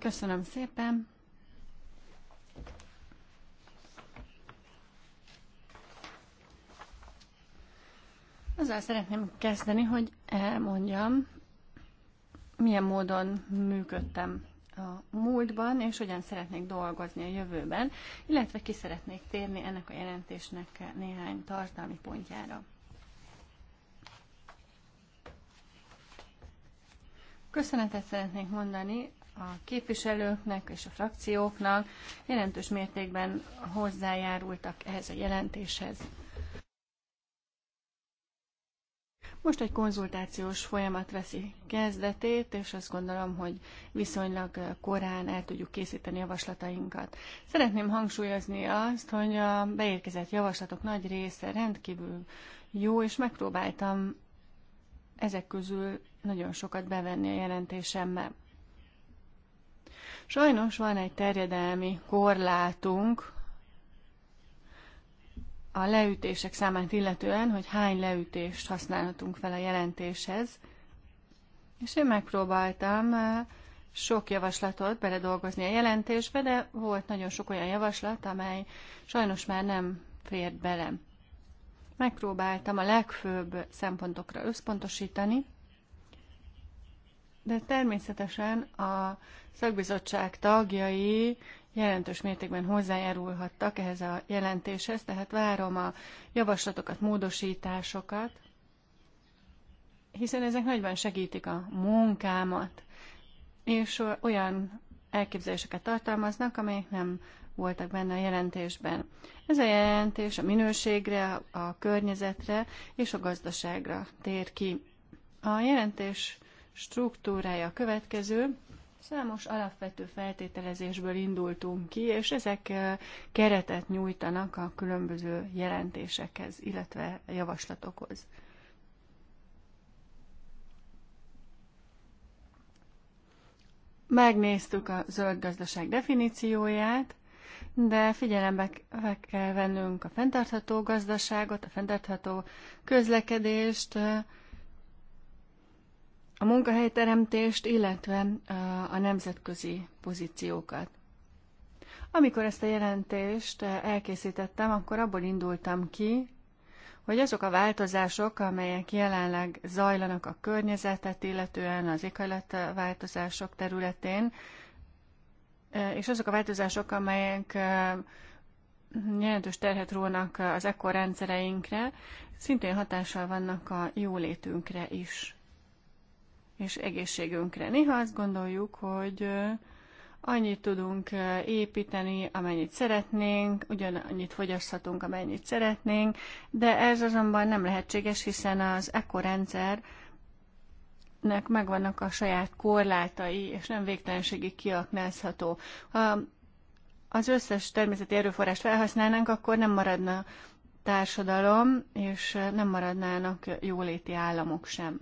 Köszönöm szépen. Azzal szeretném kezdeni, hogy elmondjam, milyen módon működtem a múltban, és hogyan szeretnék dolgozni a jövőben, illetve ki szeretnék térni ennek a jelentésnek néhány tartalmi pontjára. Köszönetet szeretnék mondani a képviselőknek és a frakcióknak, jelentős mértékben hozzájárultak ehhez a jelentéshez. Most egy konzultációs folyamat veszi kezdetét, és azt gondolom, hogy viszonylag korán el tudjuk készíteni javaslatainkat. Szeretném hangsúlyozni azt, hogy a beérkezett javaslatok nagy része rendkívül jó, és megpróbáltam ezek közül nagyon sokat bevenni a jelentésembe. Sajnos van egy terjedelmi korlátunk, a leütések számát illetően, hogy hány leütést használhatunk fel a jelentéshez. És én megpróbáltam sok javaslatot beledolgozni a jelentésbe, de volt nagyon sok olyan javaslat, amely sajnos már nem fért bele. Megpróbáltam a legfőbb szempontokra összpontosítani, de természetesen a szakbizottság tagjai jelentős mértékben hozzájárulhattak ehhez a jelentéshez, tehát várom a javaslatokat, módosításokat, hiszen ezek nagyban segítik a munkámat, és olyan elképzeléseket tartalmaznak, amelyek nem voltak benne a jelentésben. Ez a jelentés a minőségre, a környezetre és a gazdaságra tér ki. A jelentés struktúrája a következő, Számos alapvető feltételezésből indultunk ki, és ezek eh, keretet nyújtanak a különböző jelentésekhez, illetve javaslatokhoz. Megnéztük a zöld gazdaság definícióját, de figyelembe kell vennünk a fenntartható gazdaságot, a fenntartható közlekedést, eh, a munkahelyteremtést, illetve a nemzetközi pozíciókat. Amikor ezt a jelentést elkészítettem, akkor abból indultam ki, hogy azok a változások, amelyek jelenleg zajlanak a környezetet, illetően az éghajlatváltozások területén, és azok a változások, amelyek jelentős terhet rónak az ekkor rendszereinkre, szintén hatással vannak a jólétünkre is és egészségünkre. Néha azt gondoljuk, hogy annyit tudunk építeni, amennyit szeretnénk, ugyanannyit fogyaszthatunk, amennyit szeretnénk, de ez azonban nem lehetséges, hiszen az ekorendszer nek megvannak a saját korlátai, és nem végtelenségig kiaknázható. Ha az összes természeti erőforrást felhasználnánk, akkor nem maradna társadalom, és nem maradnának jóléti államok sem.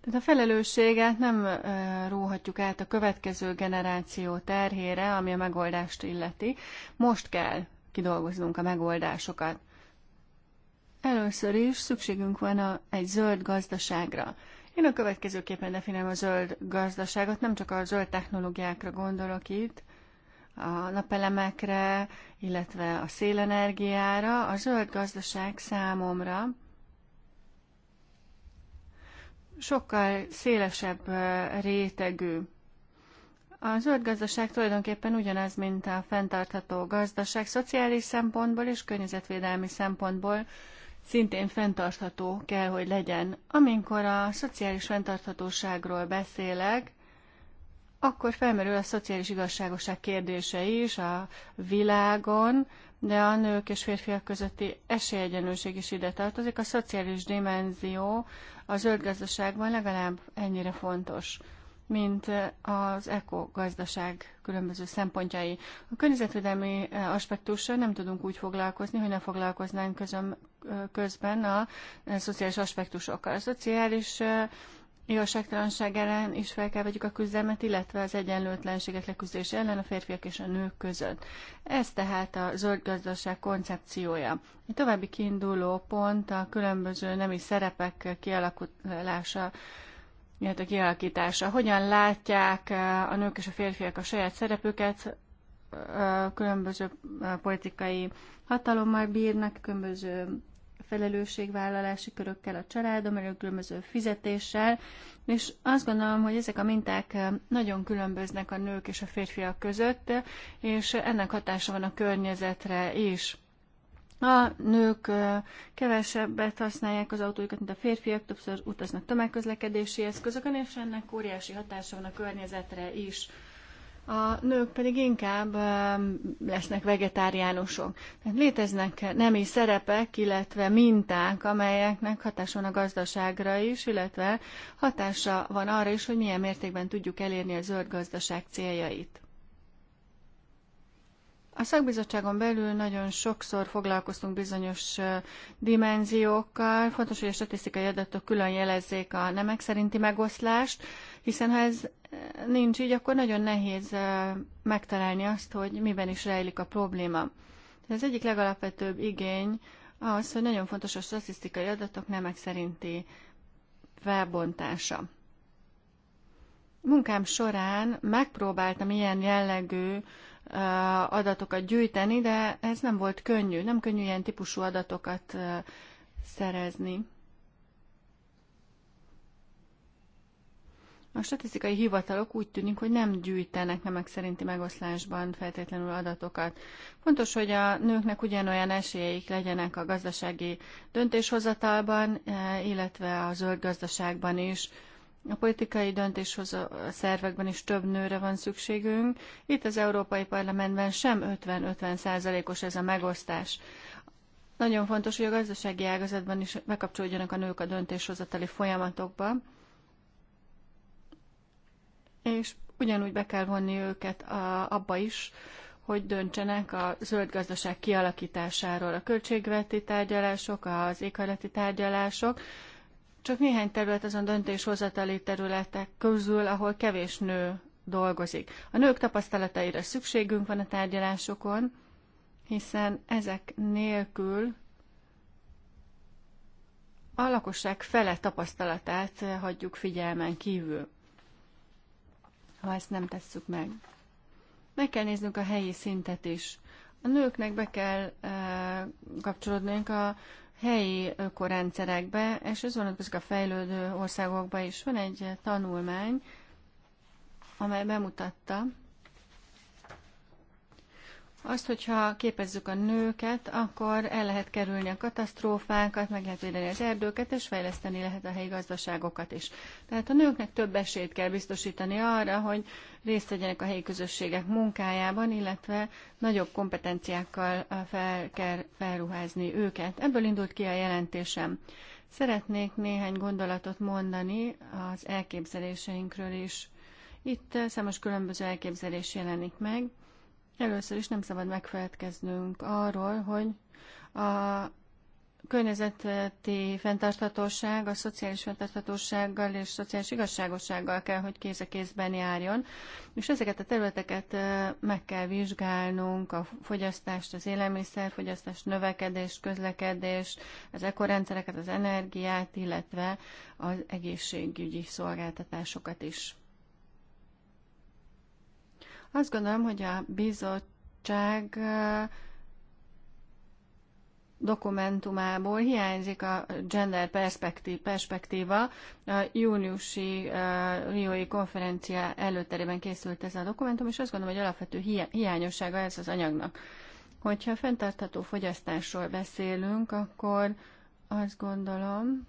Tehát a felelősséget nem róhatjuk át a következő generáció terhére, ami a megoldást illeti. Most kell kidolgoznunk a megoldásokat. Először is szükségünk van a, egy zöld gazdaságra. Én a következőképpen definiálom a zöld gazdaságot, nem csak a zöld technológiákra gondolok itt, a napelemekre, illetve a szélenergiára. A zöld gazdaság számomra sokkal szélesebb rétegű. A zöld gazdaság tulajdonképpen ugyanaz, mint a fenntartható gazdaság, szociális szempontból és környezetvédelmi szempontból szintén fenntartható kell, hogy legyen. Amikor a szociális fenntarthatóságról beszélek, akkor felmerül a szociális igazságosság kérdése is a világon, de a nők és férfiak közötti esélyegyenlőség is ide tartozik. A szociális dimenzió a zöld gazdaságban legalább ennyire fontos, mint az ekogazdaság különböző szempontjai. A környezetvédelmi eh, aspektussal nem tudunk úgy foglalkozni, hogy ne foglalkoznánk eh, közben a eh, szociális aspektusokkal. A szociális igazságtalanság ellen is fel kell vegyük a küzdelmet, illetve az egyenlőtlenségek leküzdés ellen a férfiak és a nők között. Ez tehát a zöld gazdaság koncepciója. A további kiinduló pont a különböző nemi szerepek kialakulása, illetve kialakítása. Hogyan látják a nők és a férfiak a saját szerepüket, különböző politikai hatalommal bírnak, különböző felelősségvállalási körökkel, a családom elő különböző fizetéssel, és azt gondolom, hogy ezek a minták eh, nagyon különböznek a nők és a férfiak között, és ennek hatása van a környezetre is. A nők eh, kevesebbet használják az autójukat, mint a férfiak, többször utaznak tömegközlekedési eszközökön, és ennek óriási hatása van a környezetre is a nők pedig inkább lesznek vegetáriánusok. Tehát léteznek nemi szerepek, illetve minták, amelyeknek hatása van a gazdaságra is, illetve hatása van arra is, hogy milyen mértékben tudjuk elérni a zöld gazdaság céljait. A szakbizottságon belül nagyon sokszor foglalkoztunk bizonyos dimenziókkal. Fontos, hogy a statisztikai adatok külön jelezzék a nemek szerinti megoszlást, hiszen ha ez eh, nincs így, akkor nagyon nehéz eh, megtalálni azt, hogy miben is rejlik a probléma. Az egyik legalapvetőbb igény az, hogy nagyon fontos a statisztikai adatok nemek szerinti felbontása. Munkám során megpróbáltam ilyen jellegű eh, adatokat gyűjteni, de ez nem volt könnyű. Nem könnyű ilyen típusú adatokat szerezni. A statisztikai hivatalok úgy tűnik, hogy nem gyűjtenek nemek szerinti megoszlásban feltétlenül adatokat. Fontos, hogy a nőknek ugyanolyan esélyeik legyenek a gazdasági döntéshozatalban, e, illetve a zöld gazdaságban is. A politikai a szervekben is több nőre van szükségünk. Itt az Európai Parlamentben sem 50-50 százalékos -50 ez a megosztás. Nagyon fontos, hogy a gazdasági ágazatban is bekapcsolódjanak a nők a döntéshozatali folyamatokba és ugyanúgy be kell vonni őket a, abba is, hogy döntsenek a zöld gazdaság kialakításáról. A költségveti tárgyalások, az éghajlati tárgyalások, csak néhány terület azon döntéshozatali területek közül, ahol kevés nő dolgozik. A nők tapasztalataira szükségünk van a tárgyalásokon, hiszen ezek nélkül a lakosság fele tapasztalatát hagyjuk figyelmen kívül ha ezt nem tesszük meg. Meg kell néznünk a helyi szintet is. A nőknek be kell e, kapcsolódnunk a helyi ökorendszerekbe, és ez vonatkozik a fejlődő országokba is. Van egy tanulmány, amely bemutatta, azt, hogyha képezzük a nőket, akkor el lehet kerülni a katasztrófákat, meg lehet védeni az erdőket, és fejleszteni lehet a helyi gazdaságokat is. Tehát a nőknek több esélyt kell biztosítani arra, hogy részt vegyenek a helyi közösségek munkájában, illetve nagyobb kompetenciákkal eh, fel kell felruházni őket. Ebből indult ki a jelentésem. Szeretnék néhány gondolatot mondani az elképzeléseinkről is. Itt eh, számos különböző elképzelés jelenik meg Először is nem szabad megfeledkeznünk arról, hogy a környezeti fenntarthatóság, a szociális fenntarthatósággal és szociális igazságossággal kell, hogy kéz a kézben járjon, és ezeket a területeket meg kell vizsgálnunk, a fogyasztást, az élelmiszerfogyasztást, növekedés, közlekedés, az ekorendszereket, az energiát, illetve az egészségügyi szolgáltatásokat is. Azt gondolom, hogy a bizottság dokumentumából hiányzik a gender perspektív, perspektíva. A júniusi uh, Riói konferencia előterében készült ez a dokumentum, és azt gondolom, hogy alapvető hi- hiányossága ez az anyagnak. Hogyha fenntartható fogyasztásról beszélünk, akkor azt gondolom,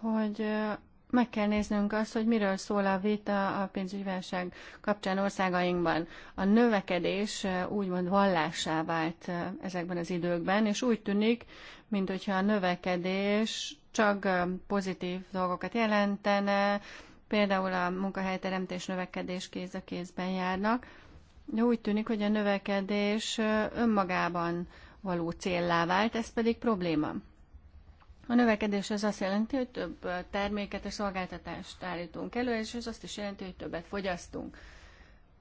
hogy meg kell néznünk azt, hogy miről szól a vita a válság kapcsán országainkban. A növekedés úgymond vallássá vált ezekben az időkben, és úgy tűnik, mint hogyha a növekedés csak pozitív dolgokat jelentene, például a munkahelyteremtés növekedés kéz a kézben járnak, de úgy tűnik, hogy a növekedés önmagában való céllá vált, ez pedig probléma. A növekedés az azt jelenti, hogy több terméket és szolgáltatást állítunk elő, és ez azt is jelenti, hogy többet fogyasztunk.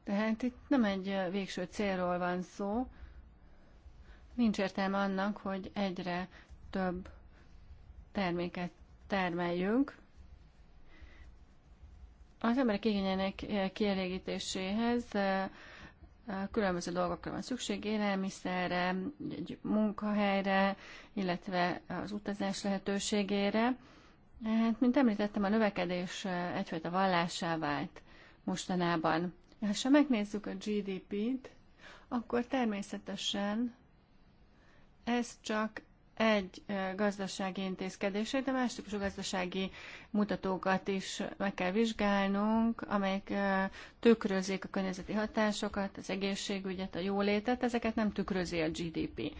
Tehát itt nem egy végső célról van szó. Nincs értelme annak, hogy egyre több terméket termeljünk. Az emberek igényének kielégítéséhez különböző dolgokra van szükség, élelmiszerre, egy munkahelyre, illetve az utazás lehetőségére. Hát, mint említettem, a növekedés egyfajta vallásá vált mostanában. Ha ha megnézzük a GDP-t, akkor természetesen ez csak egy gazdasági intézkedését, de más típusú gazdasági mutatókat is meg kell vizsgálnunk, amelyek tükrözik a környezeti hatásokat, az egészségügyet, a jólétet, ezeket nem tükrözi a GDP.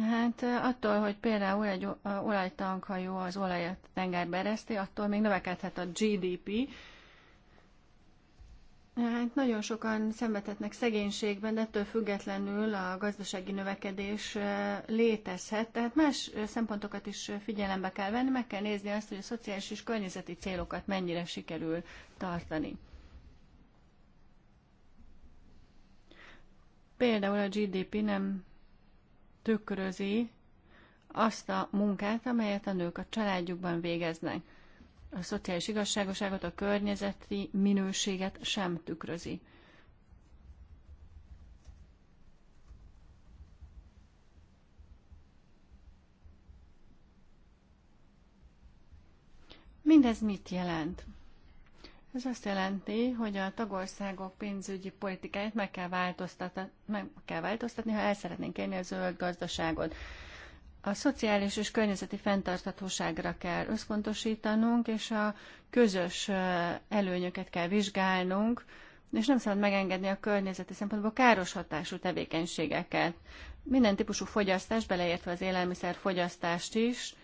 Hát attól, hogy például egy olajtankhajó az olajat tengerbe ereszti, attól még növekedhet a GDP, Hát nagyon sokan szenvedhetnek szegénységben, de ettől függetlenül a gazdasági növekedés létezhet. Tehát más szempontokat is figyelembe kell venni, meg kell nézni azt, hogy a szociális és környezeti célokat mennyire sikerül tartani. Például a GDP nem tükrözi azt a munkát, amelyet a nők a családjukban végeznek a szociális igazságoságot, a környezeti minőséget sem tükrözi. Mindez mit jelent? Ez azt jelenti, hogy a tagországok pénzügyi politikáját meg kell változtatni, meg kell változtatni ha el szeretnénk élni a zöld gazdaságot. A szociális és környezeti fenntarthatóságra kell összpontosítanunk, és a közös előnyöket kell vizsgálnunk, és nem szabad megengedni a környezeti szempontból káros hatású tevékenységeket. Minden típusú fogyasztás, beleértve az élelmiszer fogyasztást is,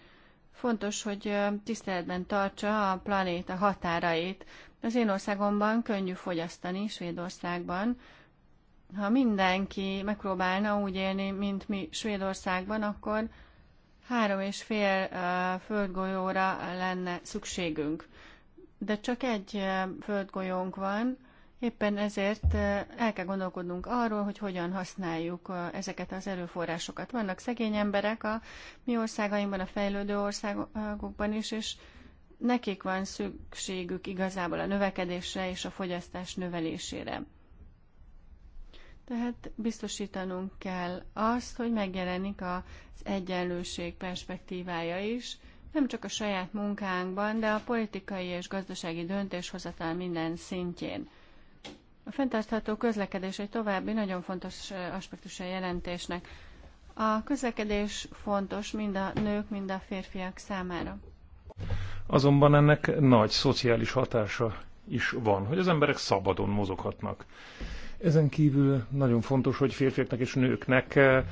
fontos, hogy tiszteletben tartsa a planéta határait. Az én országomban könnyű fogyasztani, Svédországban. Ha mindenki megpróbálna úgy élni, mint mi Svédországban, akkor Három és fél földgolyóra lenne szükségünk, de csak egy földgolyónk van, éppen ezért el kell gondolkodnunk arról, hogy hogyan használjuk ezeket az erőforrásokat. Vannak szegény emberek a mi országainkban, a fejlődő országokban is, és nekik van szükségük igazából a növekedésre és a fogyasztás növelésére. Tehát biztosítanunk kell azt, hogy megjelenik az egyenlőség perspektívája is, nem csak a saját munkánkban, de a politikai és gazdasági döntéshozatal minden szintjén. A fenntartható közlekedés egy további nagyon fontos aspektusa a jelentésnek. A közlekedés fontos mind a nők, mind a férfiak számára. Azonban ennek nagy szociális hatása is van, hogy az emberek szabadon mozoghatnak. Ezen kívül nagyon fontos, hogy férfiaknak és nőknek eh,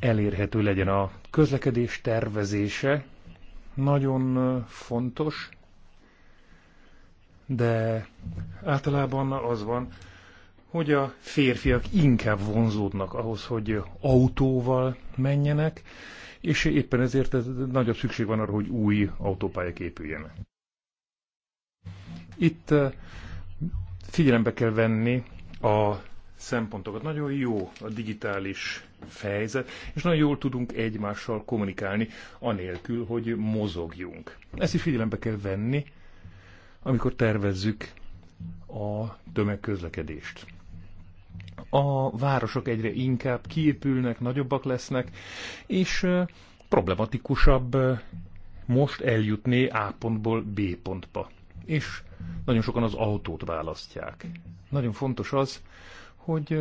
elérhető legyen a közlekedés tervezése. Nagyon eh, fontos, de általában az van, hogy a férfiak inkább vonzódnak ahhoz, hogy autóval menjenek, és éppen ezért ez nagyobb szükség van arra, hogy új autópályák épüljenek. Itt eh, figyelembe kell venni a szempontokat. Nagyon jó a digitális fejzet, és nagyon jól tudunk egymással kommunikálni, anélkül, hogy mozogjunk. Ezt is figyelembe kell venni, amikor tervezzük a tömegközlekedést. A városok egyre inkább kiépülnek, nagyobbak lesznek, és problematikusabb most eljutni A pontból B pontba és nagyon sokan az autót választják. Nagyon fontos az, hogy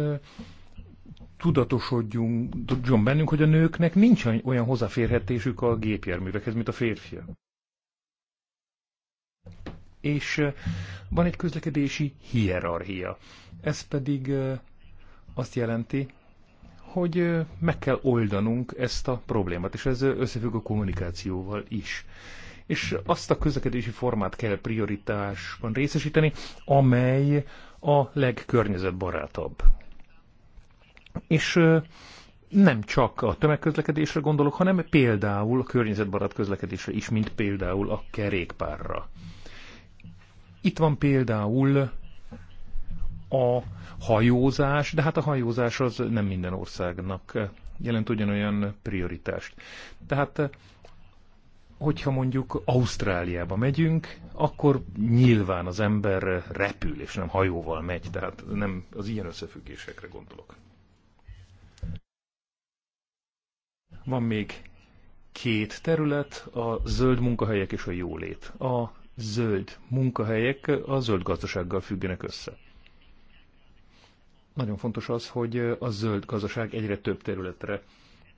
tudatosodjunk tudjon bennünk, hogy a nőknek nincs olyan hozzáférhetésük a gépjárművekhez, mint a férfiak. És van egy közlekedési hierarchia. Ez pedig azt jelenti, hogy meg kell oldanunk ezt a problémát, és ez összefügg a kommunikációval is és azt a közlekedési formát kell prioritásban részesíteni, amely a legkörnyezetbarátabb. És nem csak a tömegközlekedésre gondolok, hanem például a környezetbarát közlekedésre is, mint például a kerékpárra. Itt van például a hajózás, de hát a hajózás az nem minden országnak jelent ugyanolyan prioritást. Tehát hogyha mondjuk Ausztráliába megyünk, akkor nyilván az ember repül, és nem hajóval megy, tehát nem az ilyen összefüggésekre gondolok. Van még két terület, a zöld munkahelyek és a jólét. A zöld munkahelyek a zöld gazdasággal függenek össze. Nagyon fontos az, hogy a zöld gazdaság egyre több területre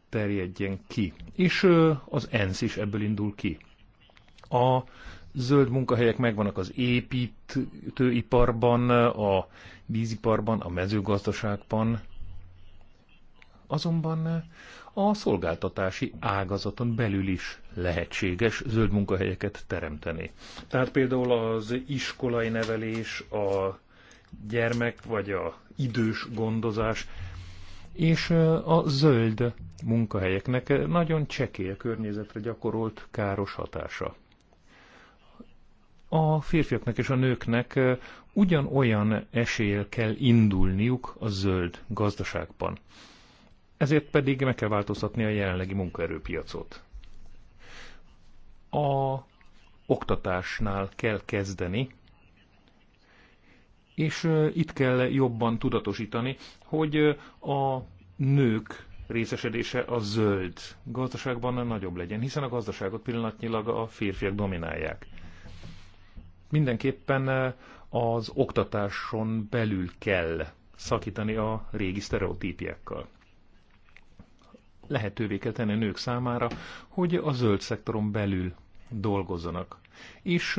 terjedjen ki. És az ENSZ is ebből indul ki. A zöld munkahelyek megvannak az építőiparban, a víziparban, a mezőgazdaságban, azonban a szolgáltatási ágazaton belül is lehetséges zöld munkahelyeket teremteni. Tehát például az iskolai nevelés, a gyermek vagy a idős gondozás és a zöld munkahelyeknek nagyon csekély a környezetre gyakorolt káros hatása. A férfiaknak és a nőknek ugyanolyan esél kell indulniuk a zöld gazdaságban. Ezért pedig meg kell változtatni a jelenlegi munkaerőpiacot. A oktatásnál kell kezdeni, és itt kell jobban tudatosítani, hogy a nők részesedése a zöld gazdaságban nagyobb legyen, hiszen a gazdaságot pillanatnyilag a férfiak dominálják. Mindenképpen az oktatáson belül kell szakítani a régi sztereotípiákkal. Lehetővé kell tenni a nők számára, hogy a zöld szektoron belül dolgozzanak. És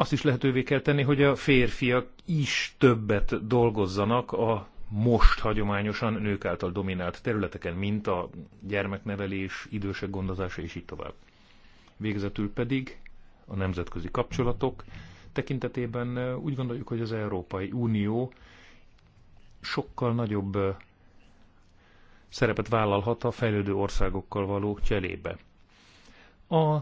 azt is lehetővé kell tenni, hogy a férfiak is többet dolgozzanak a most hagyományosan nők által dominált területeken, mint a gyermeknevelés, idősek gondozása és így tovább. Végezetül pedig a nemzetközi kapcsolatok tekintetében úgy gondoljuk, hogy az Európai Unió sokkal nagyobb szerepet vállalhat a fejlődő országokkal való cselébe. A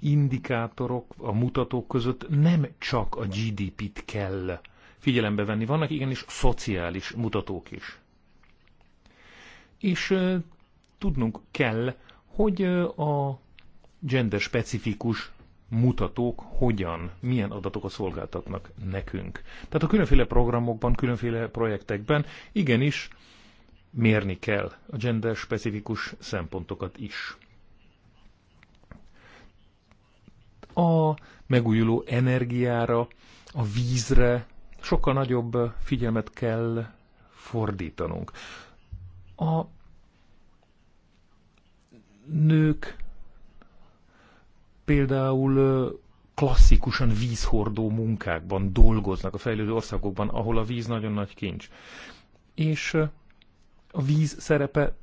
indikátorok, a mutatók között nem csak a GDP-t kell figyelembe venni. Vannak igenis szociális mutatók is. És tudnunk kell, hogy a gender-specifikus mutatók hogyan, milyen adatokat szolgáltatnak nekünk. Tehát a különféle programokban, különféle projektekben igenis mérni kell a gender-specifikus szempontokat is. a megújuló energiára, a vízre sokkal nagyobb figyelmet kell fordítanunk. A nők például klasszikusan vízhordó munkákban dolgoznak a fejlődő országokban, ahol a víz nagyon nagy kincs. És a víz szerepe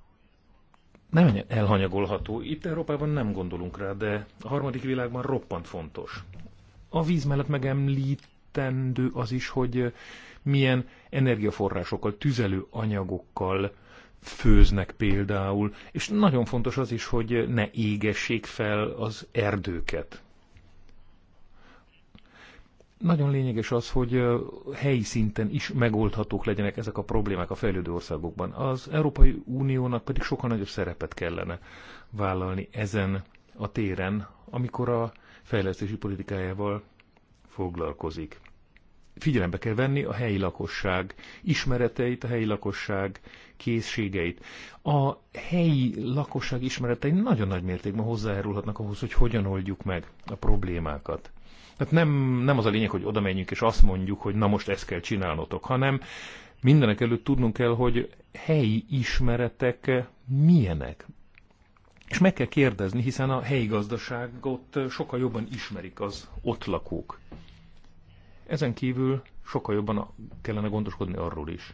nem elhanyagolható. Itt Európában nem gondolunk rá, de a harmadik világban roppant fontos. A víz mellett megemlítendő az is, hogy milyen energiaforrásokkal, tüzelőanyagokkal főznek például, és nagyon fontos az is, hogy ne égessék fel az erdőket. Nagyon lényeges az, hogy helyi szinten is megoldhatók legyenek ezek a problémák a fejlődő országokban. Az Európai Uniónak pedig sokkal nagyobb szerepet kellene vállalni ezen a téren, amikor a fejlesztési politikájával foglalkozik. Figyelembe kell venni a helyi lakosság ismereteit, a helyi lakosság készségeit. A helyi lakosság ismeretei nagyon nagy mértékben hozzájárulhatnak ahhoz, hogy hogyan oldjuk meg a problémákat. Tehát nem, nem az a lényeg, hogy oda menjünk és azt mondjuk, hogy na most ezt kell csinálnotok, hanem mindenek előtt tudnunk kell, hogy helyi ismeretek milyenek. És meg kell kérdezni, hiszen a helyi gazdaságot sokkal jobban ismerik az ott lakók. Ezen kívül sokkal jobban kellene gondoskodni arról is,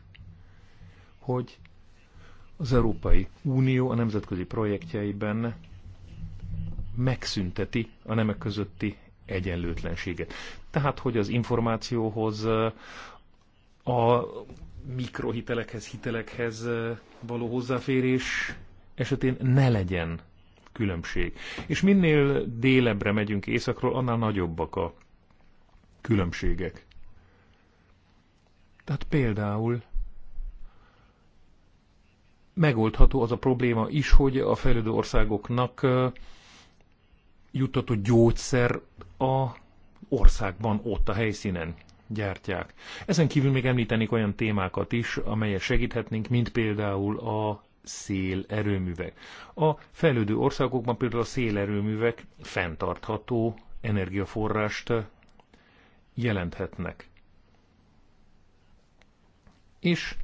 hogy az Európai Unió a nemzetközi projektjeiben megszünteti a nemek közötti egyenlőtlenséget. Tehát, hogy az információhoz, a mikrohitelekhez, hitelekhez való hozzáférés esetén ne legyen különbség. És minél délebbre megyünk északról, annál nagyobbak a különbségek. Tehát például megoldható az a probléma is, hogy a fejlődő országoknak juttató gyógyszer a országban, ott a helyszínen gyártják. Ezen kívül még említenék olyan témákat is, amelyek segíthetnénk, mint például a szél erőművek. A fejlődő országokban például a szélerőművek fenntartható energiaforrást jelenthetnek. És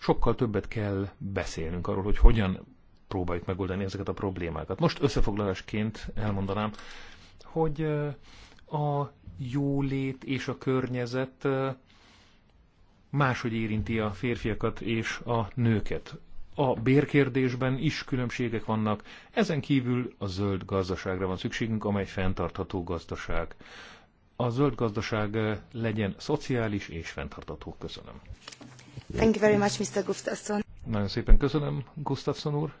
sokkal többet kell beszélnünk arról, hogy hogyan próbáljuk megoldani ezeket a problémákat. Most összefoglalásként elmondanám, hogy a jólét és a környezet máshogy érinti a férfiakat és a nőket. A bérkérdésben is különbségek vannak, ezen kívül a zöld gazdaságra van szükségünk, amely fenntartható gazdaság. A zöld gazdaság legyen szociális és fenntartható. Köszönöm. Thank you very much, Mr. Gustafsson. Nagyon szépen köszönöm, Gustafsson úr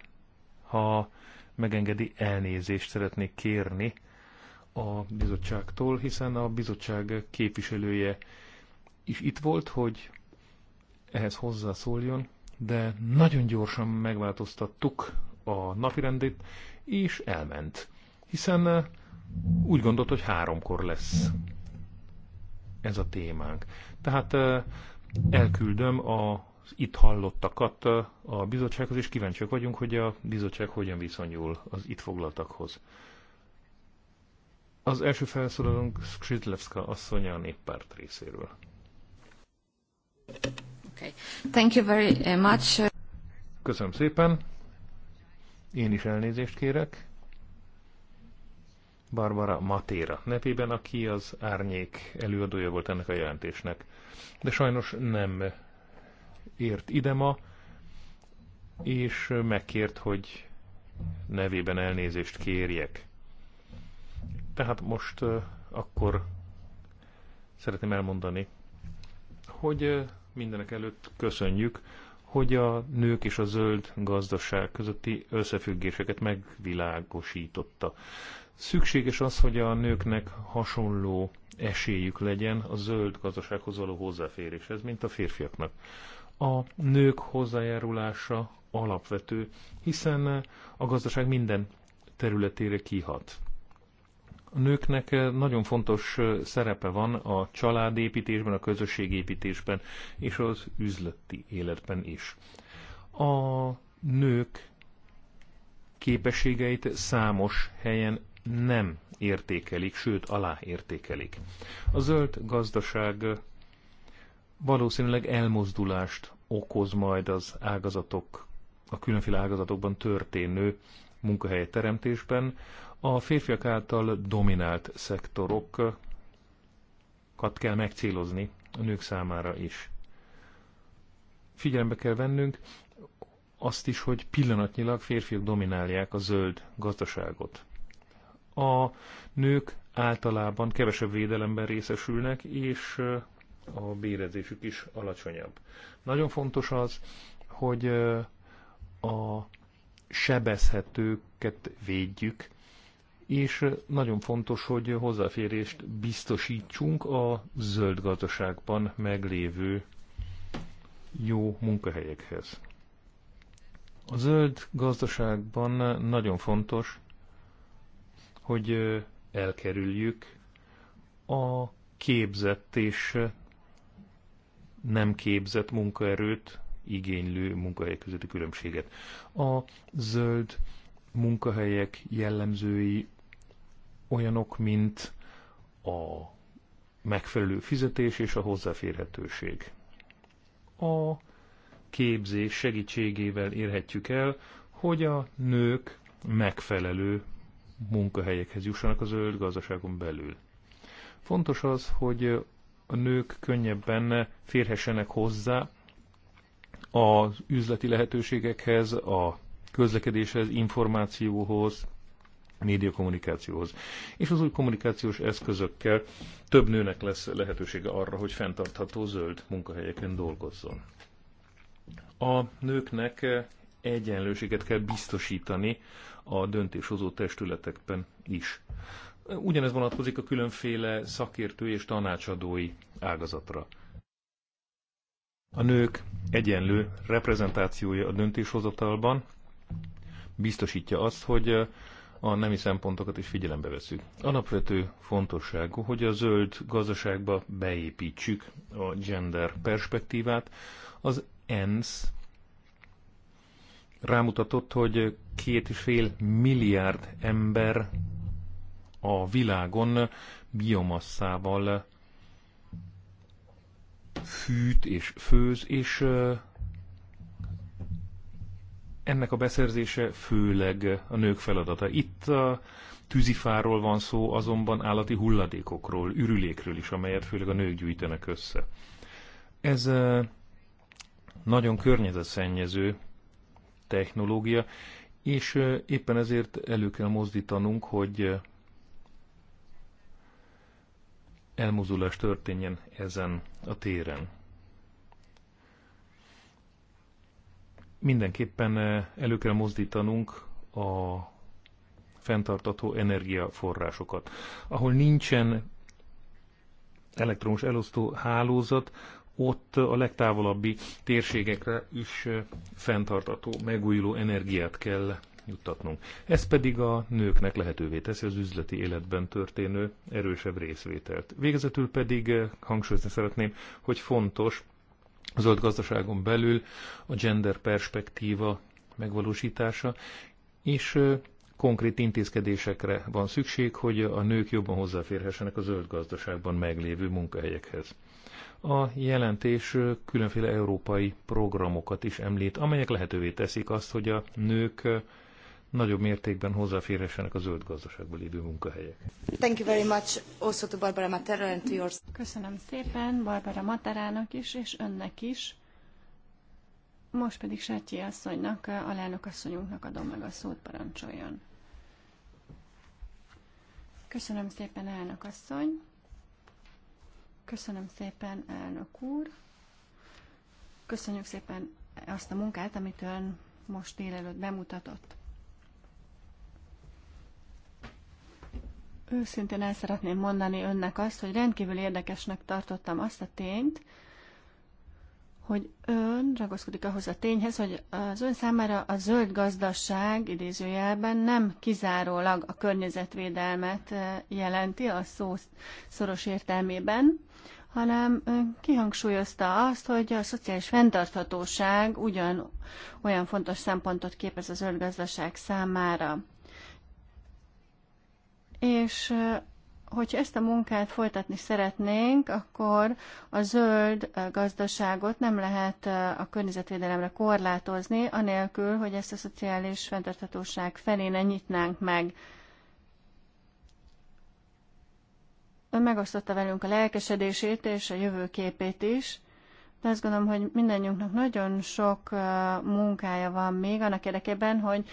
ha megengedi, elnézést szeretnék kérni a bizottságtól, hiszen a bizottság képviselője is itt volt, hogy ehhez hozzászóljon, de nagyon gyorsan megváltoztattuk a napirendét, és elment. Hiszen eh, úgy gondolt, hogy háromkor lesz ez a témánk. Tehát eh, elküldöm a itt hallottakat a bizottsághoz, és kíváncsiak vagyunk, hogy a bizottság hogyan viszonyul az itt foglaltakhoz. Az első felszólalónk Skrzydlewska asszonya a néppárt részéről. Okay. Thank you very uh, much. Köszönöm szépen. Én is elnézést kérek. Barbara Matéra nevében, aki az árnyék előadója volt ennek a jelentésnek. De sajnos nem ért ide ma, és megkért, hogy nevében elnézést kérjek. Tehát most akkor szeretném elmondani, hogy mindenek előtt köszönjük, hogy a nők és a zöld gazdaság közötti összefüggéseket megvilágosította. Szükséges az, hogy a nőknek hasonló esélyük legyen a zöld gazdasághoz való hozzáféréshez, mint a férfiaknak a nők hozzájárulása alapvető, hiszen a gazdaság minden területére kihat. A nőknek nagyon fontos szerepe van a családépítésben, a közösségépítésben és az üzleti életben is. A nők képességeit számos helyen nem értékelik, sőt aláértékelik. A zöld gazdaság valószínűleg elmozdulást okoz majd az ágazatok, a különféle ágazatokban történő munkahelyi teremtésben. A férfiak által dominált szektorokat kell megcélozni a nők számára is. Figyelembe kell vennünk azt is, hogy pillanatnyilag férfiak dominálják a zöld gazdaságot. A nők általában kevesebb védelemben részesülnek, és a bérezésük is alacsonyabb. Nagyon fontos az, hogy a sebezhetőket védjük, és nagyon fontos, hogy hozzáférést biztosítsunk a zöld gazdaságban meglévő jó munkahelyekhez. A zöld gazdaságban nagyon fontos, hogy elkerüljük a képzett és nem képzett munkaerőt igénylő munkahelyek közötti különbséget. A zöld munkahelyek jellemzői olyanok, mint a megfelelő fizetés és a hozzáférhetőség. A képzés segítségével érhetjük el, hogy a nők megfelelő munkahelyekhez jussanak a zöld gazdaságon belül. Fontos az, hogy a nők könnyebben férhessenek hozzá az üzleti lehetőségekhez, a közlekedéshez, információhoz, médiakommunikációhoz. És az új kommunikációs eszközökkel több nőnek lesz lehetősége arra, hogy fenntartható zöld munkahelyeken dolgozzon. A nőknek egyenlőséget kell biztosítani a döntéshozó testületekben is. Ugyanez vonatkozik a különféle szakértő és tanácsadói ágazatra. A nők egyenlő reprezentációja a döntéshozatalban biztosítja azt, hogy a nemi szempontokat is figyelembe veszük. Alapvető fontosságú, hogy a zöld gazdaságba beépítsük a gender perspektívát. Az ENSZ rámutatott, hogy két és fél milliárd ember a világon biomasszával fűt és főz, és ennek a beszerzése főleg a nők feladata. Itt a tűzifáról van szó, azonban állati hulladékokról, ürülékről is, amelyet főleg a nők gyűjtenek össze. Ez nagyon környezetszennyező technológia, és éppen ezért elő kell mozdítanunk, hogy elmozulás történjen ezen a téren. Mindenképpen eh, elő kell mozdítanunk a fenntartató energiaforrásokat. Ahol nincsen elektromos elosztó hálózat, ott a legtávolabbi térségekre is eh, fenntartató, megújuló energiát kell juttatnunk. Ez pedig a nőknek lehetővé teszi az üzleti életben történő erősebb részvételt. Végezetül pedig eh, hangsúlyozni szeretném, hogy fontos a zöld gazdaságon belül a gender perspektíva megvalósítása, és eh, konkrét intézkedésekre van szükség, hogy a nők jobban hozzáférhessenek a zöld gazdaságban meglévő munkahelyekhez. A jelentés eh, különféle európai programokat is említ, amelyek lehetővé teszik azt, hogy a nők nagyobb mértékben hozzáférhessenek a zöld gazdaságban lévő munkahelyek. Thank you very much also to Barbara Matera and to yours. Köszönöm szépen Barbara Materának is, és önnek is. Most pedig Sátyi asszonynak, alelnök asszonyunknak adom meg a szót, parancsoljon. Köszönöm szépen, elnök asszony. Köszönöm szépen, elnök úr. Köszönjük szépen azt a munkát, amit ön most délelőtt bemutatott. Őszintén el szeretném mondani önnek azt, hogy rendkívül érdekesnek tartottam azt a tényt, hogy ön ragaszkodik ahhoz a tényhez, hogy az ön számára a zöld gazdaság idézőjelben nem kizárólag a környezetvédelmet eh, jelenti a szó szoros értelmében, hanem eh, kihangsúlyozta azt, hogy a szociális fenntarthatóság ugyan olyan fontos szempontot képez a zöld gazdaság számára és hogyha ezt a munkát folytatni szeretnénk, akkor a zöld gazdaságot nem lehet a környezetvédelemre korlátozni, anélkül, hogy ezt a szociális fenntarthatóság felé ne nyitnánk meg. Ön megosztotta velünk a lelkesedését és a jövőképét is, de azt gondolom, hogy mindannyiunknak nagyon sok munkája van még annak érdekében, hogy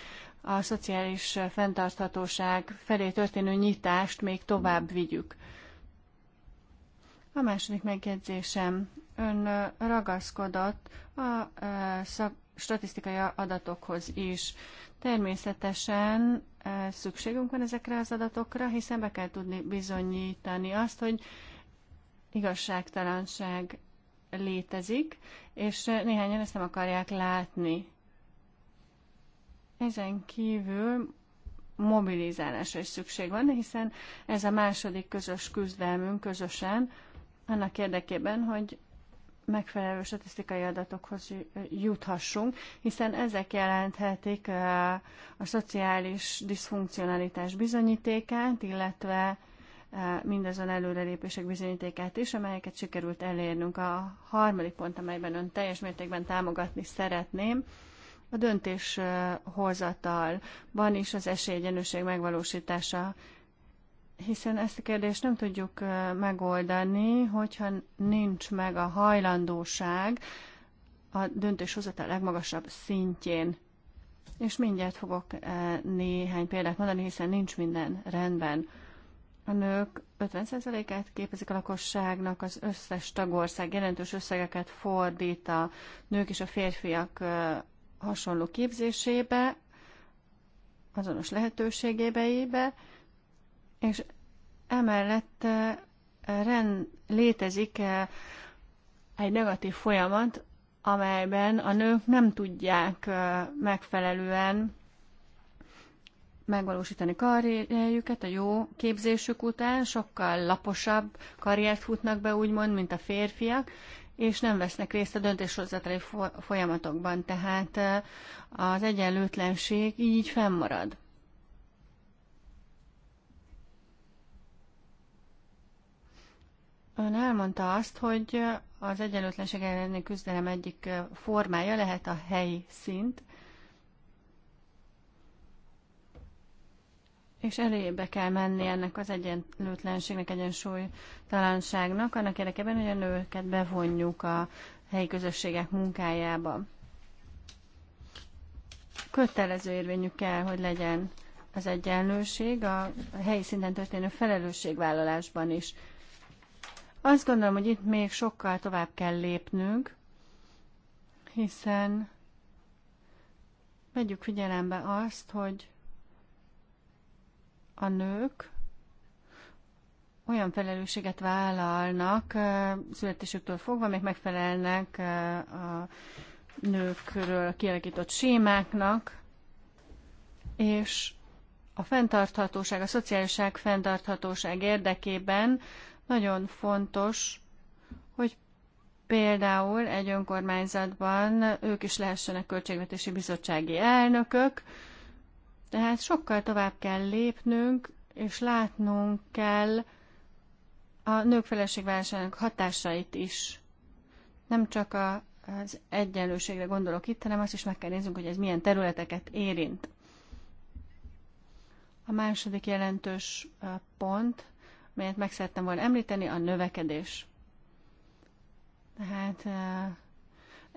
a szociális fenntarthatóság felé történő nyitást még tovább vigyük. A második megjegyzésem. Ön ragaszkodott a e, szak, statisztikai adatokhoz is. Természetesen e, szükségünk van ezekre az adatokra, hiszen be kell tudni bizonyítani azt, hogy igazságtalanság létezik, és e, néhányan ezt nem akarják látni. Ezen kívül mobilizálásra is szükség van, hiszen ez a második közös küzdelmünk közösen, annak érdekében, hogy megfelelő statisztikai adatokhoz juthassunk, hiszen ezek jelenthetik a, a szociális diszfunkcionalitás bizonyítékát, illetve mindazon előrelépések bizonyítékát is, amelyeket sikerült elérnünk. A harmadik pont, amelyben ön teljes mértékben támogatni szeretném, a döntéshozatalban is az esélyegyenlőség megvalósítása, hiszen ezt a kérdést nem tudjuk megoldani, hogyha nincs meg a hajlandóság a döntéshozatal legmagasabb szintjén. És mindjárt fogok néhány példát mondani, hiszen nincs minden rendben. A nők 50%-át képezik a lakosságnak, az összes tagország jelentős összegeket fordít a nők és a férfiak hasonló képzésébe, azonos lehetőségébeibe, és emellett eh, rend, létezik eh, egy negatív folyamat, amelyben a nők nem tudják eh, megfelelően megvalósítani karrierjüket a jó képzésük után, sokkal laposabb karriert futnak be, úgymond, mint a férfiak, és nem vesznek részt a döntéshozatali folyamatokban, tehát az egyenlőtlenség így fennmarad. Ön elmondta azt, hogy az egyenlőtlenség elleni küzdelem egyik formája lehet a helyi szint, és elébe kell menni ennek az egyenlőtlenségnek, egyensúlytalanságnak, annak érdekében, hogy a nőket bevonjuk a helyi közösségek munkájába. Kötelező érvényük kell, hogy legyen az egyenlőség a helyi szinten történő felelősségvállalásban is. Azt gondolom, hogy itt még sokkal tovább kell lépnünk, hiszen vegyük figyelembe azt, hogy a nők olyan felelősséget vállalnak születésüktől fogva, még megfelelnek a nőkről kialakított sémáknak, és a fenntarthatóság, a szociáliság fenntarthatóság érdekében nagyon fontos, hogy például egy önkormányzatban ők is lehessenek költségvetési bizottsági elnökök, tehát sokkal tovább kell lépnünk, és látnunk kell a nők feleségválságának hatásait is. Nem csak a, az egyenlőségre gondolok itt, hanem azt is meg kell néznünk, hogy ez milyen területeket érint. A második jelentős pont, amelyet meg szerettem volna említeni, a növekedés. Tehát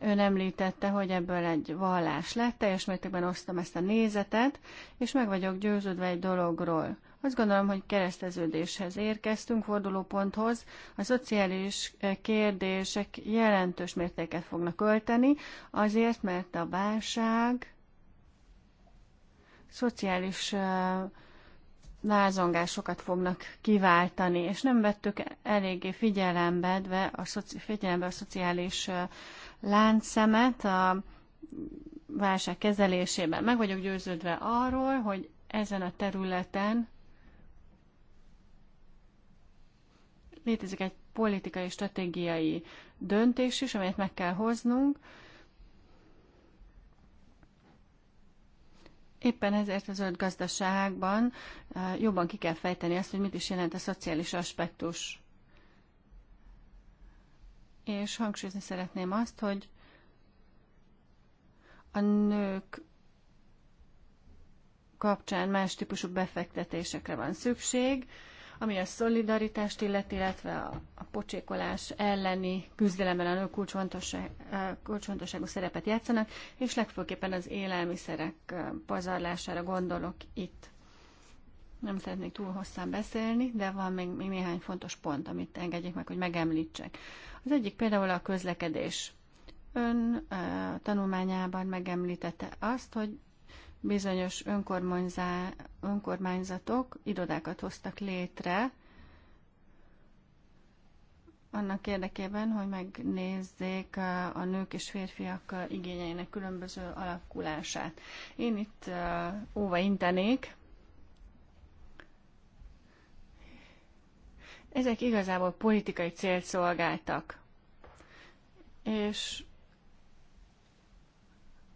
Ön említette, hogy ebből egy vallás lett, teljes mértékben osztom ezt a nézetet, és meg vagyok győződve egy dologról. Azt gondolom, hogy kereszteződéshez érkeztünk, fordulóponthoz. A szociális kérdések jelentős mértéket fognak ölteni, azért, mert a válság szociális lázongásokat fognak kiváltani, és nem vettük eléggé figyelembe, a, szoci, figyelembe a szociális láncszemet a válság kezelésében. Meg vagyok győződve arról, hogy ezen a területen létezik egy politikai, stratégiai döntés is, amelyet meg kell hoznunk. Éppen ezért az öt gazdaságban eh, jobban ki kell fejteni azt, hogy mit is jelent a szociális aspektus és hangsúlyozni szeretném azt, hogy a nők kapcsán más típusú befektetésekre van szükség, ami a szolidaritást illeti, illetve a, a pocsékolás elleni küzdelemben a nők kulcsfontosságú szerepet játszanak, és legfőképpen az élelmiszerek pazarlására gondolok itt. Nem szeretnék túl hosszan beszélni, de van még, még néhány fontos pont, amit engedjék meg, hogy megemlítsek. Az egyik például a közlekedés. Ön a eh, tanulmányában megemlítette azt, hogy bizonyos önkormányzatok irodákat hoztak létre, annak érdekében, hogy megnézzék eh, a nők és férfiak eh, igényeinek különböző alakulását. Én itt óva intenék, ezek igazából politikai célt szolgáltak. És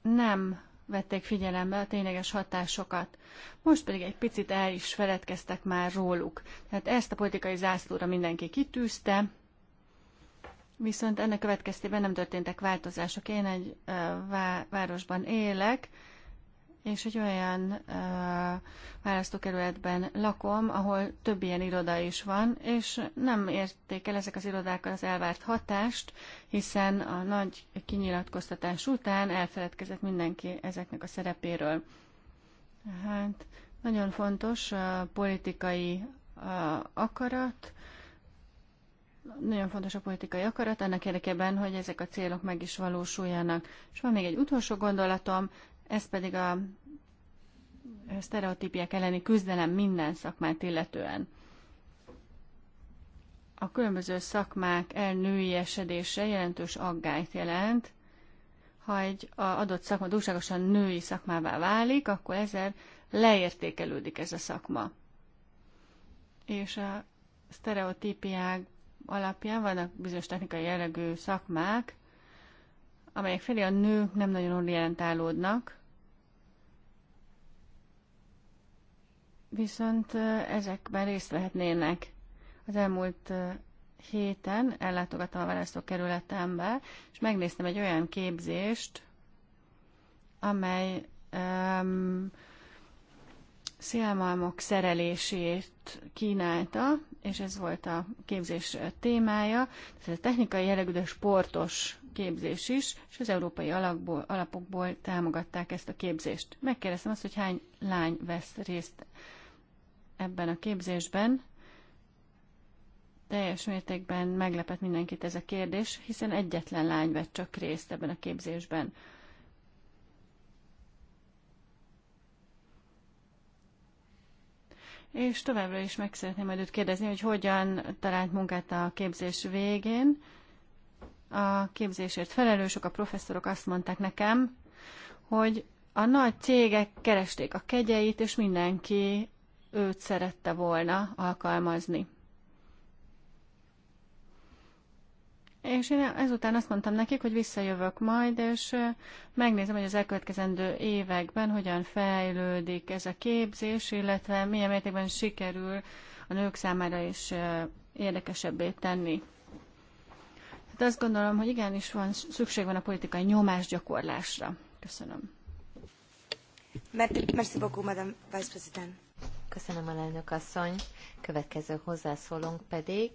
nem vették figyelembe a tényleges hatásokat. Most pedig egy picit el is feledkeztek már róluk. Tehát ezt a politikai zászlóra mindenki kitűzte, viszont ennek következtében nem történtek változások. Én egy városban élek, és egy olyan uh, választókerületben lakom, ahol több ilyen iroda is van, és nem érték el ezek az irodák az elvárt hatást, hiszen a nagy kinyilatkoztatás után elfeledkezett mindenki ezeknek a szerepéről. Hát nagyon fontos a politikai a akarat, nagyon fontos a politikai akarat annak érdekében, hogy ezek a célok meg is valósuljanak. És van még egy utolsó gondolatom, ez pedig a sztereotípiek elleni küzdelem minden szakmát illetően. A különböző szakmák elnői esedése jelentős aggályt jelent. Ha egy adott szakma túlságosan női szakmává válik, akkor ezzel leértékelődik ez a szakma. És a sztereotípiák alapján vannak bizonyos technikai jellegű szakmák, amelyek felé a nők nem nagyon orientálódnak, viszont ezekben részt vehetnének. Az elmúlt héten ellátogattam a választókerületembe, és megnéztem egy olyan képzést, amely um, szélmalmok szerelését kínálta, és ez volt a képzés témája. Ez a technikai jellegű, de sportos képzés is, és az európai alapból, alapokból támogatták ezt a képzést. Megkérdeztem azt, hogy hány lány vesz részt ebben a képzésben. Teljes mértékben meglepett mindenkit ez a kérdés, hiszen egyetlen lány vett csak részt ebben a képzésben. És továbbra is meg szeretném majd őt kérdezni, hogy hogyan talált munkát a képzés végén, a képzésért felelősök, a professzorok azt mondták nekem, hogy a nagy cégek keresték a kegyeit, és mindenki őt szerette volna alkalmazni. És én ezután azt mondtam nekik, hogy visszajövök majd, és megnézem, hogy az elkövetkezendő években hogyan fejlődik ez a képzés, illetve milyen mértékben sikerül a nők számára is érdekesebbé tenni. De azt gondolom, hogy igenis van, szükség van a politikai nyomásgyakorlásra. Köszönöm. Merci beaucoup, Madame Vice President. Köszönöm, a alelnök asszony. Következő hozzászólónk pedig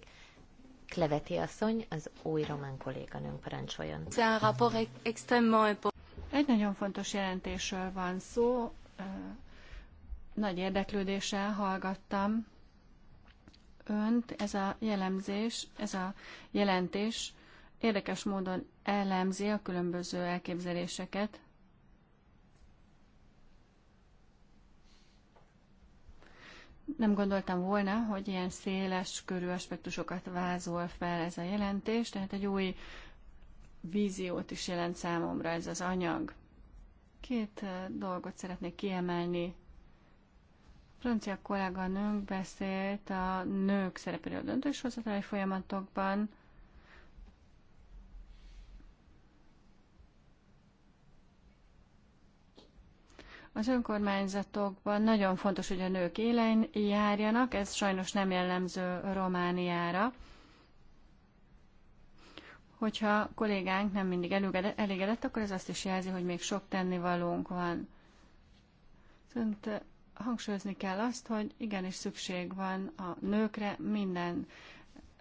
Kleveti asszony, az új román kolléganőnk parancsoljon. Egy nagyon fontos jelentésről van szó. Nagy érdeklődéssel hallgattam önt, ez a jellemzés, ez a jelentés érdekes módon elemzi a különböző elképzeléseket. Nem gondoltam volna, hogy ilyen széles körű aspektusokat vázol fel ez a jelentés, tehát egy új víziót is jelent számomra ez az anyag. Két dolgot szeretnék kiemelni. A francia kolléganőnk beszélt a nők szerepéről döntéshozatali folyamatokban, Az önkormányzatokban nagyon fontos, hogy a nők élen járjanak, ez sajnos nem jellemző Romániára. Hogyha kollégánk nem mindig elégedett, akkor ez azt is jelzi, hogy még sok tennivalónk van. Szerint eh, hangsúlyozni kell azt, hogy igenis szükség van a nőkre minden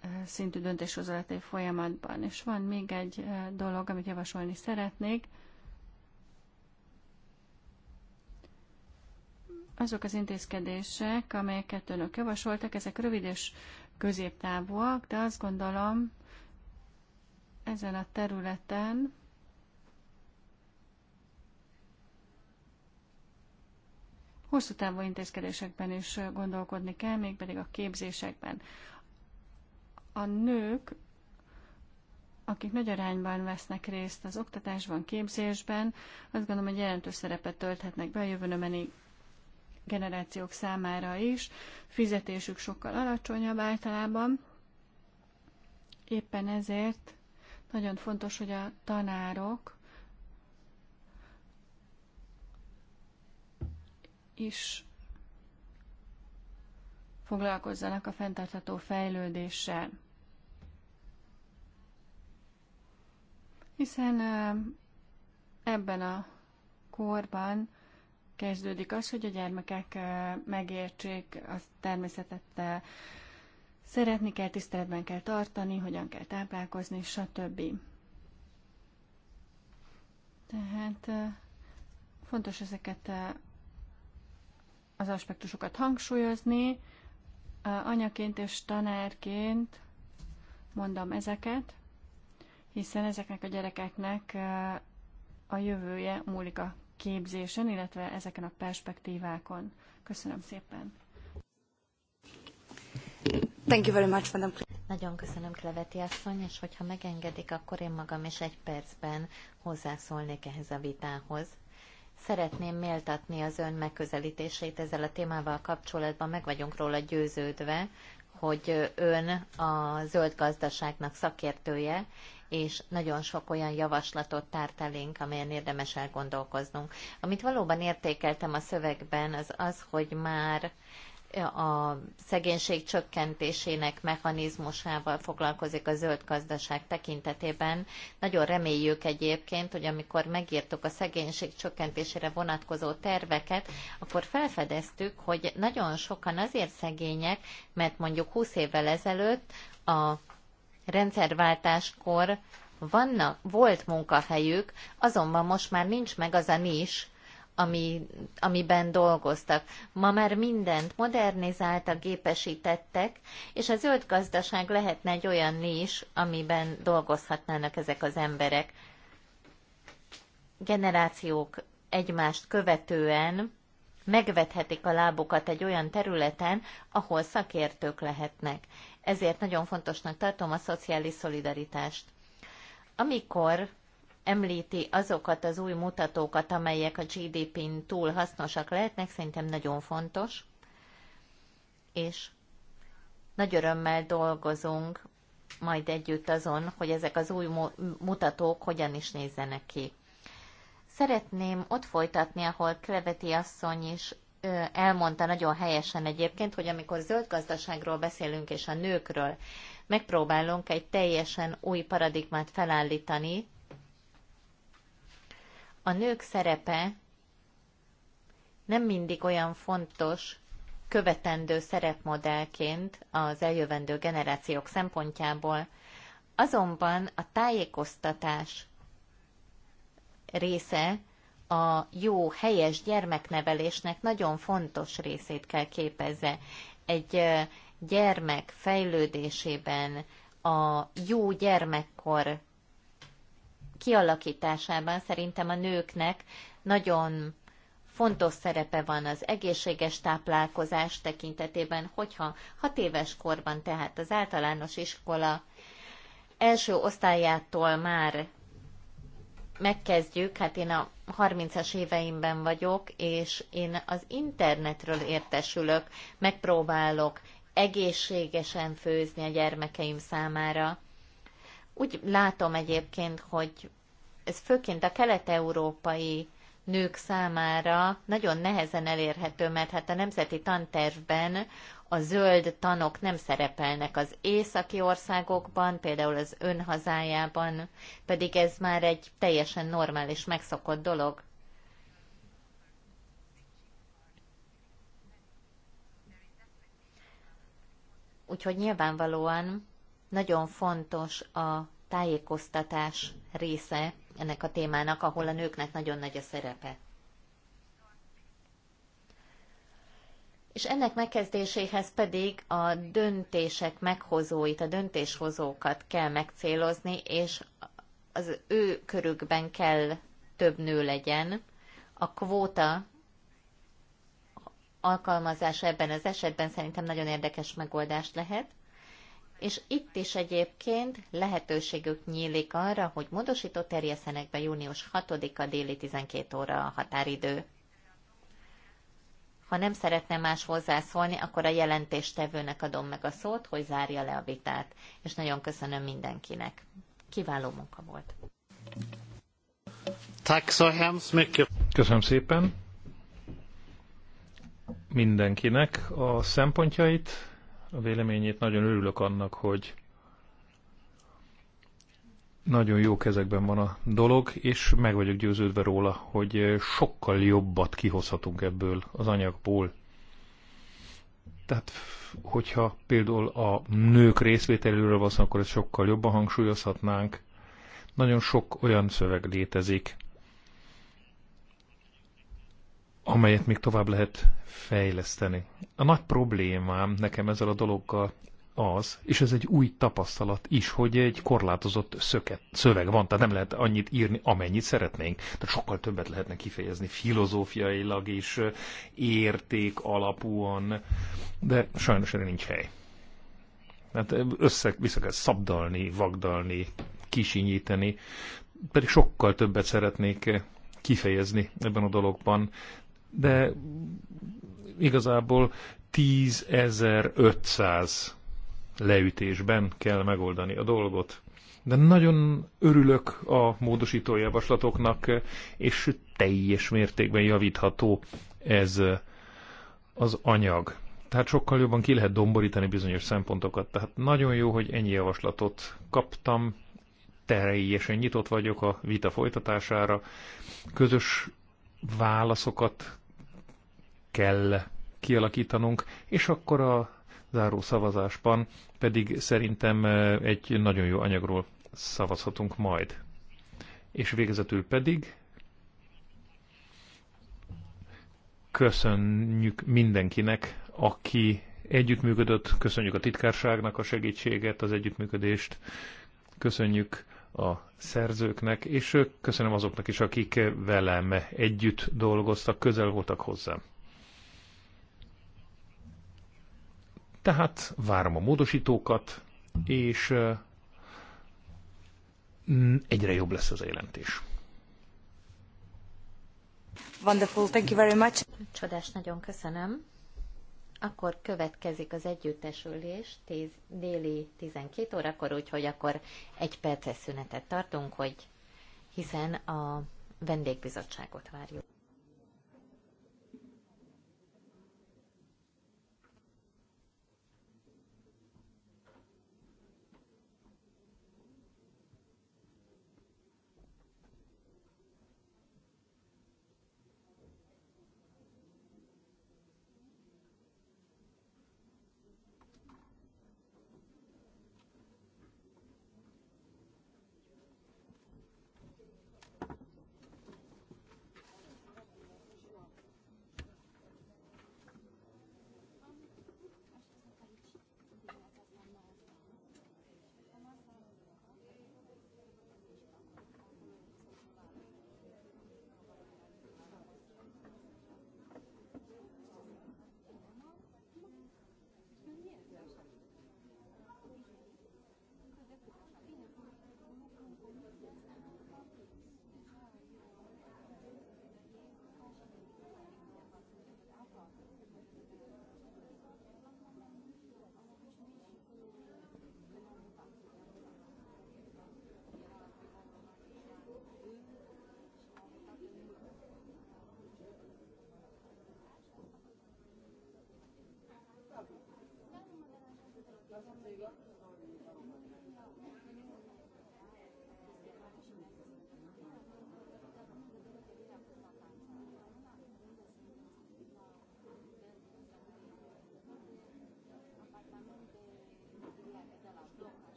eh, szintű döntéshozatai folyamatban. És van még egy eh, dolog, amit javasolni szeretnék. azok az intézkedések, amelyeket önök javasoltak, ezek rövid és középtávúak, de azt gondolom, ezen a területen hosszú távú intézkedésekben is gondolkodni kell, még pedig a képzésekben. A nők, akik nagy arányban vesznek részt az oktatásban, képzésben, azt gondolom, hogy jelentős szerepet tölthetnek be a jövőnömeni generációk számára is. Fizetésük sokkal alacsonyabb általában. Éppen ezért nagyon fontos, hogy a tanárok is foglalkozzanak a fenntartható fejlődéssel. Hiszen ebben a korban kezdődik az, hogy a gyermekek megértsék a természetet, szeretni kell, tiszteletben kell tartani, hogyan kell táplálkozni, stb. Tehát fontos ezeket az aspektusokat hangsúlyozni. Anyaként és tanárként mondom ezeket, hiszen ezeknek a gyerekeknek a jövője múlik a képzésen, illetve ezeken a perspektívákon. Köszönöm szépen! Thank you very much, them. Nagyon köszönöm, Kleveti asszony, és hogyha megengedik, akkor én magam is egy percben hozzászólnék ehhez a vitához. Szeretném méltatni az ön megközelítését ezzel a témával kapcsolatban, meg vagyunk róla győződve, hogy ön a zöld gazdaságnak szakértője, és nagyon sok olyan javaslatot tárt elénk, amelyen érdemes elgondolkoznunk. Amit valóban értékeltem a szövegben, az az, hogy már a szegénység csökkentésének mechanizmusával foglalkozik a zöld gazdaság tekintetében. Nagyon reméljük egyébként, hogy amikor megírtuk a szegénység csökkentésére vonatkozó terveket, akkor felfedeztük, hogy nagyon sokan azért szegények, mert mondjuk 20 évvel ezelőtt a rendszerváltáskor vannak, volt munkahelyük, azonban most már nincs meg az a nis, ami, amiben dolgoztak. Ma már mindent modernizáltak, gépesítettek, és a zöld gazdaság lehetne egy olyan nis, amiben dolgozhatnának ezek az emberek. Generációk egymást követően megvethetik a lábukat egy olyan területen, ahol szakértők lehetnek. Ezért nagyon fontosnak tartom a szociális szolidaritást. Amikor említi azokat az új mutatókat, amelyek a GDP-n túl hasznosak lehetnek, szerintem nagyon fontos, és nagy örömmel dolgozunk majd együtt azon, hogy ezek az új mutatók hogyan is nézzenek ki. Szeretném ott folytatni, ahol Kleveti asszony is elmondta nagyon helyesen egyébként, hogy amikor zöld gazdaságról beszélünk és a nőkről, megpróbálunk egy teljesen új paradigmát felállítani. A nők szerepe nem mindig olyan fontos, követendő szerepmodellként az eljövendő generációk szempontjából. Azonban a tájékoztatás része a jó, helyes gyermeknevelésnek nagyon fontos részét kell képezze. Egy gyermek fejlődésében, a jó gyermekkor kialakításában szerintem a nőknek nagyon fontos szerepe van az egészséges táplálkozás tekintetében, hogyha hat éves korban, tehát az általános iskola első osztályától már megkezdjük, hát én a 30-as éveimben vagyok, és én az internetről értesülök, megpróbálok egészségesen főzni a gyermekeim számára. Úgy látom egyébként, hogy ez főként a kelet-európai nők számára nagyon nehezen elérhető, mert hát a nemzeti tantervben a zöld tanok nem szerepelnek az északi országokban, például az ön hazájában, pedig ez már egy teljesen normális, megszokott dolog. Úgyhogy nyilvánvalóan nagyon fontos a tájékoztatás része ennek a témának, ahol a nőknek nagyon nagy a szerepe. és ennek megkezdéséhez pedig a döntések meghozóit, a döntéshozókat kell megcélozni, és az ő körükben kell több nő legyen. A kvóta alkalmazása ebben az esetben szerintem nagyon érdekes megoldást lehet. És itt is egyébként lehetőségük nyílik arra, hogy módosító terjeszenek be június 6-a déli 12 óra a határidő. Ha nem szeretne más hozzászólni, akkor a jelentéstevőnek adom meg a szót, hogy zárja le a vitát. És nagyon köszönöm mindenkinek. Kiváló munka volt. Köszönöm szépen mindenkinek a szempontjait, a véleményét. Nagyon örülök annak, hogy nagyon jó kezekben van a dolog, és meg vagyok győződve róla, hogy sokkal jobbat kihozhatunk ebből az anyagból. Tehát, hogyha például a nők részvételéről van akkor ezt sokkal jobban hangsúlyozhatnánk. Nagyon sok olyan szöveg létezik, amelyet még tovább lehet fejleszteni. A nagy problémám nekem ezzel a dologgal az, és ez egy új tapasztalat is, hogy egy korlátozott szöket, szöveg van, tehát nem lehet annyit írni, amennyit szeretnénk. Tehát sokkal többet lehetne kifejezni filozófiailag és érték alapúan, de sajnos erre nincs hely. Tehát össze, vissza kell szabdalni, vagdalni, kisinyíteni, pedig sokkal többet szeretnék kifejezni ebben a dologban, de igazából 10.500 leütésben kell megoldani a dolgot. De nagyon örülök a módosító javaslatoknak, és teljes mértékben javítható ez az anyag. Tehát sokkal jobban ki lehet domborítani bizonyos szempontokat. Tehát nagyon jó, hogy ennyi javaslatot kaptam, teljesen nyitott vagyok a vita folytatására. Közös válaszokat kell kialakítanunk, és akkor a záró szavazásban, pedig szerintem egy nagyon jó anyagról szavazhatunk majd. És végezetül pedig köszönjük mindenkinek, aki együttműködött, köszönjük a titkárságnak a segítséget, az együttműködést, köszönjük a szerzőknek, és köszönöm azoknak is, akik velem együtt dolgoztak, közel voltak hozzám. Tehát várom a módosítókat, és mm, egyre jobb lesz az a jelentés. Wonderful, thank you very much. Csodás, nagyon köszönöm. Akkor következik az együttesülés tíz, déli 12 órakor, úgyhogy akkor egy perces szünetet tartunk, hogy hiszen a vendégbizottságot várjuk.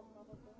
Programm, aber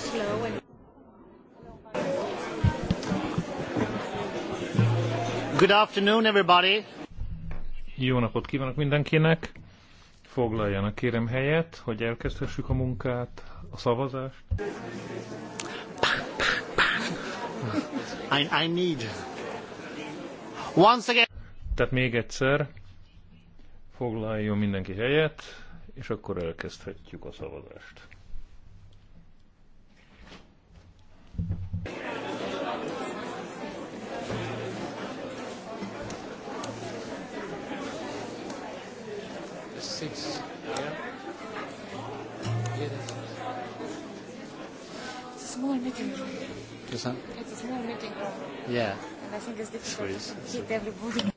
slow and Good afternoon, everybody. Jó napot kívánok mindenkinek! Foglaljanak kérem helyet, hogy elkezdhessük a munkát, a szavazást. I, I need. Once again. Tehát még egyszer foglaljon mindenki helyet, és akkor elkezdhetjük a szavazást. Six. Yeah. small meeting room. It's a small meeting room. Yeah. And I think it's difficult Sweet. to hit everybody.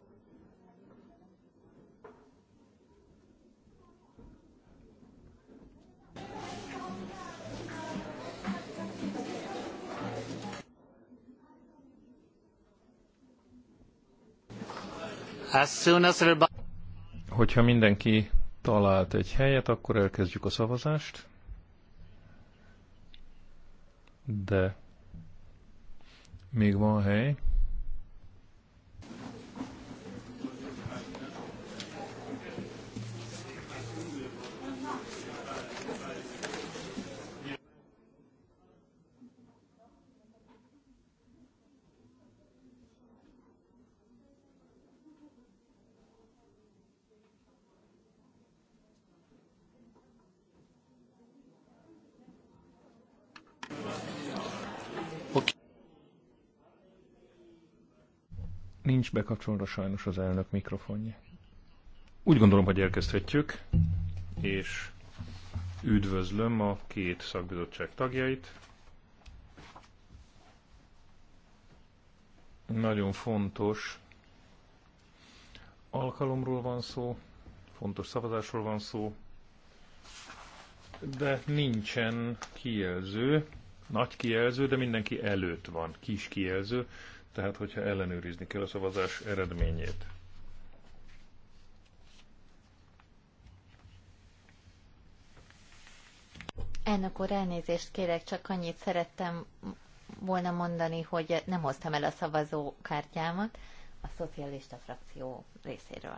Hogyha mindenki talált egy helyet, akkor elkezdjük a szavazást. De még van hely. Nincs bekapcsolva sajnos az elnök mikrofonja. Úgy gondolom, hogy elkezdhetjük, és üdvözlöm a két szakbizottság tagjait. Nagyon fontos alkalomról van szó, fontos szavazásról van szó, de nincsen kijelző, nagy kijelző, de mindenki előtt van, kis kijelző, tehát hogyha ellenőrizni kell a szavazás eredményét. Elnök úr, elnézést kérek, csak annyit szerettem volna mondani, hogy nem hoztam el a szavazókártyámat a szocialista frakció részéről.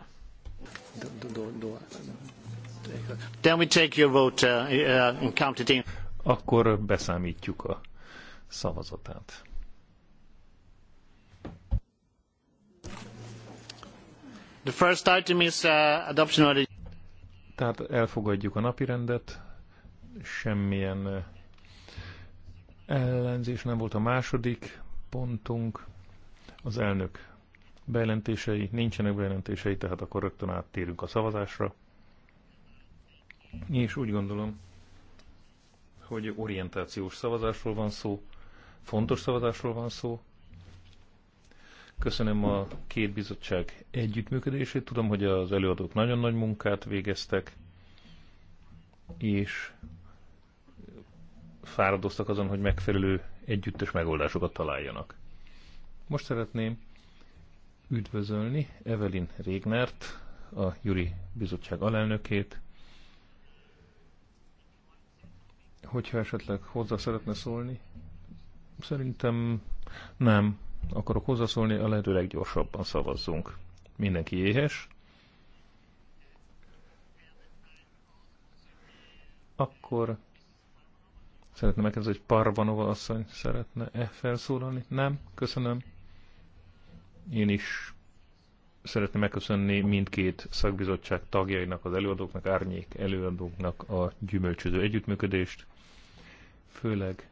Then we take your vote uh, uh, and count it in. Akkor beszámítjuk a szavazatát. The first item is uh, adoption of the... Tehát elfogadjuk a napirendet, semmilyen uh, ellenzés nem volt a második pontunk, az elnök bejelentései, nincsenek bejelentései, tehát akkor rögtön áttérünk a szavazásra. És úgy gondolom, hogy orientációs szavazásról van szó, fontos szavazásról van szó, Köszönöm a két bizottság együttműködését. Tudom, hogy az előadók nagyon nagy munkát végeztek, és fáradoztak azon, hogy megfelelő együttes megoldásokat találjanak. Most szeretném üdvözölni Evelyn Régnert, a Juri Bizottság alelnökét. Hogyha esetleg hozzá szeretne szólni, szerintem nem akarok hozzászólni, a lehető leggyorsabban szavazzunk. Mindenki éhes. Akkor szeretném megkérdezni, hogy Parvanova asszony szeretne-e felszólalni? Nem? Köszönöm. Én is szeretném megköszönni mindkét szakbizottság tagjainak, az előadóknak, árnyék előadóknak a gyümölcsöző együttműködést, főleg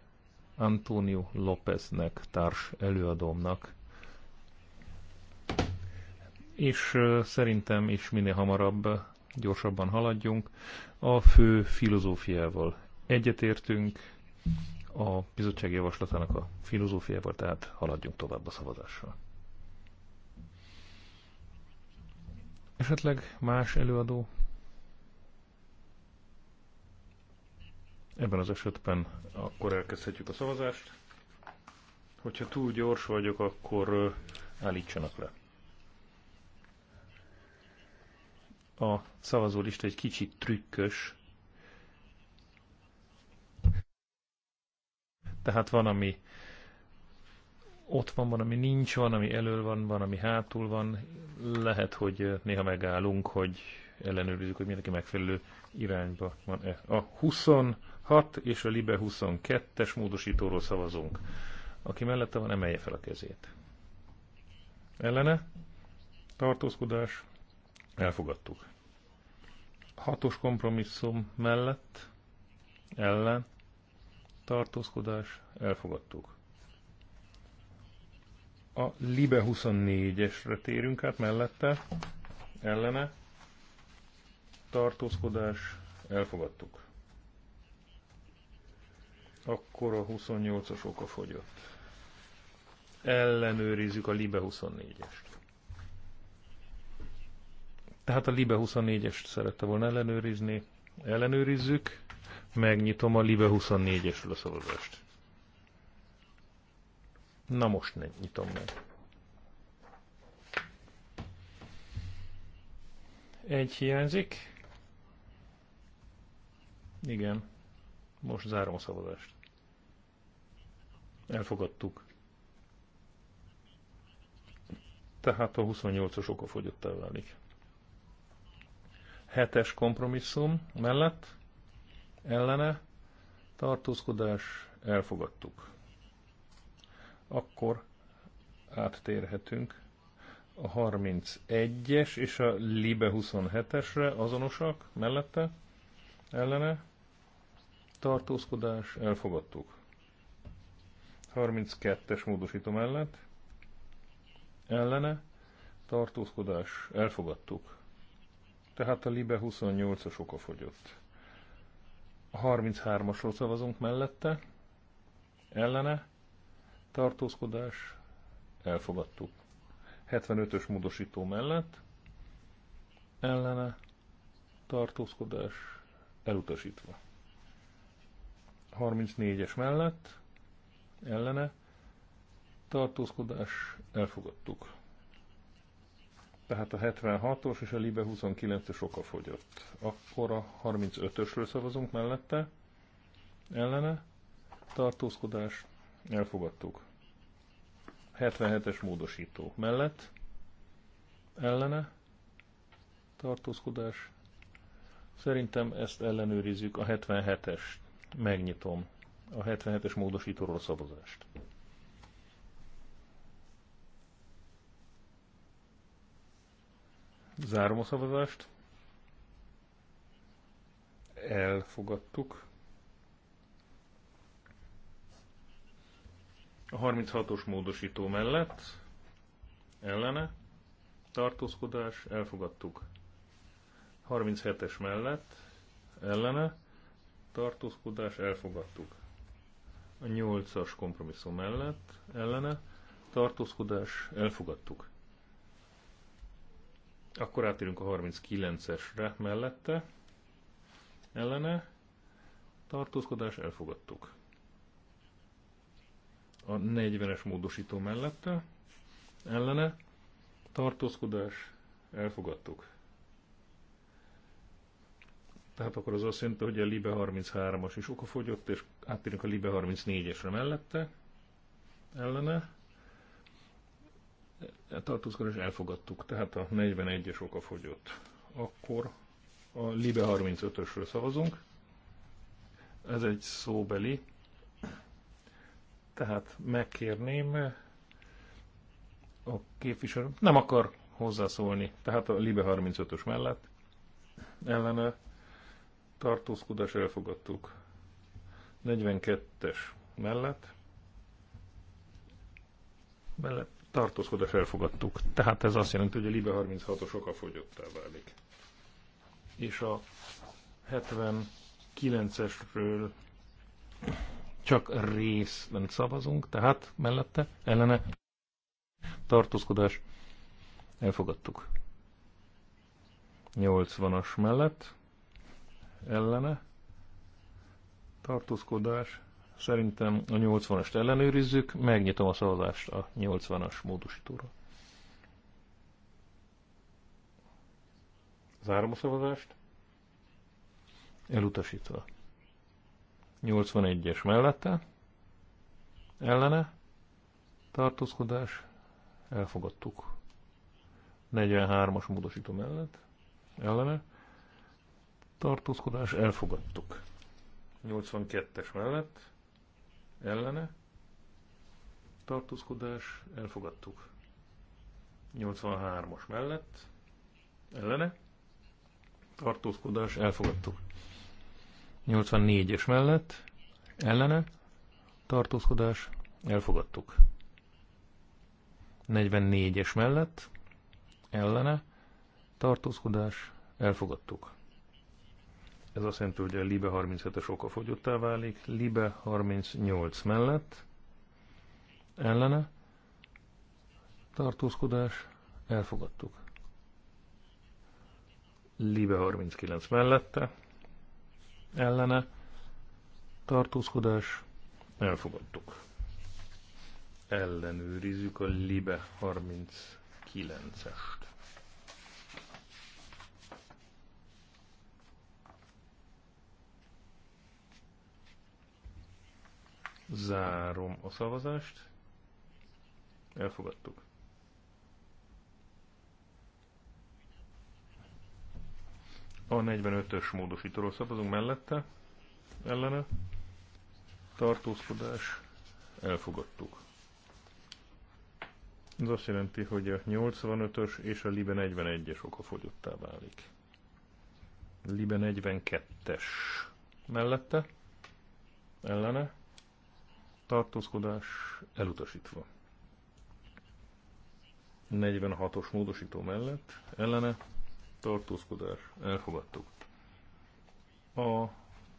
Antonio Lópeznek, társ előadómnak. És szerintem is minél hamarabb, gyorsabban haladjunk. A fő filozófiával egyetértünk, a bizottság javaslatának a filozófiával, tehát haladjunk tovább a szavazással. Esetleg más előadó Ebben az esetben akkor elkezdhetjük a szavazást. Hogyha túl gyors vagyok, akkor állítsanak le. A szavazólista egy kicsit trükkös, tehát van, ami ott van, van, ami nincs, van, ami elől van, van, ami hátul van. Lehet, hogy néha megállunk, hogy ellenőrizzük, hogy mindenki megfelelő irányba van-e. A 20 6 és a Libe 22-es módosítóról szavazunk. Aki mellette van, emelje fel a kezét. Ellene? Tartózkodás? Elfogadtuk. Hatos kompromisszum mellett? Ellen? Tartózkodás? Elfogadtuk. A Libe 24-esre térünk át mellette. Ellene? Tartózkodás? Elfogadtuk akkor a 28-as oka fogyott. Ellenőrizzük a Libe 24-est. Tehát a Libe 24-est szerette volna ellenőrizni. Ellenőrizzük. Megnyitom a Libe 24-esről a szavazást. Na most ne nyitom meg. Egy hiányzik. Igen. Most zárom a szavazást. Elfogadtuk. Tehát a 28-os okafogyottá válik. 7-es kompromisszum mellett ellene tartózkodás elfogadtuk. Akkor áttérhetünk a 31-es és a Libe 27-esre azonosak mellette, ellene, tartózkodás, elfogadtuk. 32-es módosító mellett ellene tartózkodás elfogadtuk. Tehát a Libe 28-as oka fogyott. A 33-asról szavazunk mellette ellene tartózkodás elfogadtuk. 75-ös módosító mellett ellene tartózkodás elutasítva. 34-es mellett ellene tartózkodás elfogadtuk. Tehát a 76-os és a Libe 29-ös oka fogyott. Akkor a 35-ösről szavazunk mellette, ellene tartózkodás elfogadtuk. 77-es módosító mellett, ellene tartózkodás. Szerintem ezt ellenőrizzük a 77-est. Megnyitom a 77-es módosítóról a szavazást. Zárom a szavazást. Elfogadtuk. A 36-os módosító mellett ellene tartózkodás, elfogadtuk. 37-es mellett ellene tartózkodás, elfogadtuk a nyolcas kompromisszum mellett ellene tartózkodás elfogadtuk. Akkor átérünk a 39-esre mellette ellene tartózkodás elfogadtuk. A 40-es módosító mellette ellene tartózkodás elfogadtuk. Tehát akkor az azt jelenti, hogy a Libe 33-as is okafogyott, és áttérünk a Libe 34-esre mellette, ellene. E, tartózkodás elfogadtuk, tehát a 41-es okafogyott. Akkor a Libe 35-ösről szavazunk. Ez egy szóbeli. Tehát megkérném a képviselő. Nem akar hozzászólni, tehát a Libe 35-ös mellett ellene tartózkodás elfogadtuk. 42-es mellett mellett tartózkodás elfogadtuk. Tehát ez azt jelenti, hogy a Libe 36-os fogyottá válik. És a 79-esről csak részben szavazunk, tehát mellette, ellene tartózkodás elfogadtuk. 80-as mellett ellene tartózkodás. Szerintem a 80-ast ellenőrizzük, megnyitom a szavazást a 80-as módosítóra. Zárom a szavazást. Elutasítva. 81-es mellette. Ellene. Tartózkodás. Elfogadtuk. 43-as módosító mellett. Ellene tartózkodás elfogadtuk. 82-es mellett ellene tartózkodás elfogadtuk. 83-as mellett ellene tartózkodás elfogadtuk. 84-es mellett ellene tartózkodás elfogadtuk. 44-es mellett ellene tartózkodás elfogadtuk. Ez azt jelenti, hogy a Libe 37-es oka fogyottá válik. Libe 38 mellett ellene tartózkodás elfogadtuk. Libe 39 mellette ellene tartózkodás elfogadtuk. Ellenőrizzük a Libe 39-est. Zárom a szavazást. Elfogadtuk. A 45-ös módosítóról szavazunk mellette, ellene. Tartózkodás. Elfogadtuk. Ez azt jelenti, hogy a 85-ös és a Libe 41-es okafogyottá válik. Libe 42-es mellette, ellene tartózkodás elutasítva. 46-os módosító mellett ellene tartózkodás elfogadtuk. A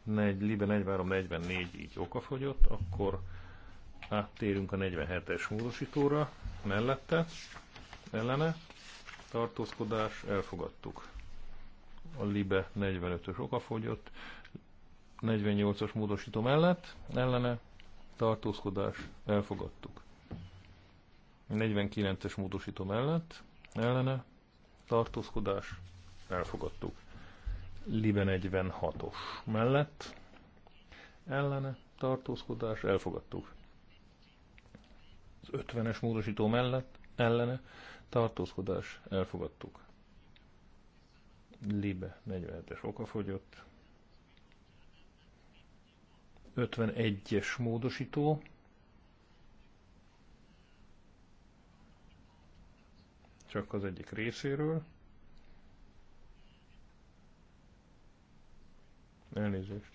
4, Libe 43-44 így okafogyott, akkor áttérünk a 47-es módosítóra mellette ellene tartózkodás elfogadtuk. A Libe 45-ös okafogyott, 48-as módosító mellett ellene tartózkodás, elfogadtuk. 49-es módosító mellett, ellene, tartózkodás, elfogadtuk. Libe 46-os mellett, ellene, tartózkodás, elfogadtuk. Az 50-es módosító mellett, ellene, tartózkodás, elfogadtuk. Libe 47-es okafogyott, 51-es módosító. Csak az egyik részéről. Elnézést.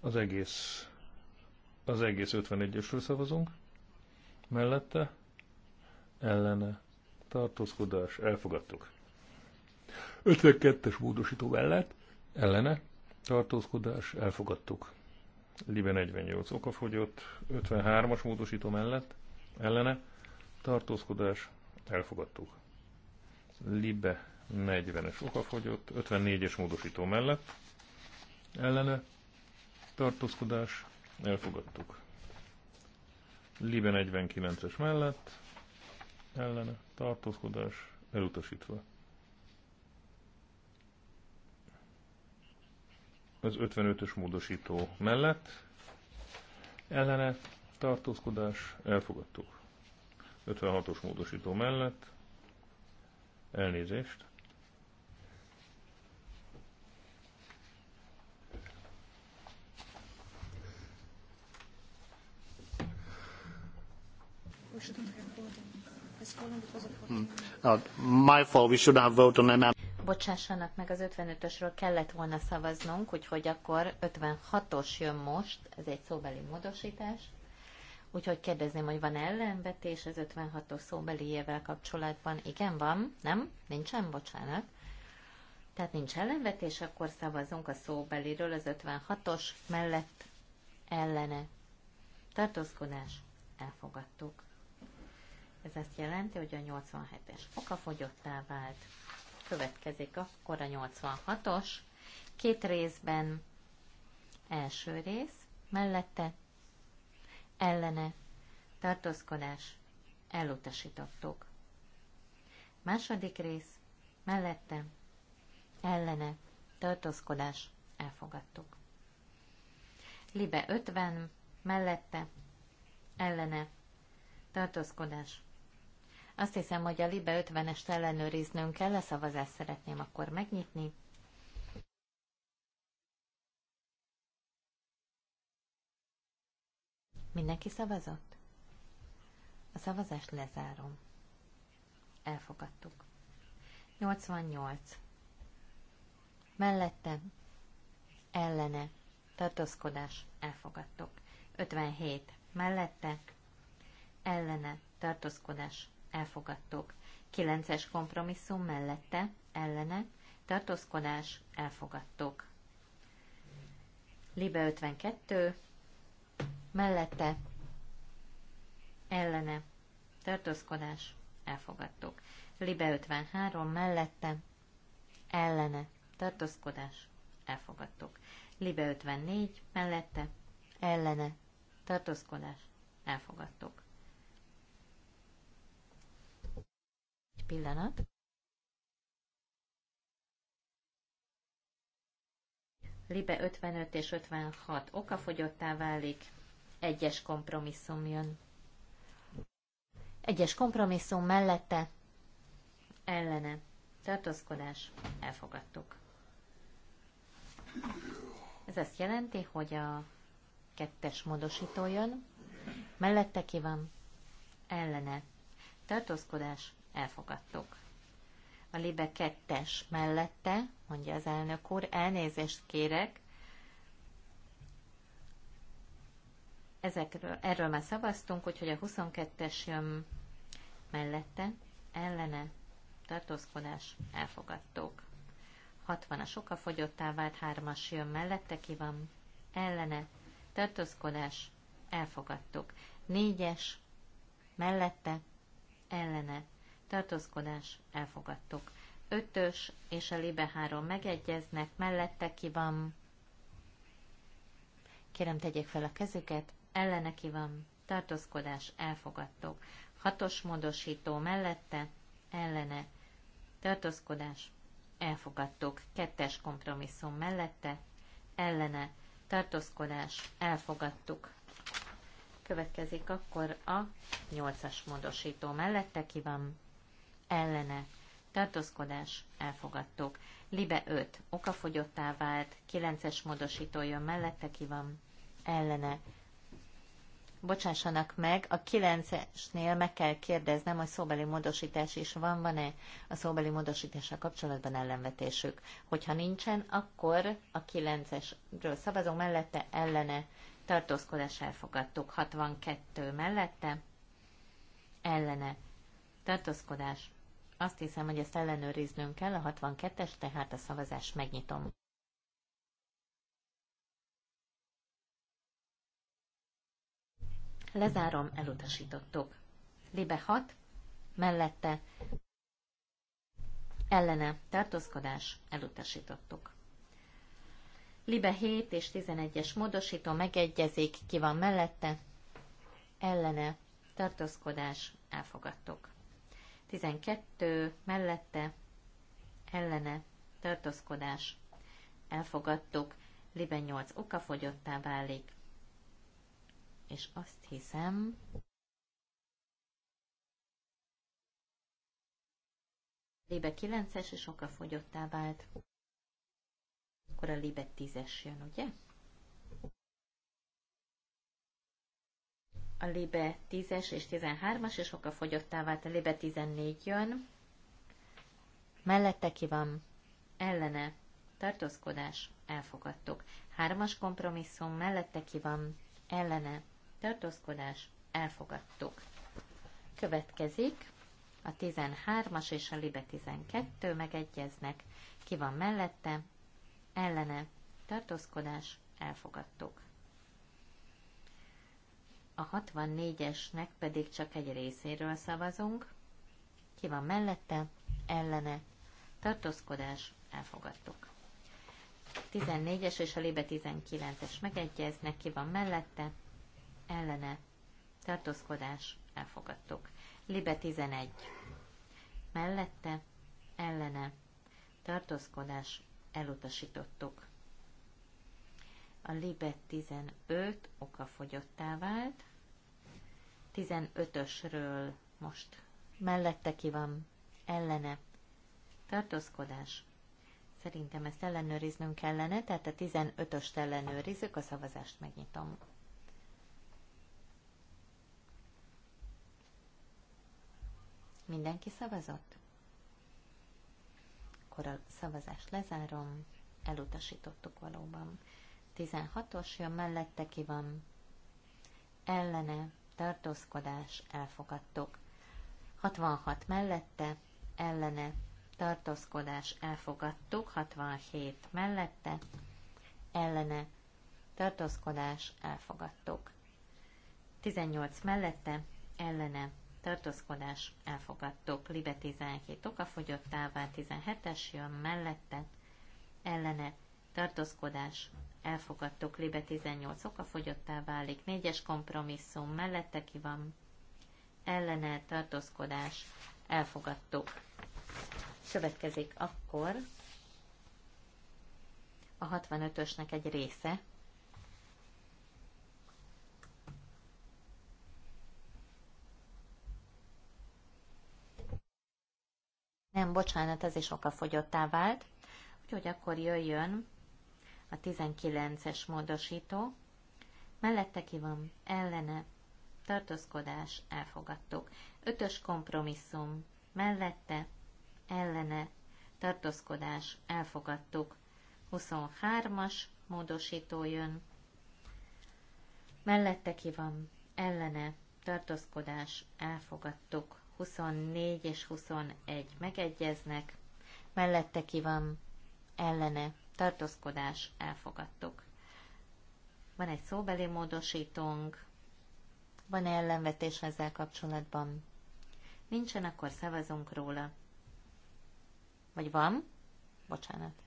Az egész, az egész 51-esről szavazunk. Mellette, ellene, tartózkodás, elfogadtuk. 52-es módosító mellett ellene tartózkodás elfogadtuk. Libe 48 fogyott, 53-as módosító mellett ellene tartózkodás elfogadtuk. Libe 40-es fogyott, 54-es módosító mellett ellene tartózkodás elfogadtuk. Libe 49-es mellett ellene tartózkodás elutasítva. az 55-ös módosító mellett ellene tartózkodás elfogadtuk. 56-os módosító mellett elnézést. Hmm. Uh, my fault, we should have voted on MM bocsássanak meg, az 55-ösről kellett volna szavaznunk, úgyhogy akkor 56-os jön most, ez egy szóbeli módosítás. Úgyhogy kérdezném, hogy van ellenvetés az 56-os szóbeliével kapcsolatban? Igen, van, nem? Nincsen, bocsánat. Tehát nincs ellenvetés, akkor szavazunk a szóbeliről az 56-os mellett ellene. Tartózkodás. Elfogadtuk. Ez azt jelenti, hogy a 87-es okafogyottá vált. Következik akkor a 86-os. Két részben első rész, mellette ellene tartózkodás elutasítottuk. Második rész, mellette ellene tartózkodás elfogadtuk. Libe 50, mellette ellene tartózkodás azt hiszem, hogy a Libe 50-est ellenőriznünk kell, a szavazást szeretném akkor megnyitni. Mindenki szavazott? A szavazást lezárom. Elfogadtuk. 88. Mellette, ellene, tartózkodás, elfogadtuk. 57. Mellette, ellene, tartózkodás, elfogadtuk. Kilences kompromisszum mellette, ellene, tartózkodás, elfogadtuk. Libe 52, mellette, ellene, tartózkodás, elfogadtuk. Libe 53, mellette, ellene, tartózkodás, elfogadtuk. Libe 54, mellette, ellene, tartózkodás, elfogadtuk. pillanat. Libe 55 és 56 okafogyottá válik, egyes kompromisszum jön. Egyes kompromisszum mellette ellene tartózkodás elfogadtuk. Ez azt jelenti, hogy a kettes módosító jön, mellette ki van ellene tartózkodás elfogadtuk. A Libe kettes mellette, mondja az elnök úr, elnézést kérek, ezekről, erről már szavaztunk, úgyhogy a 22-es jön mellette, ellene, tartózkodás, elfogadtuk. 60-as fogyottá vált, 3-as jön mellette, ki van, ellene, tartózkodás, elfogadtuk. 4-es, mellette, ellene, tartózkodás, elfogadtuk. Ötös és a Libe 3 megegyeznek, mellette ki van. Kérem, tegyék fel a kezüket, ellene ki van, tartózkodás, elfogadtuk. Hatos módosító mellette, ellene, tartózkodás, elfogadtuk. Kettes kompromisszum mellette, ellene, tartózkodás, elfogadtuk. Következik akkor a nyolcas módosító mellette ki van, ellene tartózkodás elfogadtuk. Libe 5 okafogyottá vált, 9-es módosító jön mellette, ki van ellene. Bocsássanak meg, a 9-esnél meg kell kérdeznem, hogy szóbeli módosítás is van, van-e a szóbeli módosítással kapcsolatban ellenvetésük. Hogyha nincsen, akkor a 9-esről szavazunk mellette, ellene tartózkodás elfogadtuk. 62 mellette, ellene tartózkodás azt hiszem, hogy ezt ellenőriznünk kell, a 62-es, tehát a szavazás megnyitom. Lezárom, elutasítottuk. Libe 6, mellette ellene tartózkodás, elutasítottuk. Libe 7 és 11-es módosító megegyezik, ki van mellette, ellene tartózkodás, elfogadtuk. 12 mellette ellene tartózkodás elfogadtuk, Liben 8 okafogyottá válik, és azt hiszem, Libe 9-es és okafogyottá vált, akkor a Libe 10-es jön, ugye? a Libe 10-es és 13-as, és oka fogyottá vált a Libe 14 jön. Mellette ki van? Ellene. Tartózkodás. Elfogadtuk. Hármas kompromisszum. Mellette ki van? Ellene. Tartózkodás. Elfogadtuk. Következik a 13-as és a Libe 12 megegyeznek. Ki van mellette? Ellene. Tartózkodás. Elfogadtuk a 64-esnek pedig csak egy részéről szavazunk. Ki van mellette, ellene, tartózkodás, elfogadtuk. 14-es és a Libe 19-es megegyeznek, ki van mellette, ellene, tartózkodás, elfogadtuk. Libe 11, mellette, ellene, tartózkodás, elutasítottuk a Libet 15 okafogyottá vált. 15-ösről most mellette ki van, ellene. Tartózkodás. Szerintem ezt ellenőriznünk kellene, tehát a 15-öst ellenőrizzük, a szavazást megnyitom. Mindenki szavazott? Akkor a szavazást lezárom, elutasítottuk valóban. 16-os jön mellette ki van. Ellene tartózkodás elfogadtok. 66 mellette ellene tartózkodás elfogadtuk. 67 mellette ellene tartózkodás elfogadtuk. 18 mellette ellene tartózkodás elfogadtuk. Libe 17 okafogyottává 17-es jön mellette ellene tartózkodás elfogadtuk, Libe 18 oka fogyottá válik, 4-es kompromisszum mellette ki van, ellene tartózkodás, elfogadtuk. Következik akkor a 65-ösnek egy része, Nem, bocsánat, ez is okafogyottá vált. Úgyhogy akkor jöjjön a 19-es módosító, mellette ki van, ellene, tartózkodás, elfogadtuk. Ötös kompromisszum, mellette, ellene, tartózkodás, elfogadtuk. 23-as módosító jön, mellette ki van, ellene, tartózkodás, elfogadtuk. 24 és 21 megegyeznek, mellette ki van, ellene, tartózkodás elfogadtuk. Van egy szóbeli módosítónk, van -e ellenvetés ezzel kapcsolatban? Nincsen, akkor szavazunk róla. Vagy van? Bocsánat.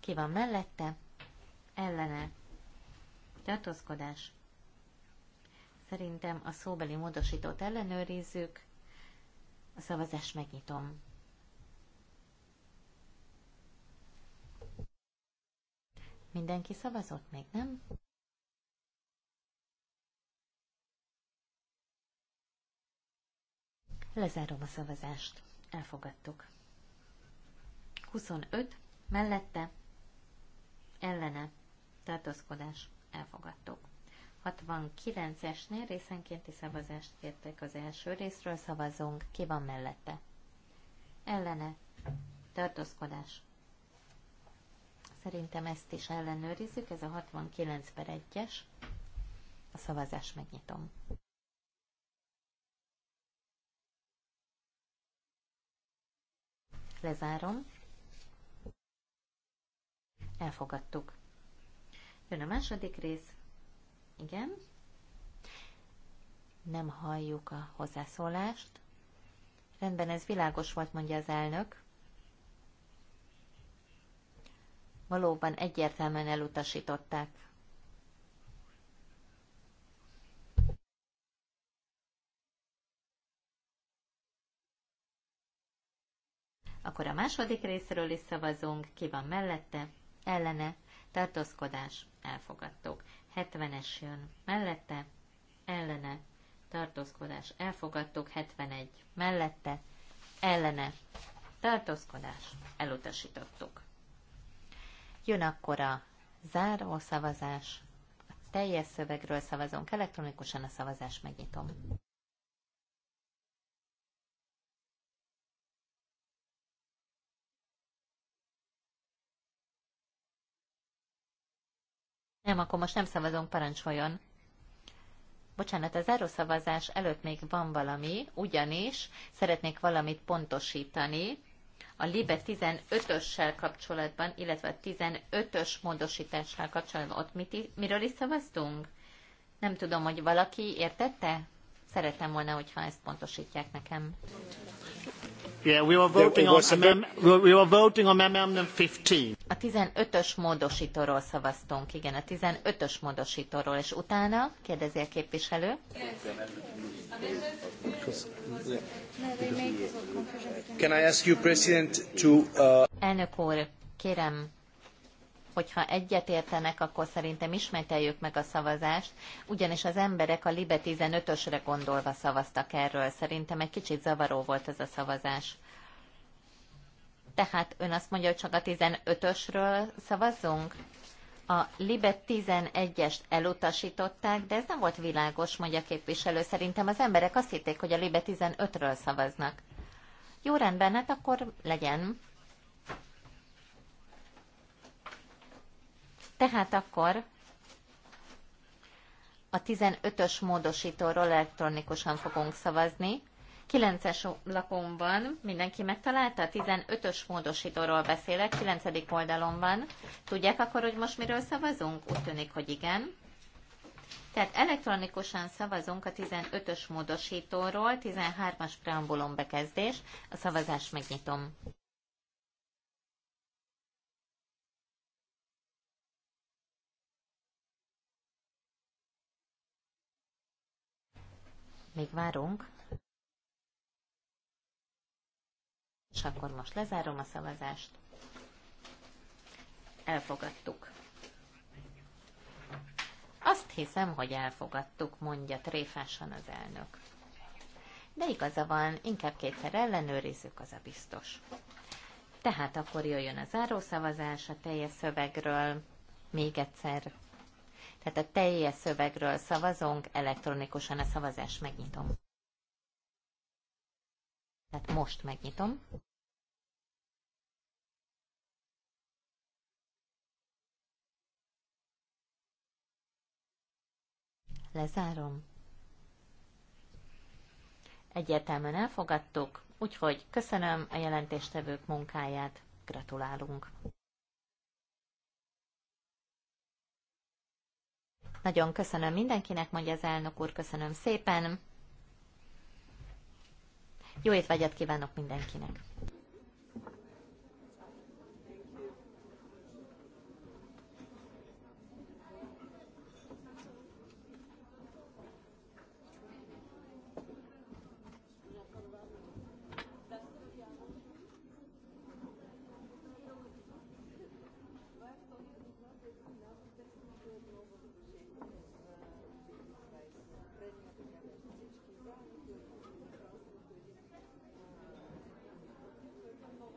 Ki van mellette? Ellene. Tartózkodás. Szerintem a szóbeli módosítót ellenőrizzük. A szavazást megnyitom. Mindenki szavazott még, nem? Lezárom a szavazást. Elfogadtuk. 25. Mellette. Ellene. Tartózkodás. Elfogadtuk. 69-esnél részenkénti szavazást kértek az első részről, szavazunk, ki van mellette. Ellene. Tartózkodás. Szerintem ezt is ellenőrizzük, ez a 69 per 1-es. A szavazás megnyitom. Lezárom. Elfogadtuk. Jön a második rész. Igen. Nem halljuk a hozzászólást. Rendben, ez világos volt, mondja az elnök. valóban egyértelműen elutasították. Akkor a második részről is szavazunk, ki van mellette, ellene, tartózkodás, elfogadtuk. 70-es jön, mellette, ellene, tartózkodás, elfogadtuk. 71, mellette, ellene, tartózkodás, elutasítottuk. Jön akkor a záró szavazás. A teljes szövegről szavazunk elektronikusan, a szavazás megnyitom. Nem, akkor most nem szavazunk, parancsoljon. Bocsánat, az szavazás előtt még van valami, ugyanis szeretnék valamit pontosítani a LIBE 15-össel kapcsolatban, illetve a 15-ös módosítással kapcsolatban ott mit, miről is szavaztunk? Nem tudom, hogy valaki értette? Szeretem volna, hogyha ezt pontosítják nekem we were voting on amendment 15. A 15-ös módosítóról szavaztunk, igen, a 15-ös módosítóról, és utána kérdezi a képviselő. Can I ask you, President, to, uh... Elnök úr, kérem, hogyha egyetértenek, akkor szerintem ismételjük meg a szavazást, ugyanis az emberek a Libe 15-ösre gondolva szavaztak erről. Szerintem egy kicsit zavaró volt ez a szavazás. Tehát ön azt mondja, hogy csak a 15-ösről szavazzunk? A Libet 11-est elutasították, de ez nem volt világos, mondja képviselő. Szerintem az emberek azt hitték, hogy a Libet 15-ről szavaznak. Jó rendben, hát akkor legyen. Tehát akkor a 15-ös módosítóról elektronikusan fogunk szavazni. 9-es lapon van, mindenki megtalálta? A 15-ös módosítóról beszélek, 9. oldalon van. Tudják akkor, hogy most miről szavazunk? Úgy tűnik, hogy igen. Tehát elektronikusan szavazunk a 15-ös módosítóról, 13-as preambulum bekezdés, a szavazás megnyitom. Még várunk. És akkor most lezárom a szavazást. Elfogadtuk. Azt hiszem, hogy elfogadtuk, mondja tréfásan az elnök. De igaza van, inkább kétszer ellenőrizzük, az a biztos. Tehát akkor jöjjön a zárószavazás a teljes szövegről. Még egyszer tehát a teljes szövegről szavazunk, elektronikusan a szavazást megnyitom. Tehát most megnyitom. Lezárom. Egyértelműen elfogadtuk, úgyhogy köszönöm a jelentéstevők munkáját, gratulálunk! Nagyon köszönöm mindenkinek, mondja az elnök úr, köszönöm szépen. Jó étvágyat kívánok mindenkinek!